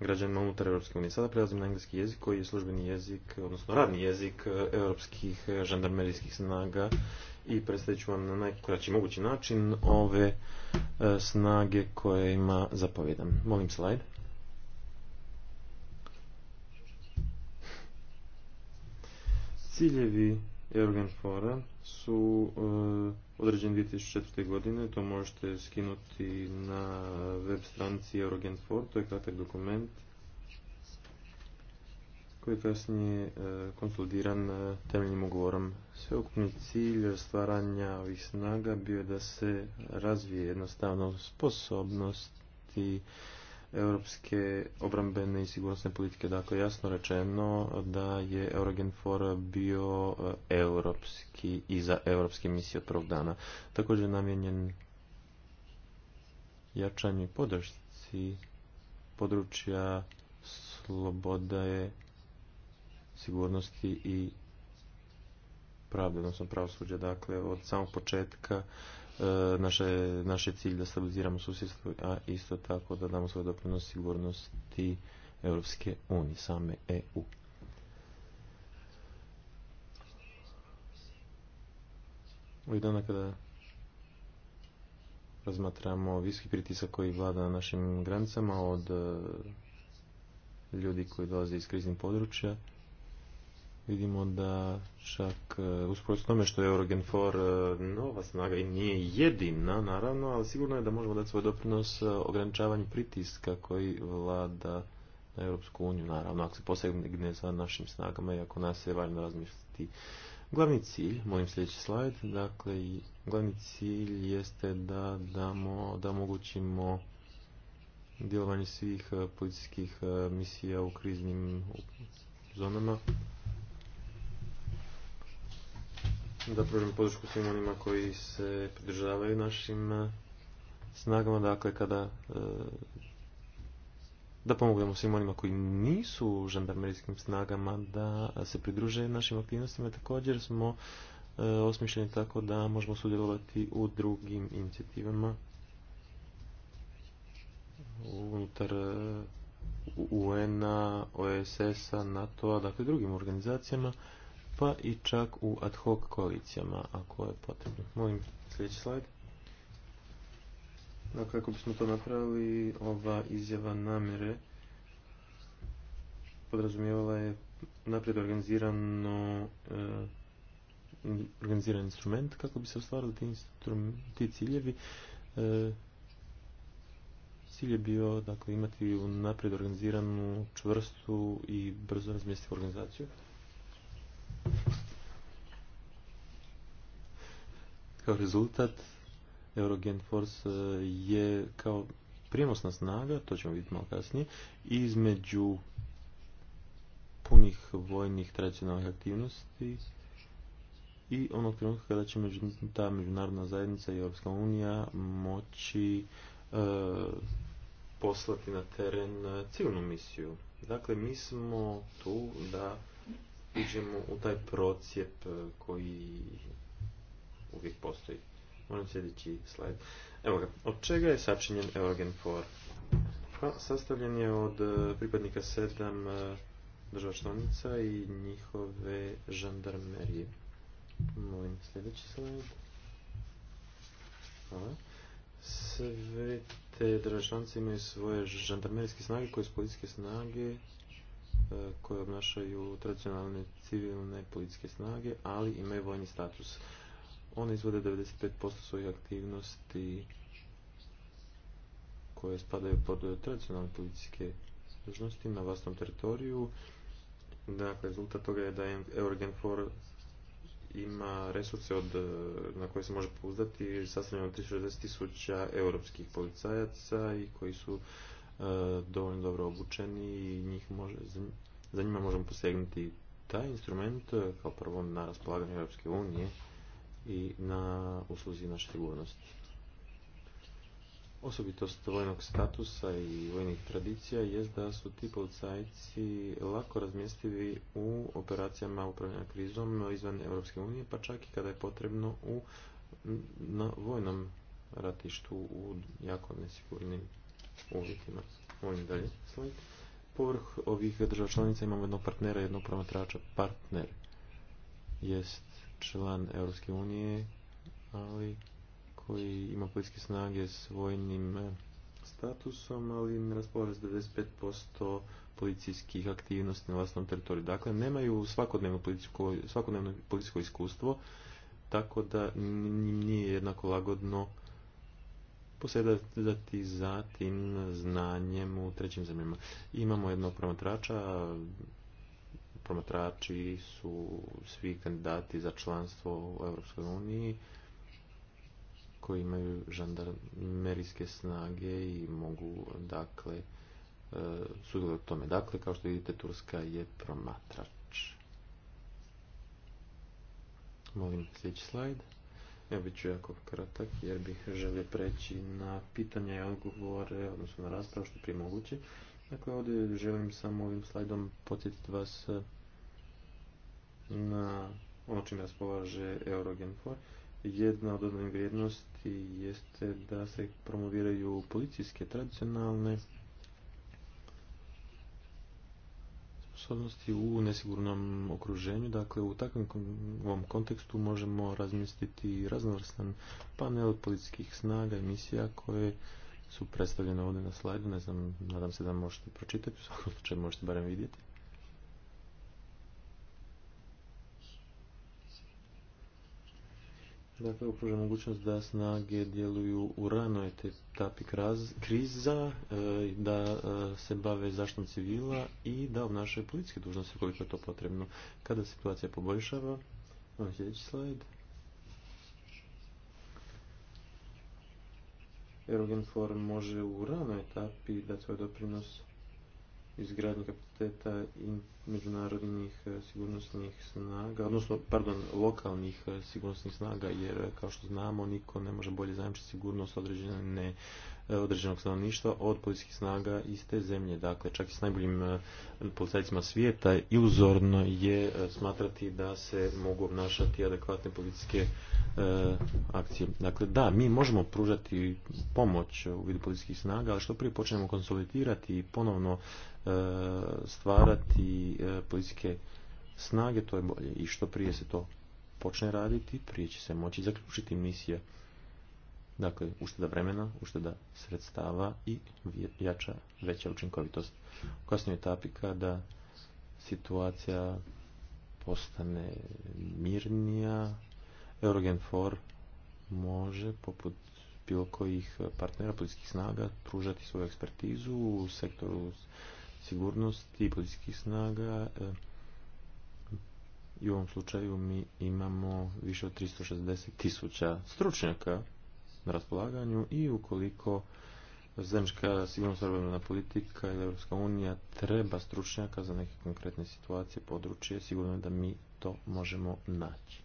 [SPEAKER 3] građanima unutar Europske unije. Sada prelazim na engleski jezik koji je službeni jezik, odnosno radni jezik europskih žandarmerijskih snaga i predstavit ću vam na najkraći mogući način ove e, snage koje ima zapovjedan. Molim slajd. Ciljevi fora su e, određeni 2004. godine, to možete skinuti na web stranici Eurogenfor, to je kratak dokument koji je kasnije e, konsolidiran e, temeljnim ugovorom. Sveukupni cilj stvaranja ovih snaga bio je da se razvije jednostavno sposobnosti europske obrambene i sigurnosne politike. Dakle, jasno rečeno da je Eurogenfor bio e, europski i za europske misije od prvog dana. Također je namijenjen jačanju i podršci područja slobode sigurnosti i pravde, odnosno pravosuđa. Dakle, od samog početka e, naše, naš je cilj da stabiliziramo susjedstvo, a isto tako da damo svoj doprinos sigurnosti Europske unije, same EU. Ovih dana kada razmatramo viski pritisak koji vlada na našim granicama od e, ljudi koji dolaze iz kriznih područja, vidimo da čak e, usprot tome što je Eurogen 4 e, nova snaga i nije jedina, naravno, ali sigurno je da možemo dati svoj doprinos e, ograničavanju pritiska koji vlada na Europsku uniju, naravno, ako se posegne za našim snagama i ako nas je valjno razmisliti. Glavni cilj, molim sljedeći slajd, dakle, glavni cilj jeste da damo, da omogućimo djelovanje svih policijskih misija u kriznim zonama da pružimo podršku svim onima koji se pridržavaju našim snagama, dakle kada da pomognemo svim onima koji nisu u žandarmerijskim snagama da se pridruže našim aktivnostima. Također smo osmišljeni tako da možemo sudjelovati u drugim inicijativama unutar UN-a, OSS-a, NATO-a, dakle drugim organizacijama pa i čak u ad hoc koalicijama ako je potrebno. Molim sljedeći slajd. Dakle, ako bismo to napravili, ova izjava namjere podrazumijevala je naprijed organizirano e, organiziran instrument kako bi se ostvarili ti, ciljevi. E, cilj je bio dakle, imati naprijed organiziranu, čvrstu i brzo razmjestivu organizaciju. Kao rezultat, Eurogen Force e, je kao prijenosna snaga, to ćemo vidjeti malo kasnije, između punih vojnih tradicionalnih aktivnosti i onog trenutka kada će ta međunarodna zajednica i Europska unija moći e, poslati na teren e, civilnu misiju. Dakle, mi smo tu da iđemo u taj procijep koji uvijek postoji. Molim sljedeći slajd. Evo ga, od čega je sačinjen Eurogen 4? Pa, sastavljen je od e, pripadnika sedam e, država članica i njihove žandarmerije. Molim sljedeći slajd. Hvala. Sve te države članice imaju svoje žandarmerijske snage koje su policijske snage e, koje obnašaju tradicionalne civilne politiske snage, ali imaju vojni status. On izvode 95% svojih aktivnosti koje spadaju pod tradicionalne policijske dužnosti na vlastnom teritoriju. Dakle, rezultat toga je da Eurogenfor ima resurse na koje se može pouzdati sastavljeno od europskih policajaca i koji su e, dovoljno dobro obučeni i njih za njima možemo posegnuti taj instrument kao prvo na raspolaganju Europske unije i na usluzi naše sigurnosti. Osobitost vojnog statusa i vojnih tradicija je da su ti policajci lako razmjestivi u operacijama upravljanja krizom izvan Europske unije, pa čak i kada je potrebno u, na vojnom ratištu u jako nesigurnim uvjetima. Molim dalje slajd. Povrh ovih država članica imamo jednog partnera jednog promatrača. Partner jest član Europske unije, ali koji ima politiske snage s vojnim e, statusom, ali ne raspolaže s 95% policijskih aktivnosti na vlastnom teritoriju. Dakle, nemaju svakodnevno policijsko, svakodnevno iskustvo, tako da nije jednako lagodno posjedati zatim znanjem u trećim zemljama. Imamo jednog promatrača, promatrači su svi kandidati za članstvo u Europskoj uniji koji imaju žandarmerijske snage i mogu dakle e, sudjelovati u tome. Dakle, kao što vidite, Turska je promatrač. Molim sljedeći slajd. Evo bit ću jako kratak jer bih želio preći na pitanja i odgovore, odnosno na raspravu što prije moguće. Dakle, ovdje želim samo ovim slajdom podsjetiti vas na ono čime raspolaže Eurogenfor. Jedna od dodanih vrijednosti jeste da se promoviraju policijske tradicionalne sposobnosti u nesigurnom okruženju. Dakle, u takvom ovom kontekstu možemo razmisliti raznovrstan panel policijskih snaga i misija koje su predstavljene ovdje na slajdu. Ne znam, nadam se da možete pročitati, u svakom slučaju možete barem vidjeti. dakle, opruža mogućnost da snage djeluju u ranoj etapi kriza, e, da e, se bave zaštom civila i da obnašaju policijske dužnosti koliko je to potrebno. Kada situacija poboljšava, imam sljedeći slajd. Eurogenfor može u ranoj etapi dati svoj doprinos izgradnji kapaciteta i međunarodnih e, sigurnosnih snaga, odnosno, pardon, lokalnih e, sigurnosnih snaga, jer e, kao što znamo, niko ne može bolje zajamčiti sigurnost određenog stanovništva od policijskih snaga iz te zemlje. Dakle, čak i s najboljim policajcima svijeta, iluzorno je smatrati da se mogu obnašati adekvatne policijske akcije. Dakle, da, mi možemo pružati pomoć u vidu policijskih snaga, ali što prije počnemo konsolidirati i ponovno E, stvarati e, policijske snage, to je bolje. I što prije se to počne raditi, prije će se moći zaključiti misija. Dakle, ušteda vremena, ušteda sredstava i jača, veća učinkovitost. U kasnoj etapi kada situacija postane mirnija, Eurogenfor može, poput bilo kojih partnera političkih snaga, pružati svoju ekspertizu u sektoru sigurnosti i policijskih snaga e, i u ovom slučaju mi imamo više od 360 tisuća stručnjaka na raspolaganju i ukoliko zemljska sigurnosna politika ili Europska unija treba stručnjaka za neke konkretne situacije, područje, sigurno je da mi to možemo naći.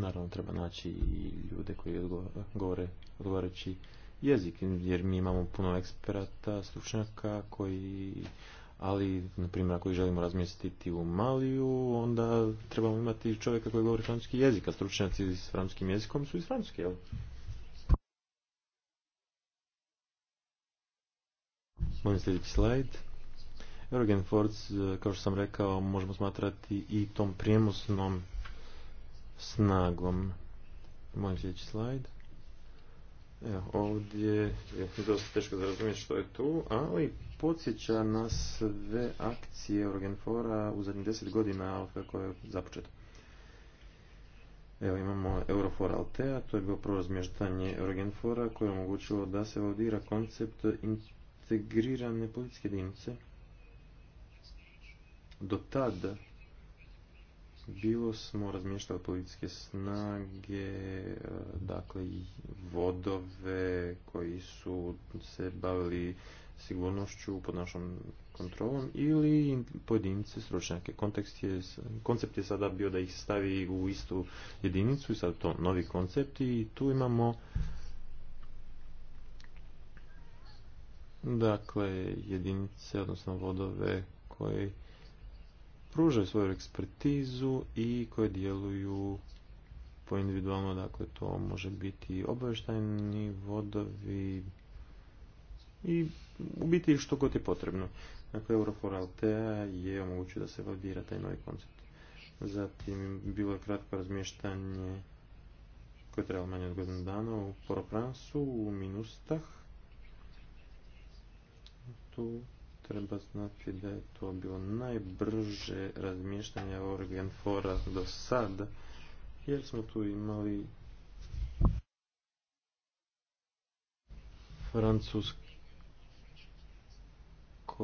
[SPEAKER 3] Naravno, treba naći i ljude koji govore odgovarajući jezik, jer mi imamo puno eksperata, stručnjaka koji ali, na primjer, ako želimo razmjestiti u Maliju, onda trebamo imati čovjeka koji govori francuski jezik, a stručnjaci s francuskim jezikom su iz Francuske, jel? sljedeći slajd. Eurogen Force, kao što sam rekao, možemo smatrati i tom prijenosnom snagom. Možete slajd. Evo, ovdje je dosta teško da razumjeti što je tu, ali podsjeća na sve akcije Eurogenfora u zadnjih deset godina kako je započeto. Evo imamo Eurofor Altea, to je bilo prvo razmještanje Eurogenfora koje je omogućilo da se validira koncept integrirane političke jedinice. Do tada bilo smo razmišljali političke snage, e, dakle i vodove koji su se bavili sigurnošću pod našom kontrolom ili pojedinice, stručnjake. Kontekst je, koncept je sada bio da ih stavi u istu jedinicu i sad to novi koncept i tu imamo dakle jedinice, odnosno vodove koji pružaju svoju ekspertizu i koje djeluju po individualno, dakle to može biti obavještajni vodovi i u biti što god je potrebno. Dakle, Eurofor Altea je omogućio da se validira taj novi koncept. Zatim, bilo je kratko razmještanje koje je trebalo manje od godinu dana u Poropransu, u Minustah. Tu treba znati da je to bilo najbrže razmještanje Organ Fora do sada, jer smo tu imali francusko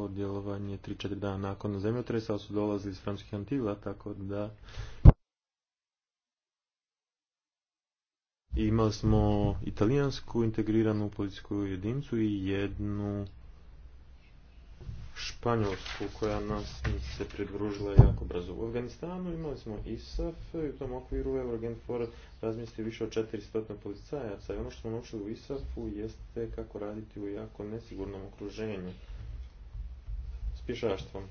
[SPEAKER 3] djelovanje 3-4 dana nakon zemljotresa, ali su dolazili iz francuskih antila, tako da imali smo italijansku integriranu policijsku jedincu i jednu Španjolsku koja nas se pridružila jako brzo. U Afganistanu imali smo ISAF i u tom okviru Euroagent for razmisliti više od 400 policajaca i ono što smo naučili u ISAF-u jeste kako raditi u jako nesigurnom okruženju s pješaštvom.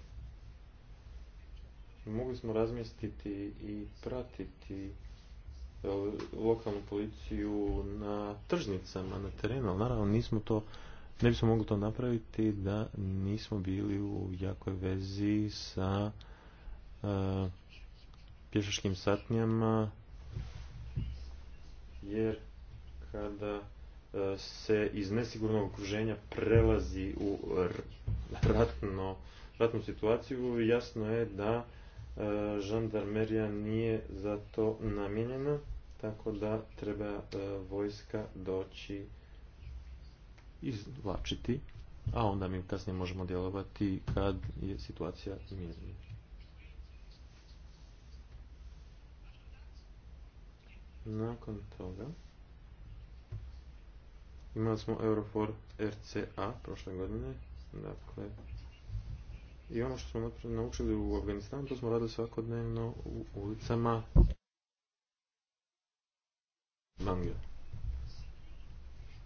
[SPEAKER 3] Mogli smo razmjestiti i pratiti e, lokalnu policiju na tržnicama, na terenu, ali naravno nismo to ne bismo mogli to napraviti da nismo bili u jakoj vezi sa uh, pješačkim satnjama jer kada e, se iz nesigurnog okruženja prelazi u ratno, ratnu situaciju, jasno je da e, žandarmerija nije za to namijenjena, tako da treba vojska doći izvlačiti, a onda mi kasnije možemo djelovati kad je situacija mirna. Nakon toga imali smo Eurofor RCA prošle godine, dakle i ono što smo naučili u Afganistanu, to smo radili svakodnevno u ulicama Bangla.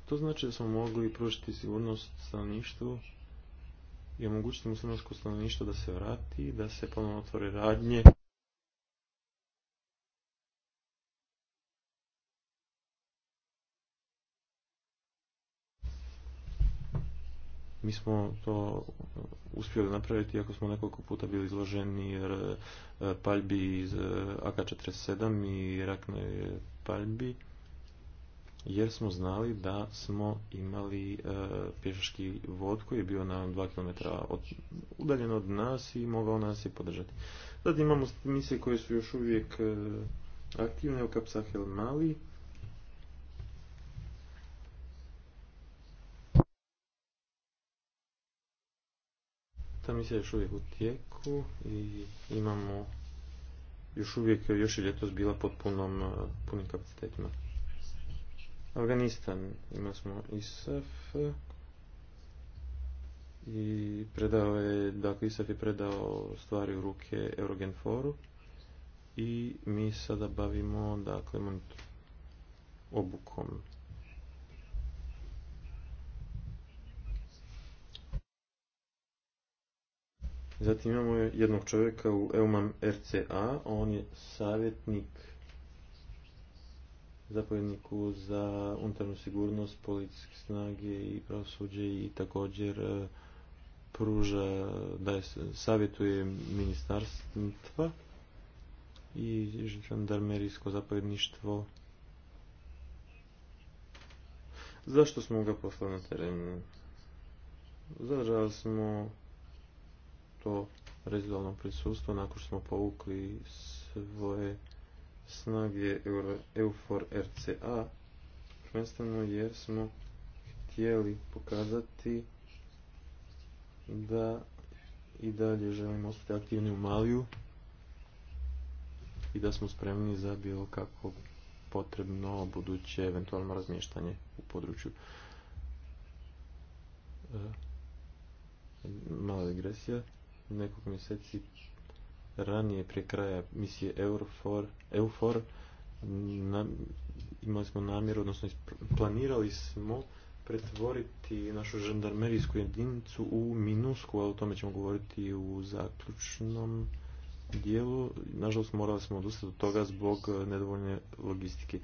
[SPEAKER 3] To znači da smo mogli pružiti sigurnost stanovništvu i omogućiti muslimansko stanovništvo da se vrati, da se ponovno otvore radnje. Mi smo to uspjeli napraviti ako smo nekoliko puta bili izloženi e, paljbi iz e, AK-47 i rakne paljbi jer smo znali da smo imali e, pješački vod koji je bio na 2 km udaljen od nas i mogao nas je podržati. Zatim imamo misije koje su još uvijek e, aktivne u Kapsahel Mali. Ta misija je još uvijek u tijeku i imamo još uvijek, još je ljetos bila pod punom, e, punim kapacitetima. Afganistan. Imali smo ISAF i predao je, dakle ISAF je predao stvari u ruke foru. i mi sada bavimo dakle obukom. Zatim imamo jednog čovjeka u EUMAM RCA, on je savjetnik zapovjedniku za unutarnju sigurnost, policijske snage i pravosuđe i također e, pruža, da savjetuje ministarstva i žandarmerijsko zapovjedništvo. Zašto smo ga poslali na teren? Zadržali smo to rezidualno prisustvo nakon što smo povukli svoje snage EUFOR RCA, prvenstveno jer smo htjeli pokazati da i dalje želimo ostati aktivni u Maliju i da smo spremni za bilo kako potrebno buduće eventualno razmještanje u području e, mala digresija nekog mjeseci ranije prije kraja misije Eufor, Eufor imali smo namjeru, odnosno planirali smo pretvoriti našu žandarmerijsku jedinicu u minusku, a o tome ćemo govoriti u zaključnom dijelu. Nažalost, morali smo odustati od toga zbog nedovoljne logistike.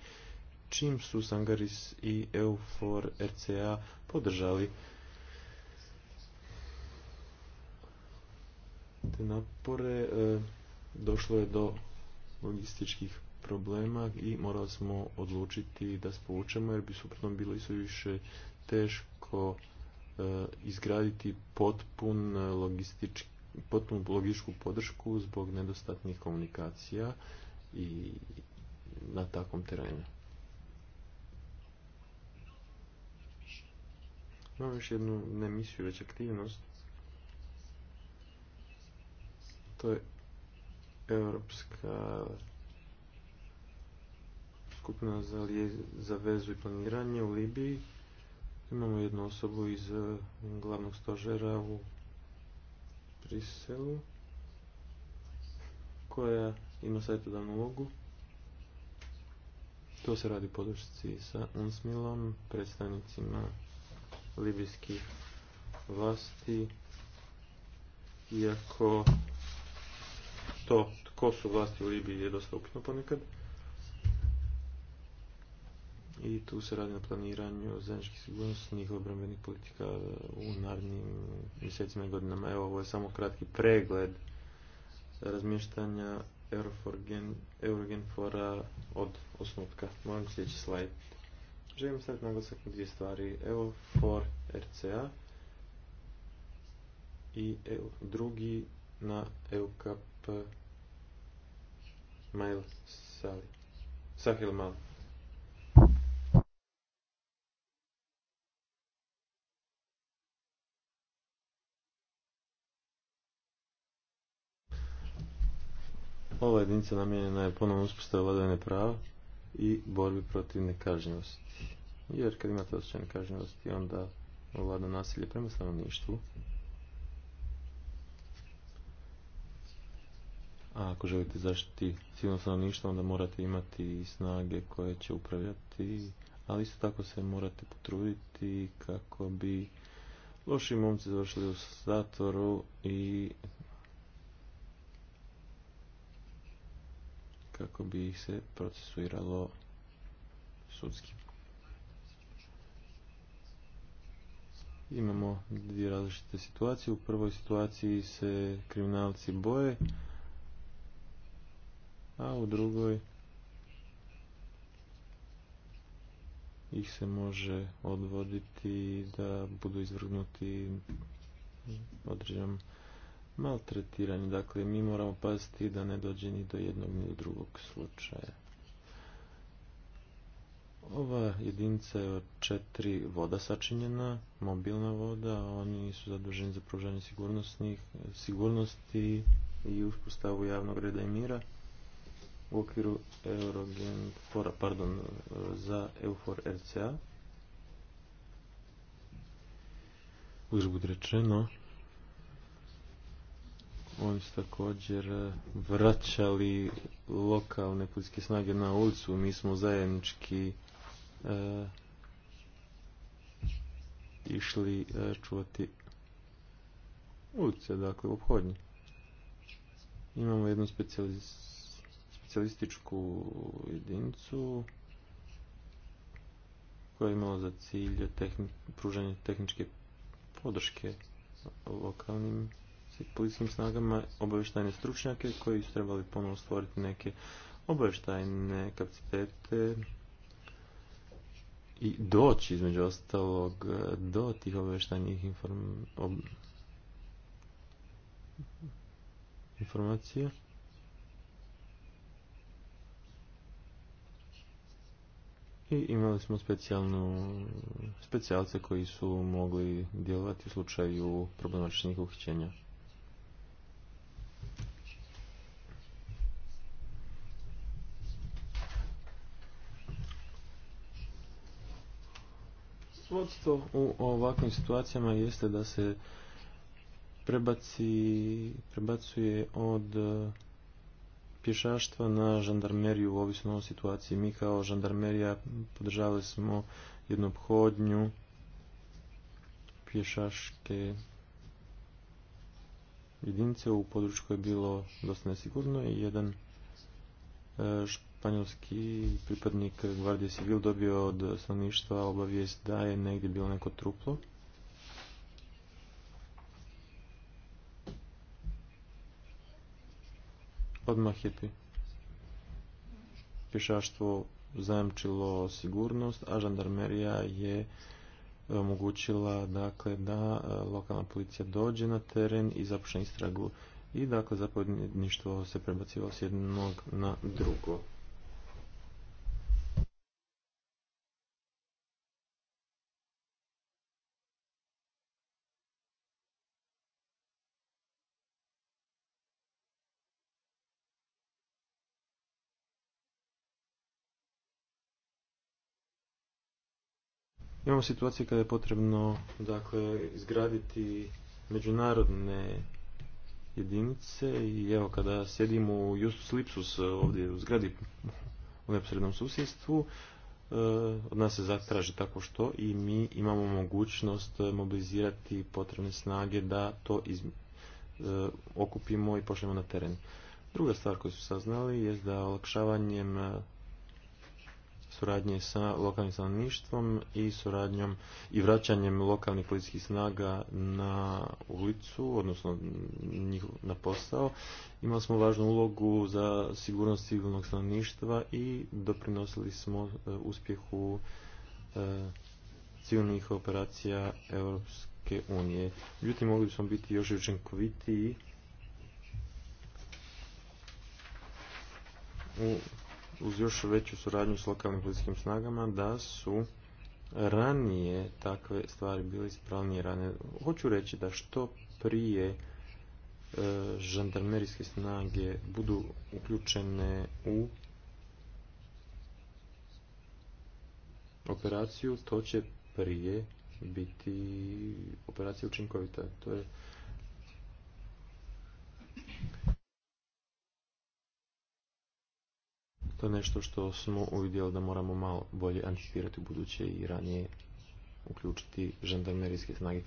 [SPEAKER 3] Čim su Sangaris i Eufor RCA podržali napore e, došlo je do logističkih problema i morali smo odlučiti da se jer bi suprotno bilo i više teško e, izgraditi potpun logistički potpunu logičku podršku zbog nedostatnih komunikacija i na takvom terenu. Imamo još jednu ne već aktivnost. To je europska skupina za, vezu i planiranje u Libiji. Imamo jednu osobu iz eh, glavnog stožera u Briselu koja ima savjetodavnu ulogu. To se radi podršci sa UNSMILom, predstavnicima libijskih vlasti, iako što, tko su vlasti u Libiji je dosta upitno ponekad. I tu se radi na planiranju zajedničkih i obrambenih politika u narednim mjesecima i godinama. Evo, ovo je samo kratki pregled razmještanja Eurogenfora od osnutka. moram sljedeći slajd. Želim sad naglasak na dvije stvari. Evo, for RCA i e drugi na EUCAP pa, Mail Sali. Sahil Mal. Ova jedinica namijenjena je ponovno uspostave vladavine prava i borbi protiv nekažnjivosti. Jer kad imate osjećaj nekažnjivosti, onda vlada nasilje prema stanovništvu, ako želite zaštiti civilno stanovništvo, onda morate imati snage koje će upravljati, ali isto tako se morate potruditi kako bi loši momci završili u zatvoru i kako bi ih se procesuiralo sudski. Imamo dvije različite situacije. U prvoj situaciji se kriminalci boje, a u drugoj ih se može odvoditi da budu izvrgnuti određenom maltretiranju. Dakle, mi moramo paziti da ne dođe ni do jednog ni do drugog slučaja. Ova jedinica je od četiri voda sačinjena, mobilna voda, oni su zaduženi za pružanje sigurnosti i uspostavu javnog reda i mira u okviru Eurogen fora, pardon, e, za EUFOR RCA. Už budu rečeno, oni su također vraćali lokalne politiske snage na ulicu. Mi smo zajednički e, išli e, čuvati ulice, dakle u obhodnji. Imamo jednu specializaciju specijalističku jedinicu koja je imala za cilj pružanje tehničke podrške lokalnim policijskim snagama, obavještajne stručnjake koji su trebali ponovno stvoriti neke obavještajne kapacitete i doći između ostalog do tih obavještajnih informacija. I imali smo specijalnu specijalce koji su mogli djelovati u slučaju problematičnih uhićenja. Svodstvo u ovakvim situacijama jeste da se prebaci, prebacuje od pješaštva na žandarmeriju ovisno o situaciji. Mi kao žandarmerija podržavali smo jednu obhodnju pješaške jedinice u području koje je bilo dosta nesigurno i jedan e, španjolski pripadnik Gvardije Civil dobio od stanovništva obavijest da je negdje bilo neko truplo odmah je pješaštvo zajemčilo sigurnost, a žandarmerija je e, omogućila dakle, da e, lokalna policija dođe na teren i započne istragu i dakle zapovjedništvo se prebacivalo s jednog na drugo. Imamo situacije kada je potrebno dakle, izgraditi međunarodne jedinice i evo kada sjedimo u Justus Lipsus ovdje u zgradi u neposrednom susjedstvu, e, od nas se zatraži tako što i mi imamo mogućnost mobilizirati potrebne snage da to iz, e, okupimo i pošljemo na teren. Druga stvar koju su saznali je da olakšavanjem suradnje sa lokalnim stanovništvom i suradnjom i vraćanjem lokalnih policijskih snaga na ulicu, odnosno na posao. Imali smo važnu ulogu za sigurnost civilnog stanovništva i doprinosili smo e, uspjehu e, civilnih operacija Europske unije. Međutim, mogli smo biti još učinkovitiji u uz još veću suradnju s lokalnim policijskim snagama da su ranije takve stvari bile ispravnije Hoću reći da što prije e, žandarmerijske snage budu uključene u operaciju, to će prije biti operacija učinkovita. To je To je nešto što smo uvidjeli da moramo malo bolje anticipirati u buduće i ranije uključiti žandarmerijske snage.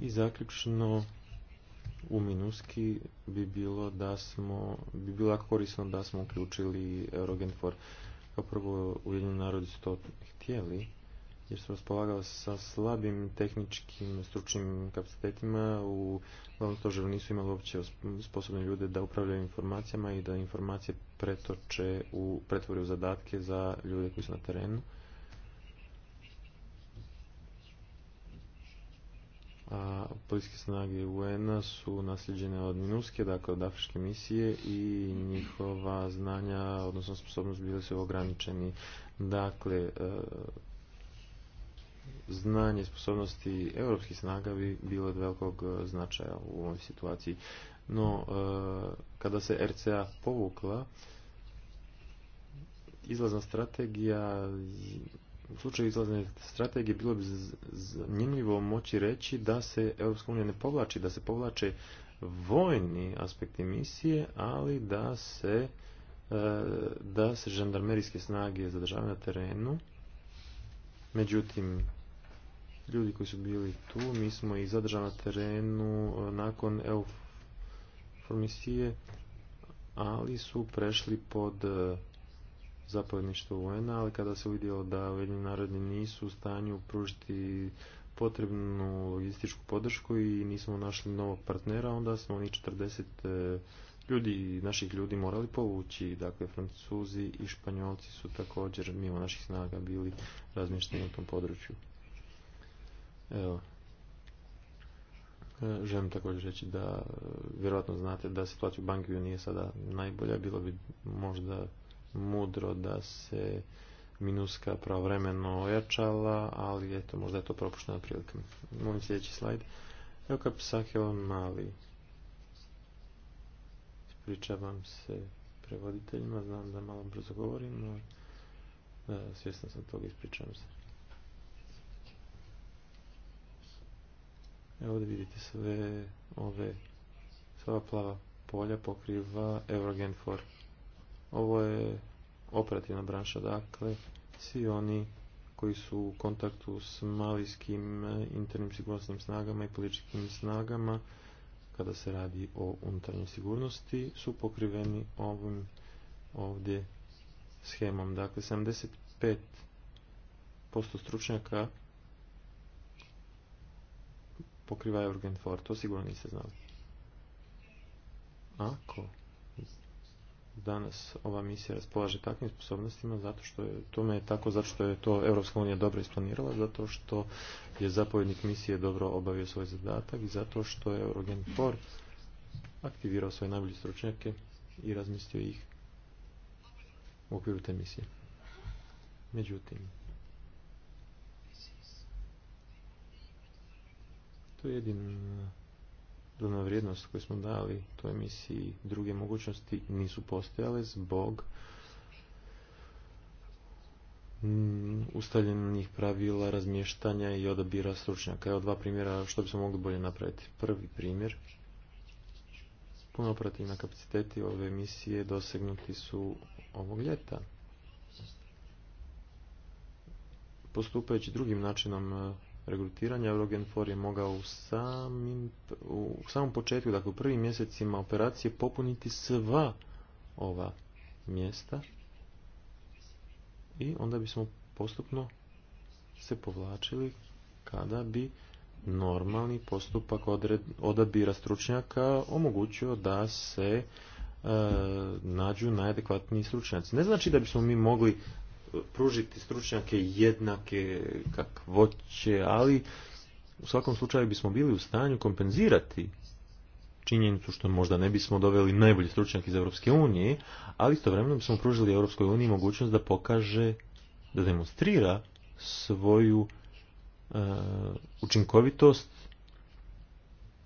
[SPEAKER 3] I zaključno u Minuski bi bilo da smo, bi bilo korisno da smo uključili Eurogenfor. Kao prvo Ujedinjeni narodi su to htjeli, jer su raspolagao sa slabim tehničkim stručnim kapacitetima u glavnom stožeru nisu imali uopće sposobne ljude da upravljaju informacijama i da informacije pretoče u, pretvori u zadatke za ljude koji su na terenu. A policijske snage UN-a su nasljeđene od Minuske, dakle od afričke misije i njihova znanja, odnosno sposobnost bili su ograničeni. Dakle, e, znanje i sposobnosti europskih snaga bi bilo od velikog e, značaja u ovoj situaciji. No, e, kada se RCA povukla, izlazna strategija u slučaju izlazne strategije bilo bi zanimljivo moći reći da se EU ne povlači, da se povlače vojni aspekti misije, ali da se e, da se žandarmerijske snage zadržavaju na terenu. Međutim, ljudi koji su bili tu, mi smo i zadržali na terenu e, nakon misije, ali su prešli pod e, zapovjedništvo un ali kada se vidjelo da Ujedinjeni narodi nisu u stanju pružiti potrebnu logističku podršku i nismo našli novog partnera, onda smo oni 40 e, ljudi, naših ljudi morali povući, dakle Francuzi i Španjolci su također mimo naših snaga bili razmješteni u tom području. Evo, E, želim također reći da e, vjerojatno znate da situacija u Bangiju nije sada najbolja. Bilo bi možda mudro da se minuska pravovremeno ojačala, ali eto, možda je to propuštena prilika. Moj sljedeći slajd. Evo on ovaj Mali. Ispričavam se prevoditeljima, znam da malo brzo govorim, no e, svjesno sam toga, ispričavam se. Evo da vidite sve ove sva plava polja pokriva Eurogen 4. Ovo je operativna branša, dakle, svi oni koji su u kontaktu s malijskim eh, internim sigurnosnim snagama i političkim snagama, kada se radi o unutarnjoj sigurnosti, su pokriveni ovim ovdje schemom. Dakle, 75% stručnjaka pokriva for to sigurno niste znali. Ako danas ova misija raspolaže takvim sposobnostima zato što je tome je tako zato što je to Europska unija dobro isplanirala zato što je zapovjednik misije dobro obavio svoj zadatak i zato što je Eurogen for aktivirao svoje najbolje stručnjake i razmislio ih u okviru te misije. Međutim, To je jedina dodana vrijednost koju smo dali toj emisiji. Druge mogućnosti nisu postojale zbog mm, ustaljenih pravila razmještanja i odabira stručnjaka. Evo dva primjera što bi smo mogli bolje napraviti. Prvi primjer, puno operativna kapaciteti ove emisije dosegnuti su ovog ljeta. Postupajući drugim načinom regrutiranja 4 je mogao u, samom početku, dakle u prvim mjesecima operacije popuniti sva ova mjesta i onda bismo postupno se povlačili kada bi normalni postupak odabira stručnjaka omogućio da se e, nađu najadekvatniji stručnjaci. Ne znači da bismo mi mogli pružiti stručnjake jednake kakvoće, ali u svakom slučaju bismo bili u stanju kompenzirati činjenicu što možda ne bismo doveli najbolji stručnjak iz Europske unije, ali istovremeno bismo pružili Europskoj uniji mogućnost da pokaže, da demonstrira svoju e, učinkovitost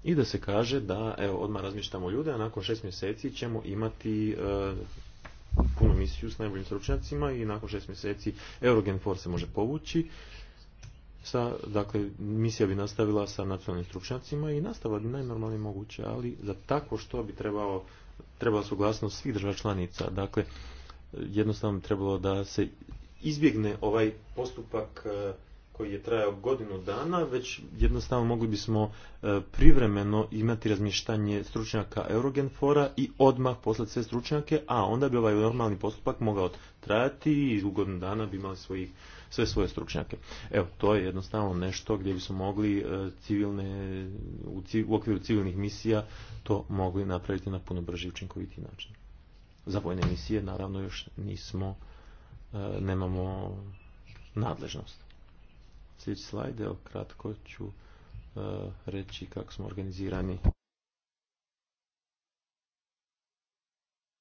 [SPEAKER 3] i da se kaže da evo odmah razmišljamo ljude, a nakon šest mjeseci ćemo imati e, punu misiju s najboljim stručnjacima i nakon šest mjeseci Eurogen Force se može povući. Sa, dakle, misija bi nastavila sa nacionalnim stručnjacima i nastava bi najnormalnije moguće, ali za tako što bi trebalo, trebala suglasnost svih država članica. Dakle, jednostavno trebalo da se izbjegne ovaj postupak eh, koji je trajao godinu dana, već jednostavno mogli bismo e, privremeno imati razmještanje stručnjaka Eurogenfora i odmah poslati sve stručnjake, a onda bi ovaj normalni postupak mogao trajati i u godinu dana bi imali svojih, sve svoje stručnjake. Evo, to je jednostavno nešto gdje bismo mogli e, civilne, u, u okviru civilnih misija to mogli napraviti na puno brži i učinkovitiji način. Za vojne misije naravno još nismo, e, nemamo nadležnost sljedeći slajd, evo kratko ću e, reći kako smo organizirani.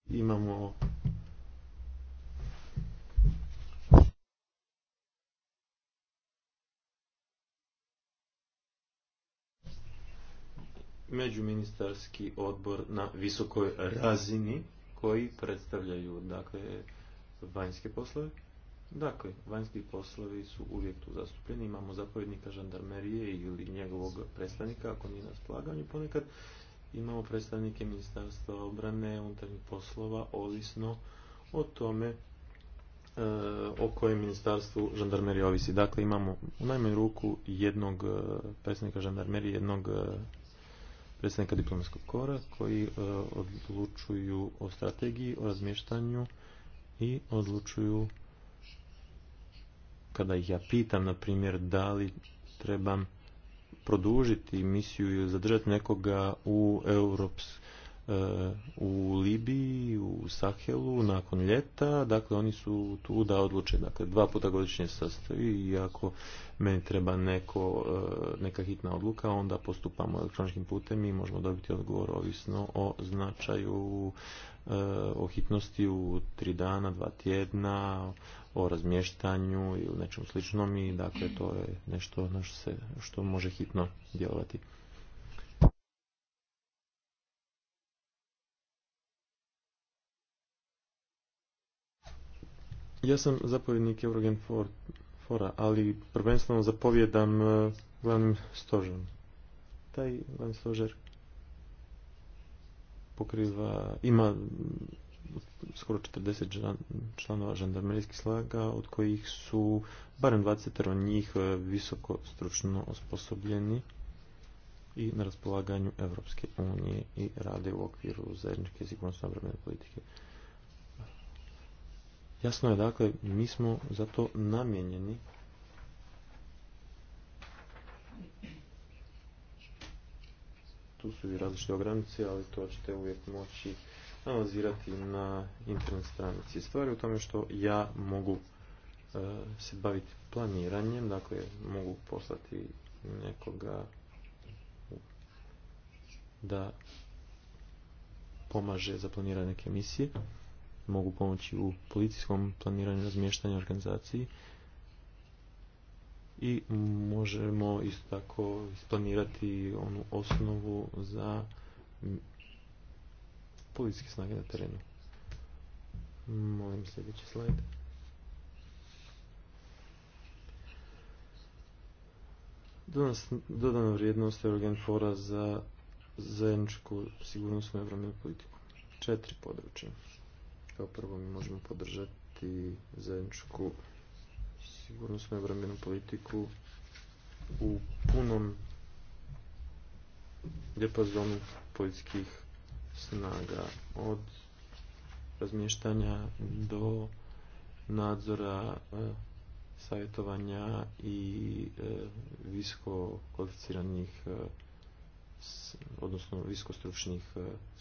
[SPEAKER 3] Imamo međuministarski odbor na visokoj razini koji predstavljaju dakle vanjske poslove Dakle, vanjski poslovi su uvijek tu zastupljeni. Imamo zapovjednika žandarmerije ili njegovog predstavnika, ako nije na raspolaganju ponekad. Imamo predstavnike ministarstva obrane, unutarnjih poslova, ovisno o tome e, o kojem ministarstvu žandarmerije ovisi. Dakle, imamo u najmanju ruku jednog e, predstavnika žandarmerije, jednog e, predstavnika diplomatskog kora koji odlučuju o strategiji, o razmještanju i odlučuju kada ih ja pitam, na primjer, da li trebam produžiti misiju i zadržati nekoga u Europs, e, u Libiji, u Sahelu, nakon ljeta, dakle oni su tu da odluče, dakle dva puta godišnje sastoji i ako meni treba neko, e, neka hitna odluka, onda postupamo elektroničkim putem i možemo dobiti odgovor ovisno o značaju, e, o hitnosti u tri dana, dva tjedna, o razmještanju ili nečem sličnom i dakle to je nešto na što, se, može hitno djelovati. Ja sam zapovjednik Eurogen Fora, ali prvenstveno zapovjedam e, glavnim stožerom. Taj glavni stožer pokriva, ima skoro 40 članova žandarmerijskih slaga, od kojih su barem 20 njih e, visoko stručno osposobljeni i na raspolaganju Evropske unije i rade u okviru zajedničke sigurnosno obrambene politike. Jasno je dakle, mi smo za to namjenjeni tu su i različite ogranice, ali to ćete uvijek moći analizirati na internet stranici. je u tome što ja mogu e, se baviti planiranjem, dakle mogu poslati nekoga da pomaže za planiranje neke misije, mogu pomoći u policijskom planiranju razmještanja organizaciji i možemo isto tako isplanirati onu osnovu za policijske snage na terenu. Molim sljedeći slajd. Dodana vrijednost Eurogen Fora za zajedničku sigurnosnu obrambenu politiku. Četiri područja. Kao prvo mi možemo podržati zajedničku sigurnosnu obrambenu politiku u punom dijapazonu političkih snaga od razmještanja do nadzora e, savjetovanja i e, visko kvalificiranih e, odnosno viskostručnih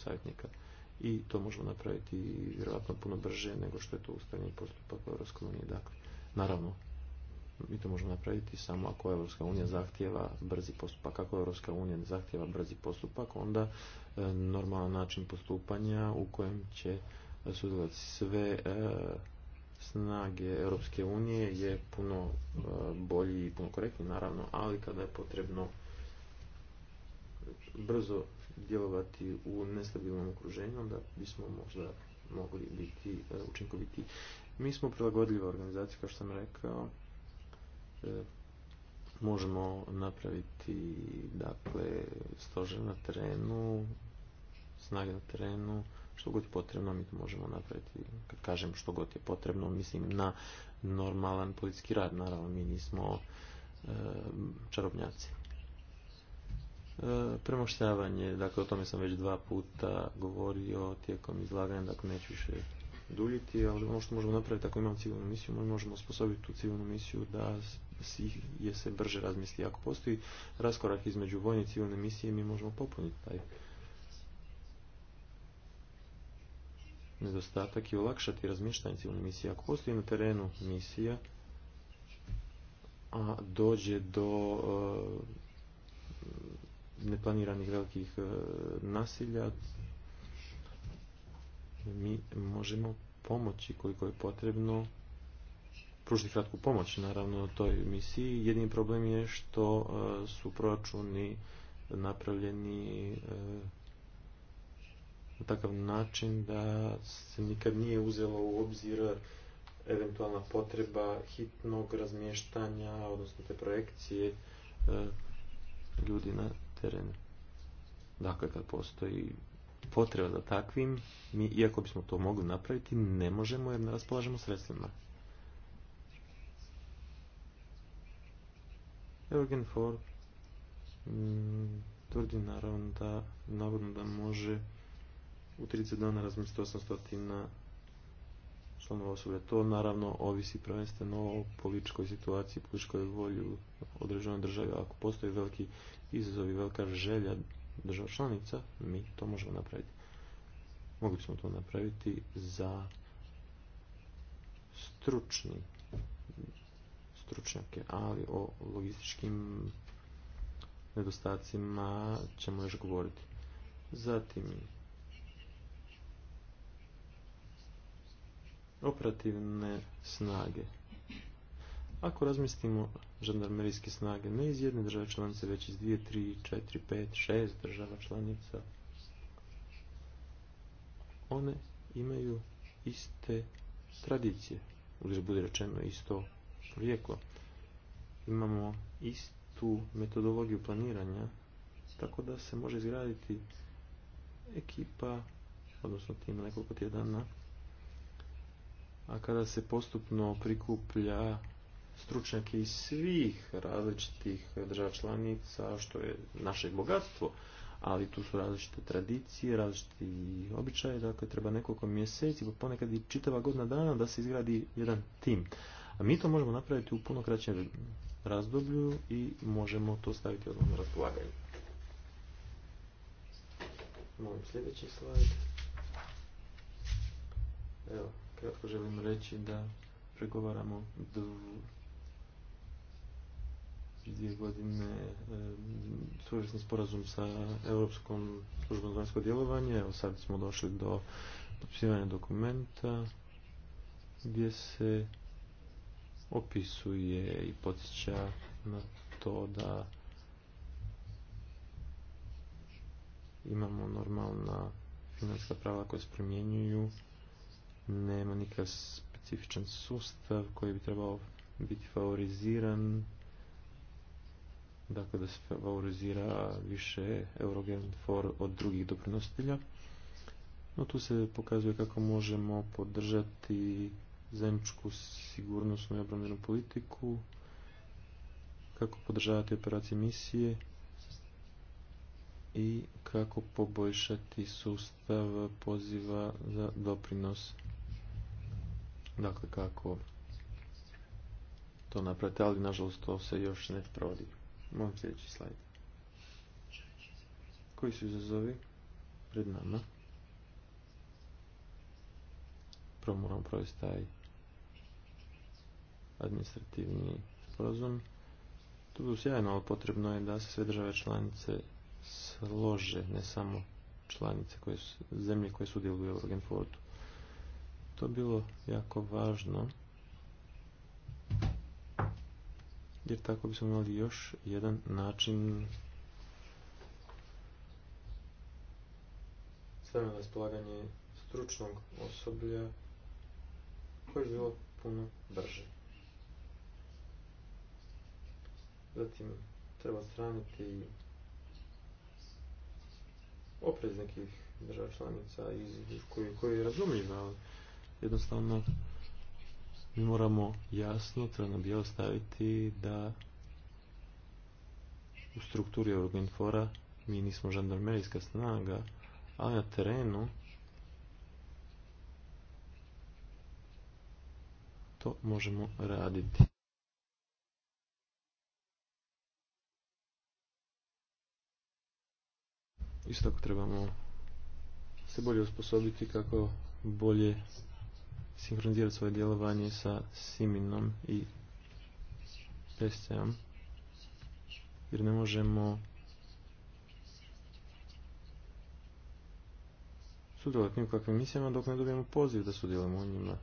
[SPEAKER 3] savjetnika i to možemo napraviti vjerojatno puno brže nego što je to ustavni postupak u EU. Dakle, naravno, mi to možemo napraviti samo ako Europska unija zahtjeva brzi postupak. Ako Europska unija zahtjeva brzi postupak, onda e, normalan način postupanja u kojem će sudjelovati sve e, snage Europske unije je puno e, bolji i puno korektniji, naravno, ali kada je potrebno brzo djelovati u nestabilnom okruženju, onda bismo možda mogli biti učinkoviti. Mi smo prilagodljiva organizacija, kao što sam rekao, E, možemo napraviti dakle stožer na terenu snage na terenu što god je potrebno mi to možemo napraviti kad kažem što god je potrebno mislim na normalan policijski rad naravno mi nismo e, čarobnjaci e, premoštavanje dakle o tome sam već dva puta govorio tijekom izlaganja dakle neću više duljiti ali ono što možemo napraviti ako imamo civilnu misiju možemo osposobiti tu civilnu misiju da je se brže razmisli. Ako postoji raskorak između vojne i civilne misije, mi možemo popuniti taj nedostatak i olakšati razmišljanje civilne misije. Ako postoji na terenu misija, a dođe do e, neplaniranih velikih e, nasilja, mi možemo pomoći koliko je potrebno pružiti kratku pomoć naravno toj misiji. Jedini problem je što e, su proračuni napravljeni e, na takav način da se nikad nije uzelo u obzir eventualna potreba hitnog razmještanja, odnosno te projekcije e, ljudi na terenu. Dakle, kad postoji potreba za takvim, mi, iako bismo to mogli napraviti, ne možemo jer ne raspolažemo sredstvima. Eugen Ford mm, tvrdi naravno da navodno da može u 30 dana razmisliti 800 članova osobe. To naravno ovisi prvenstveno o političkoj situaciji, političkoj volji u određenoj državi. Ako postoji veliki izazov i velika želja država članica, mi to možemo napraviti. Mogli smo to napraviti za stručni stručnjake, ali o logističkim nedostacima ćemo još govoriti. Zatim, operativne snage. Ako razmislimo žandarmerijske snage ne iz jedne države članice, već iz dvije, tri, četiri, pet, šest država članica, one imaju iste tradicije, ili bude rečeno isto Rijeko Imamo istu metodologiju planiranja, tako da se može izgraditi ekipa, odnosno tim nekoliko tjedana, a kada se postupno prikuplja stručnjake iz svih različitih država članica, što je naše bogatstvo, ali tu su različite tradicije, različiti običaje, dakle treba nekoliko mjeseci, pa ponekad i čitava godina dana da se izgradi jedan tim. A mi to možemo napraviti u puno kraćem razdoblju i možemo to staviti odmah na raspolaganje. Molim sljedeći slajd. Evo, kratko želim reći da pregovaramo dvije godine e, sporazum sa Europskom službom za vanjsko djelovanje. Evo sad smo došli do potpisivanja dokumenta gdje se opisuje i podsjeća na to da imamo normalna financijska prava koja se primjenjuju, nema nikakav specifičan sustav koji bi trebao biti favoriziran, dakle da se favorizira više Eurogen for od drugih doprinositelja. No tu se pokazuje kako možemo podržati zajedničku sigurnosnu i obrambenu politiku, kako podržavati operacije misije i kako poboljšati sustav poziva za doprinos. Dakle, kako to napraviti, ali nažalost to se još ne provodi. Molim sljedeći slajd. Koji su izazovi pred nama? Prvo moramo taj administrativni sporazum. To je sjajno, ali potrebno je da se sve države članice slože, ne samo članice koje su, zemlje koje sudjeluju u Eurogenfordu. To je bilo jako važno, jer tako bismo imali još jedan način stavljeno stručnog osoblja koje je bilo puno brže. Zatim treba straniti oprez nekih država članica iz, koji, koji je razumljiv, ali jednostavno mi moramo jasno, trebno je ostaviti da u strukturi infora mi nismo žandarmerijska snaga, ali na terenu to možemo raditi. Isto tako trebamo se bolje usposobiti kako bolje sinhronizirati svoje djelovanje sa Siminom i psc jer ne možemo sudjelovati u kakvim misijama dok ne dobijemo poziv da sudjelujemo u njima.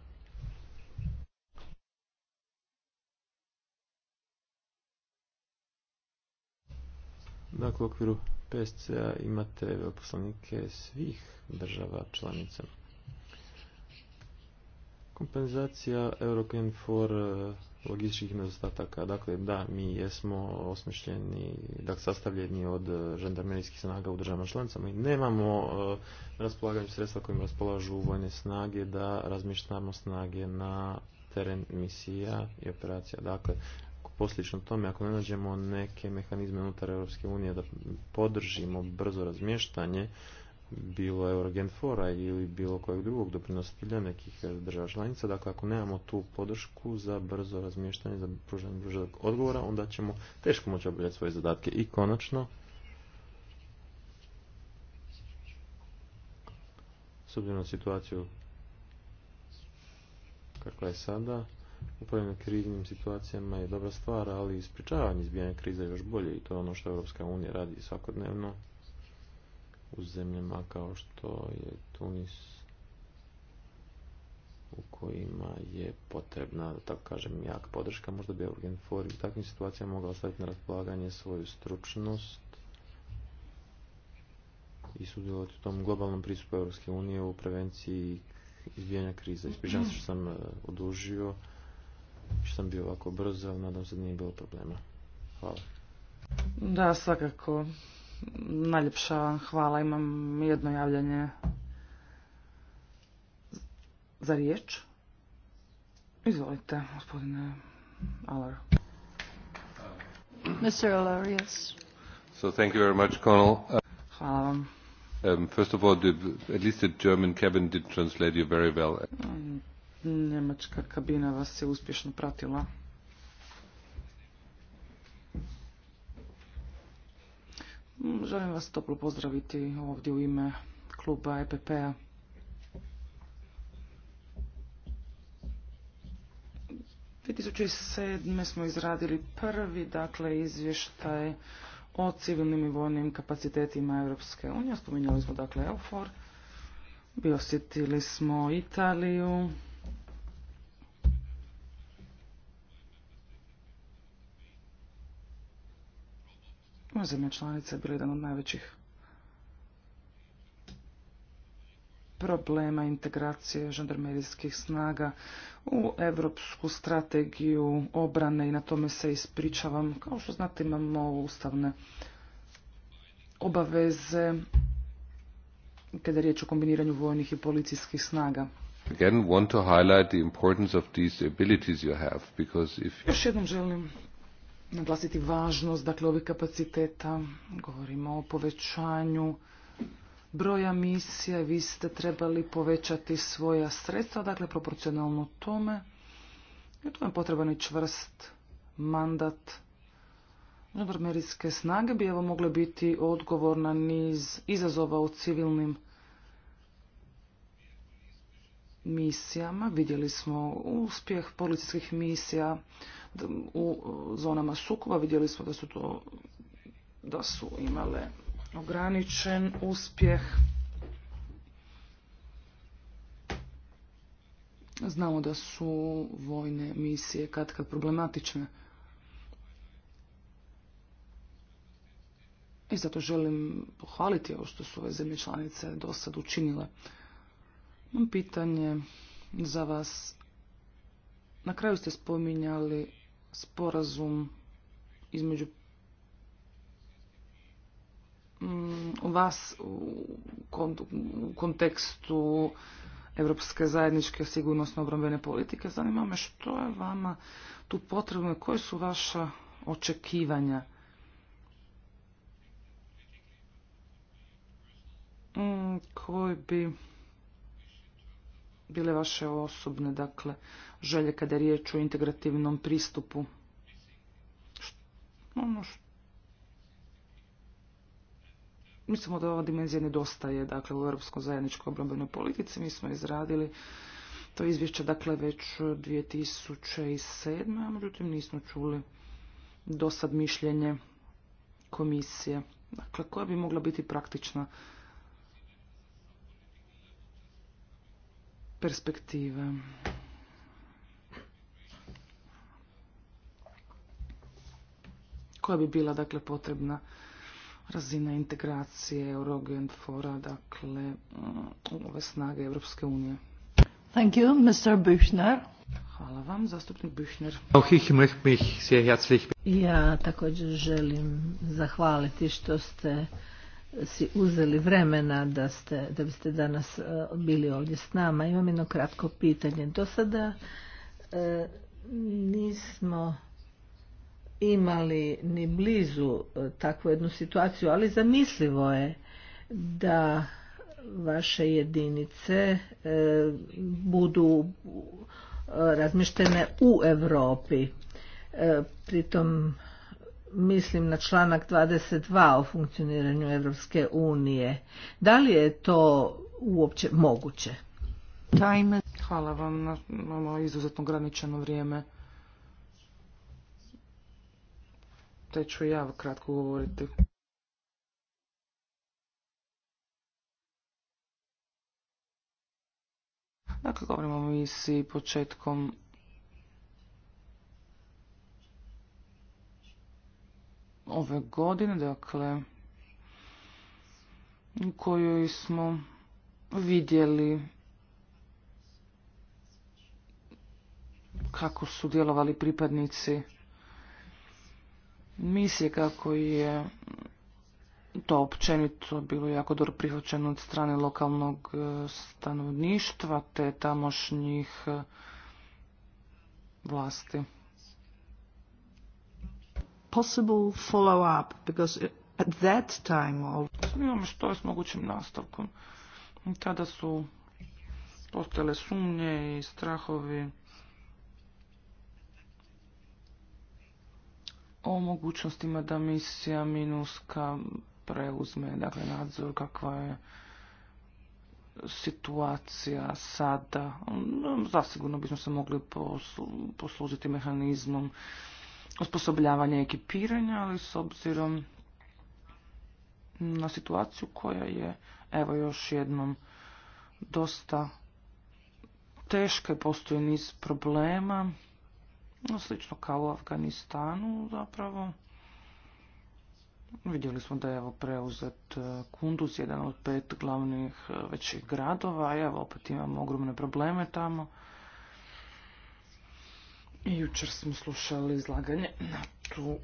[SPEAKER 3] Dakle, u okviru psc imate veleposlanike svih država članica. Kompenzacija EuroCAN for e, logističkih nedostataka. Dakle, da, mi jesmo osmišljeni, dakle, sastavljeni od e, žandarmerijskih snaga u državama članicama i nemamo raspolaganje raspolaganju sredstva kojim raspolažu vojne snage da razmišljamo snage na teren misija i operacija. Dakle, poslično tome, ako ne nađemo neke mehanizme unutar Europske unije da podržimo brzo razmještanje, bilo Eurogenfora ili bilo kojeg drugog doprinositelja nekih država članica. Dakle, ako nemamo tu podršku za brzo razmještanje, za pružanje brzog odgovora, onda ćemo teško moći obavljati svoje zadatke. I konačno, s obzirom na situaciju kakva je sada, upravljanje kriznim situacijama je dobra stvar, ali ispričavanje izbijanja kriza je još bolje i to je ono što Europska unija radi svakodnevno u zemljama kao što je Tunis u kojima je potrebna, da tako kažem, jaka podrška. Možda bi Eugen i u takvim situacijama mogao staviti na raspolaganje svoju stručnost i sudjelovati u tom globalnom pristupu Europske unije u prevenciji izbijanja kriza. Ispričavam se što sam eh, odužio što sam bio ovako brzo, ali nadam se da nije bilo problema. Hvala.
[SPEAKER 1] Da, svakako. Najljepša vam hvala. Imam jedno javljanje za riječ. Izvolite, gospodine Alar. Mr. Alar, yes.
[SPEAKER 3] So thank you very much, Connell. Hvala vam. Um, first of
[SPEAKER 2] all, the, at least the German cabin did translate you very well.
[SPEAKER 1] Mm Njemačka kabina vas je uspješno pratila. Želim vas toplo pozdraviti ovdje u ime kluba EPP-a. sedam smo izradili prvi dakle izvještaj o civilnim i vojnim kapacitetima Europske unije. Spominjali smo dakle EUFOR, biosjetili smo Italiju, Moja zemlja članica je bila jedan od najvećih problema integracije žandarmerijskih snaga u evropsku strategiju obrane i na tome se ispričavam. Kao što znate imamo ustavne obaveze kada je riječ o kombiniranju vojnih i policijskih snaga. Još jednom želim naglasiti važnost dakle ovih kapaciteta, govorimo o povećanju broja misija, vi ste trebali povećati svoja sredstva, dakle proporcionalno tome. I tu je potreban i čvrst mandat. Žandarmerijske snage bi evo mogle biti odgovor na niz izazova u civilnim misijama. Vidjeli smo uspjeh policijskih misija u zonama sukova vidjeli smo da su to da su imale ograničen uspjeh. Znamo da su vojne misije katkad problematične. I zato želim pohvaliti ovo što su ove zemlje članice do sad učinile. pitanje za vas. Na kraju ste spominjali sporazum između mm, vas u kontekstu Europske zajedničke sigurnosno obrambene politike. Zanima me što je vama tu potrebno, koje su vaša očekivanja? Mm, koji bi bile vaše osobne dakle, želje kada je riječ o integrativnom pristupu? Ono Mislimo da ova dimenzija nedostaje dakle, u Europskoj zajedničkoj obrambenoj politici. Mi smo izradili to izvješće dakle, već 2007. A međutim nismo čuli dosad mišljenje komisije dakle, koja bi mogla biti praktična perspektive. Koja bi bila dakle potrebna razina integracije fora dakle ove snage Europske unije. Thank you, Mr. Büchner. Hvala vam, zastupnik Büchner.
[SPEAKER 3] Auch ich möchte mich sehr herzlich...
[SPEAKER 1] Ja također
[SPEAKER 2] želim zahvaliti što ste si uzeli vremena da, ste, da biste danas e, bili ovdje s nama. Imam jedno kratko pitanje. Do sada e, nismo imali ni blizu e, takvu jednu situaciju, ali zamislivo je da vaše jedinice budu razmištene u Europi. pritom mislim na članak 22 o funkcioniranju Europske unije. Da li je to uopće moguće?
[SPEAKER 1] Time. Hvala vam, na imamo izuzetno ograničeno vrijeme. Te ću ja kratko govoriti. Dakle, govorimo o misiji početkom ove godine, dakle, u kojoj smo vidjeli kako su djelovali pripadnici misije, kako je to općenito bilo jako dobro prihvaćeno od strane lokalnog e, stanovništva te tamošnjih e, vlasti possible follow-up? Because at that time... Imamo što je s mogućim nastavkom. Tada su postale sumnje i strahovi o mogućnostima da misija Minuska preuzme dakle, nadzor kakva je situacija sada. Zasigurno bismo se mogli poslužiti mehanizmom osposobljavanja i ekipiranja, ali s obzirom na situaciju koja je, evo još jednom, dosta teška i postoji niz problema, slično kao u Afganistanu zapravo. Vidjeli smo da je evo preuzet e, Kunduz, jedan od pet glavnih e, većih gradova, evo opet imamo ogromne probleme tamo. Jučer smo slušali izlaganje na tu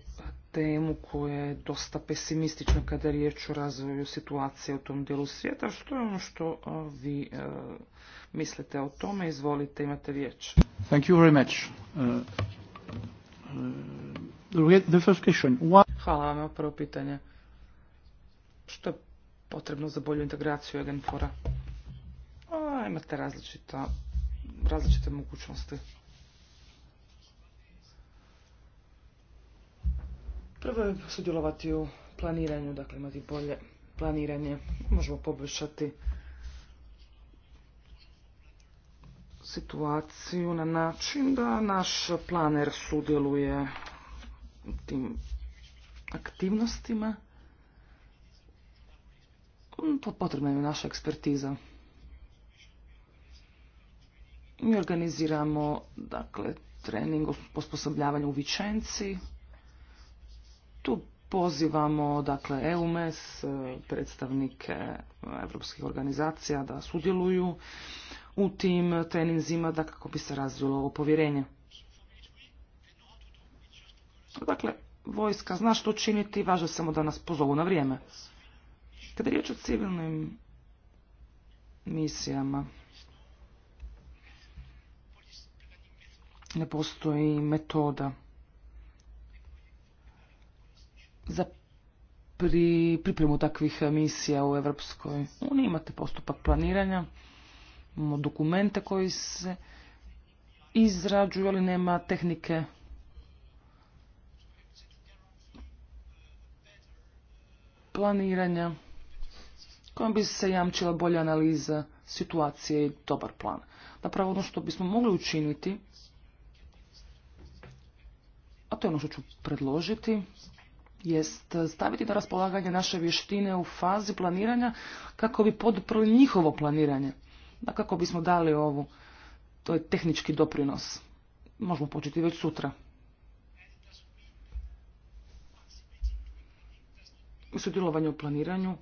[SPEAKER 1] temu koja je dosta pesimistična kada je riječ o razvoju situacije u tom dijelu svijeta. Što je ono što vi mislite o tome? Izvolite, imate riječ. Thank you uh, uh, Hvala vam, prvo pitanje. Što je potrebno za bolju integraciju Agenfora? Imate različite mogućnosti. Prvo je sudjelovati u planiranju, dakle imati bolje planiranje. Možemo poboljšati situaciju na način da naš planer sudjeluje u tim aktivnostima. Potrebna je naša ekspertiza. Mi organiziramo dakle, trening u u Vičenciji, tu pozivamo dakle EUMES, e, predstavnike europskih organizacija da sudjeluju u tim treninzima da kako bi se razvilo ovo povjerenje. Dakle, vojska zna što činiti, važno samo da nas pozovu na vrijeme. Kada je riječ o civilnim misijama, ne postoji metoda za pripremu takvih misija u Europskoj uniji. Imate postupak planiranja, imamo dokumente koji se izrađuju, ali nema tehnike planiranja kojom bi se jamčila bolja analiza situacije i dobar plan. Napravo ono što bismo mogli učiniti, a to je ono što ću predložiti, jest staviti na raspolaganje naše vještine u fazi planiranja kako bi poduprli njihovo planiranje. Da kako bismo dali ovu, to je tehnički doprinos. Možemo početi već sutra. Sudjelovanje u planiranju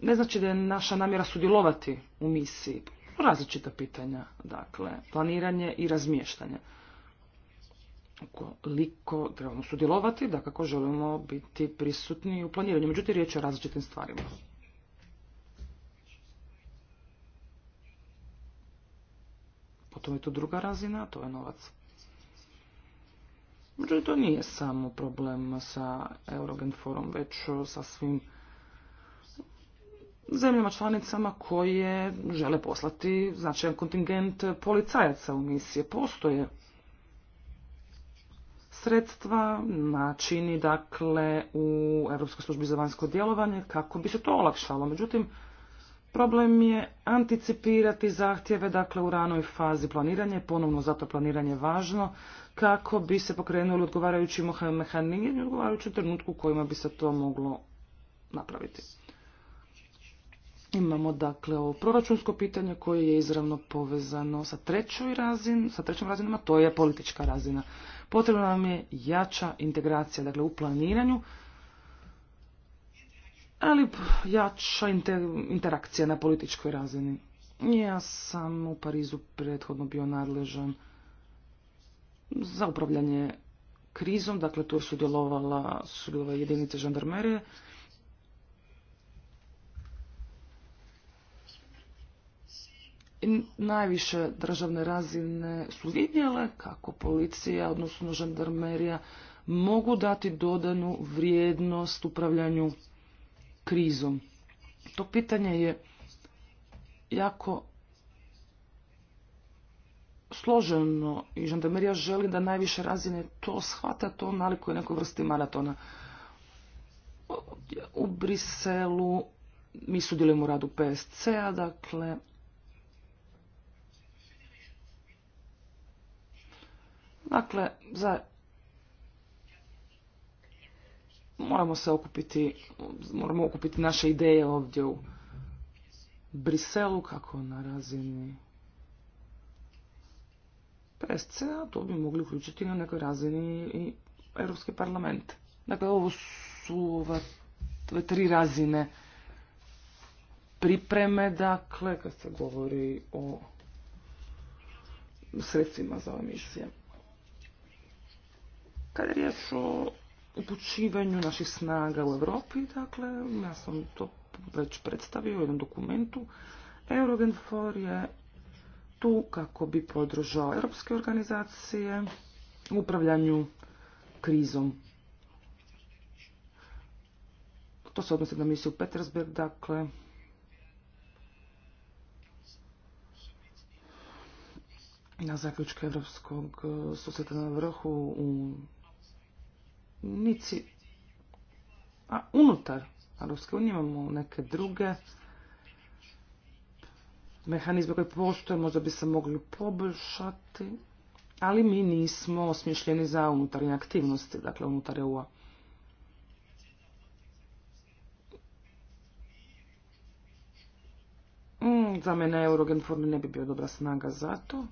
[SPEAKER 1] ne znači da je naša namjera sudjelovati u misiji. Različita pitanja, dakle, planiranje i razmještanje koliko trebamo sudjelovati, da kako želimo biti prisutni u planiranju. Međutim, riječ je o različitim stvarima. Potom je to druga razina, to je novac. Međutim, to nije samo problem sa Eurogen forum, već sa svim zemljama članicama koje žele poslati značajan kontingent policajaca u misije. Postoje sredstva načini dakle u Europskoj službi za vanjsko djelovanje kako bi se to olakšalo. Međutim, problem je anticipirati zahtjeve dakle u ranoj fazi planiranja, ponovno zato planiranje je važno kako bi se pokrenuli odgovarajući mehanizmi i odgovarajući trenutku u kojima bi se to moglo napraviti. Imamo dakle ovo proračunsko pitanje koje je izravno povezano sa trećoj razin, sa trećom razinom, to je politička razina. Potrebna nam je jača integracija, dakle u planiranju, ali jača interakcija na političkoj razini. Ja sam u Parizu prethodno bio nadležan za upravljanje krizom, dakle tu su sudjelovala, sudjelovala jedinice žandarmerije najviše državne razine su vidjele kako policija, odnosno žandarmerija, mogu dati dodanu vrijednost upravljanju krizom. To pitanje je jako složeno i žandarmerija želi da najviše razine to shvata, to je nekoj vrsti maratona. U Briselu mi sudjelujemo u radu PSC-a, dakle, Dakle, za... moramo se okupiti, moramo okupiti naše ideje ovdje u Briselu, kako na razini PSC, a to bi mogli uključiti na nekoj razini i Europski parlament. Dakle, ovo su ove tri razine pripreme, dakle, kad se govori o sredstvima za ove misije kad je riječ o upućivanju naših snaga u Europi, dakle, ja sam to već predstavio u jednom dokumentu, Eurogenfor je tu kako bi podržao europske organizacije u upravljanju krizom. To se odnosi na misiju Petersburg, dakle, na zaključke Evropskog e, susjeta na vrhu u Nici, A unutar Europske unije imamo neke druge mehanizme koje postoje, možda bi se mogli poboljšati, ali mi nismo osmišljeni za unutarnje aktivnosti, dakle unutar EU-a. Mm, za mene Eurogen Forum ne bi bio dobra snaga za to.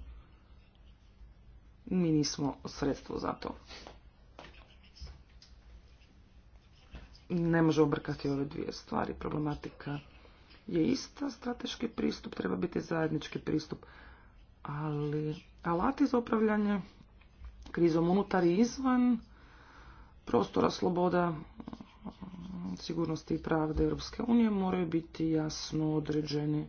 [SPEAKER 1] Mi nismo sredstvo za to. ne može obrkati ove dvije stvari. Problematika je ista, strateški pristup treba biti zajednički pristup, ali alati za upravljanje krizom unutar i izvan prostora sloboda, sigurnosti i pravde Europske unije moraju biti jasno određeni.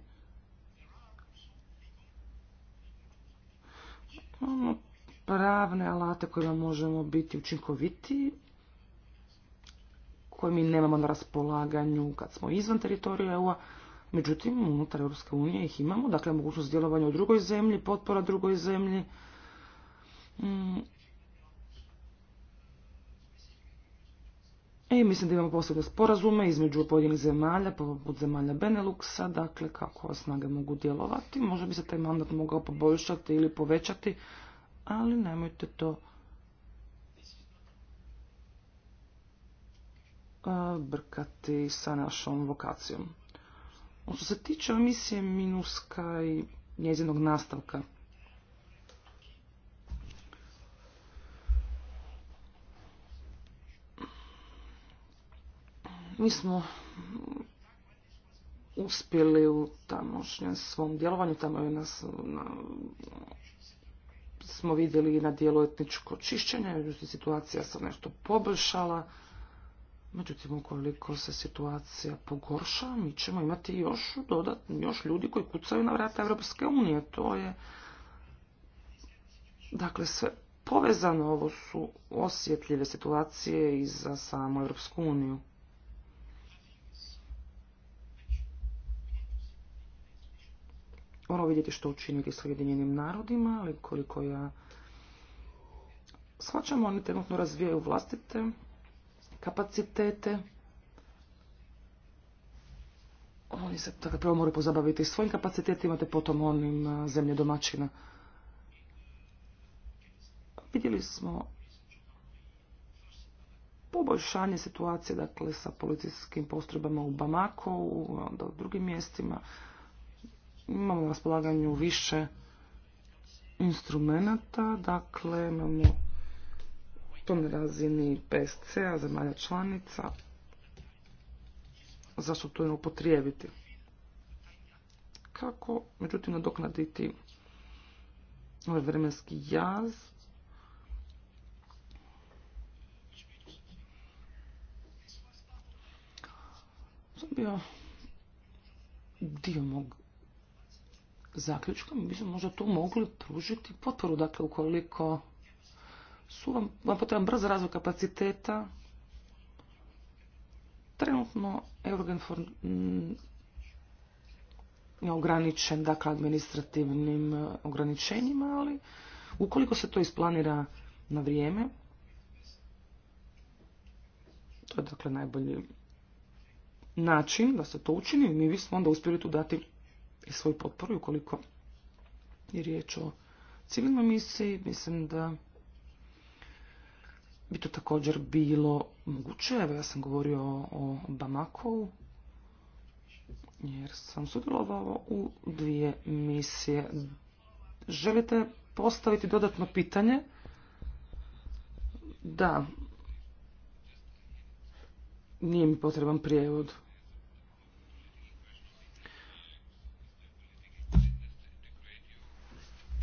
[SPEAKER 1] pravne alate kojima možemo biti učinkovitiji koje mi nemamo na raspolaganju kad smo izvan teritorija EU-a. Međutim, unutar Europske unije ih imamo, dakle mogućnost djelovanja u drugoj zemlji, potpora drugoj zemlji. Mm. E, mislim da imamo posebne sporazume između pojedinih zemalja, poput zemalja Beneluxa, dakle kako snage mogu djelovati. Možda bi se taj mandat mogao poboljšati ili povećati, ali nemojte to brkati sa našom vokacijom. što se tiče emisije Minuska i njezinog nastavka, mi smo uspjeli u tamošnjem svom djelovanju, tamo je nas na, smo vidjeli na dijelu etničko čišćenje, situacija se nešto poboljšala, Međutim, ukoliko se situacija pogorša, mi ćemo imati još još ljudi koji kucaju na vrata Europske unije. To je, dakle, sve povezano. Ovo su osjetljive situacije i za samu Europsku uniju. Moramo vidjeti što učiniti s Ujedinjenim narodima, ali koliko ja shvaćam, oni trenutno razvijaju vlastite kapacitete. Oni se tako dakle, prvo moraju pozabaviti svojim kapacitetima, te potom onim e, zemlje domaćina. Vidjeli smo poboljšanje situacije dakle, sa policijskim postrojbama u Bamaku, onda u drugim mjestima. Imamo na raspolaganju više instrumenata, dakle imamo to na razini PSC-a, zemalja članica. Zašto to je upotrijebiti? Kako, međutim, nadoknaditi ovaj vremenski jaz? To je bio dio mog zaključka. Mi smo možda tu mogli pružiti potporu. Dakle, ukoliko su vam, vam potreban brz razvoj kapaciteta. Trenutno Eurogenfor mm, je ograničen, dakle, administrativnim e, ograničenjima, ali ukoliko se to isplanira na vrijeme, to je dakle najbolji način da se to učini mi bismo onda uspjeli tu dati i svoju potporu ukoliko je riječ o civilnoj misiji. Mislim da bi to također bilo moguće. Evo ja sam govorio o Bamakovu jer sam sudjelovao u dvije misije. Želite postaviti dodatno pitanje? Da. Nije mi potreban prijevod.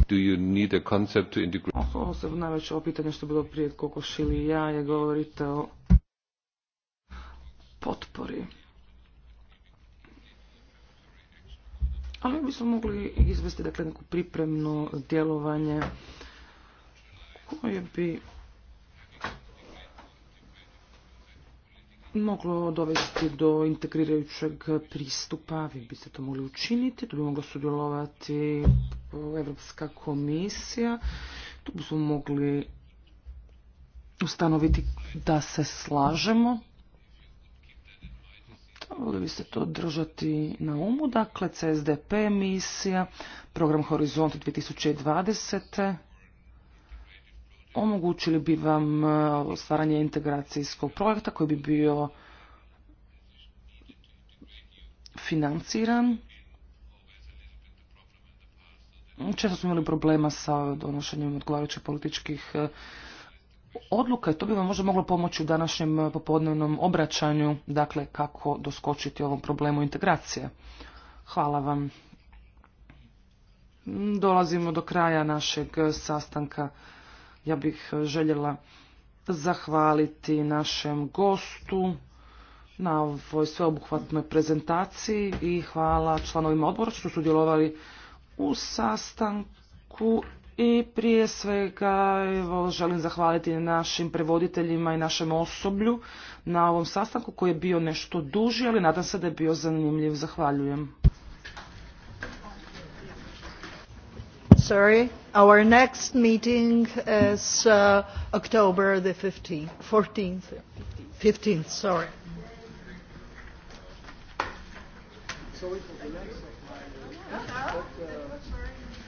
[SPEAKER 2] do you need a concept to integrate?
[SPEAKER 1] Osobno ovo pitanje što je bilo prije Kokoš ili ja je govorite o potpori. Ali bismo mogli izvesti dakle, neko pripremno djelovanje koje bi moglo dovesti do integrirajućeg pristupa, vi biste to mogli učiniti, tu bi mogla sudjelovati Evropska komisija, tu bismo mogli ustanoviti da se slažemo. Trebali biste to držati na umu, dakle CSDP misija, program Horizont 2020 omogućili bi vam e, stvaranje integracijskog projekta koji bi bio financiran. Često smo imali problema sa donošenjem odgovarajućih političkih e, odluka i to bi vam možda moglo pomoći u današnjem e, popodnevnom obraćanju, dakle kako doskočiti ovom problemu integracije. Hvala vam. Dolazimo do kraja našeg sastanka. Ja bih željela zahvaliti našem gostu na ovoj sveobuhvatnoj prezentaciji i hvala članovima odbora što su sudjelovali u sastanku i prije svega želim zahvaliti našim prevoditeljima i našem osoblju na ovom sastanku koji je bio nešto duži, ali nadam se da je bio zanimljiv. Zahvaljujem. sorry. Our next meeting
[SPEAKER 2] is uh, October the 15th, 14th, 15th, sorry.
[SPEAKER 3] So it the next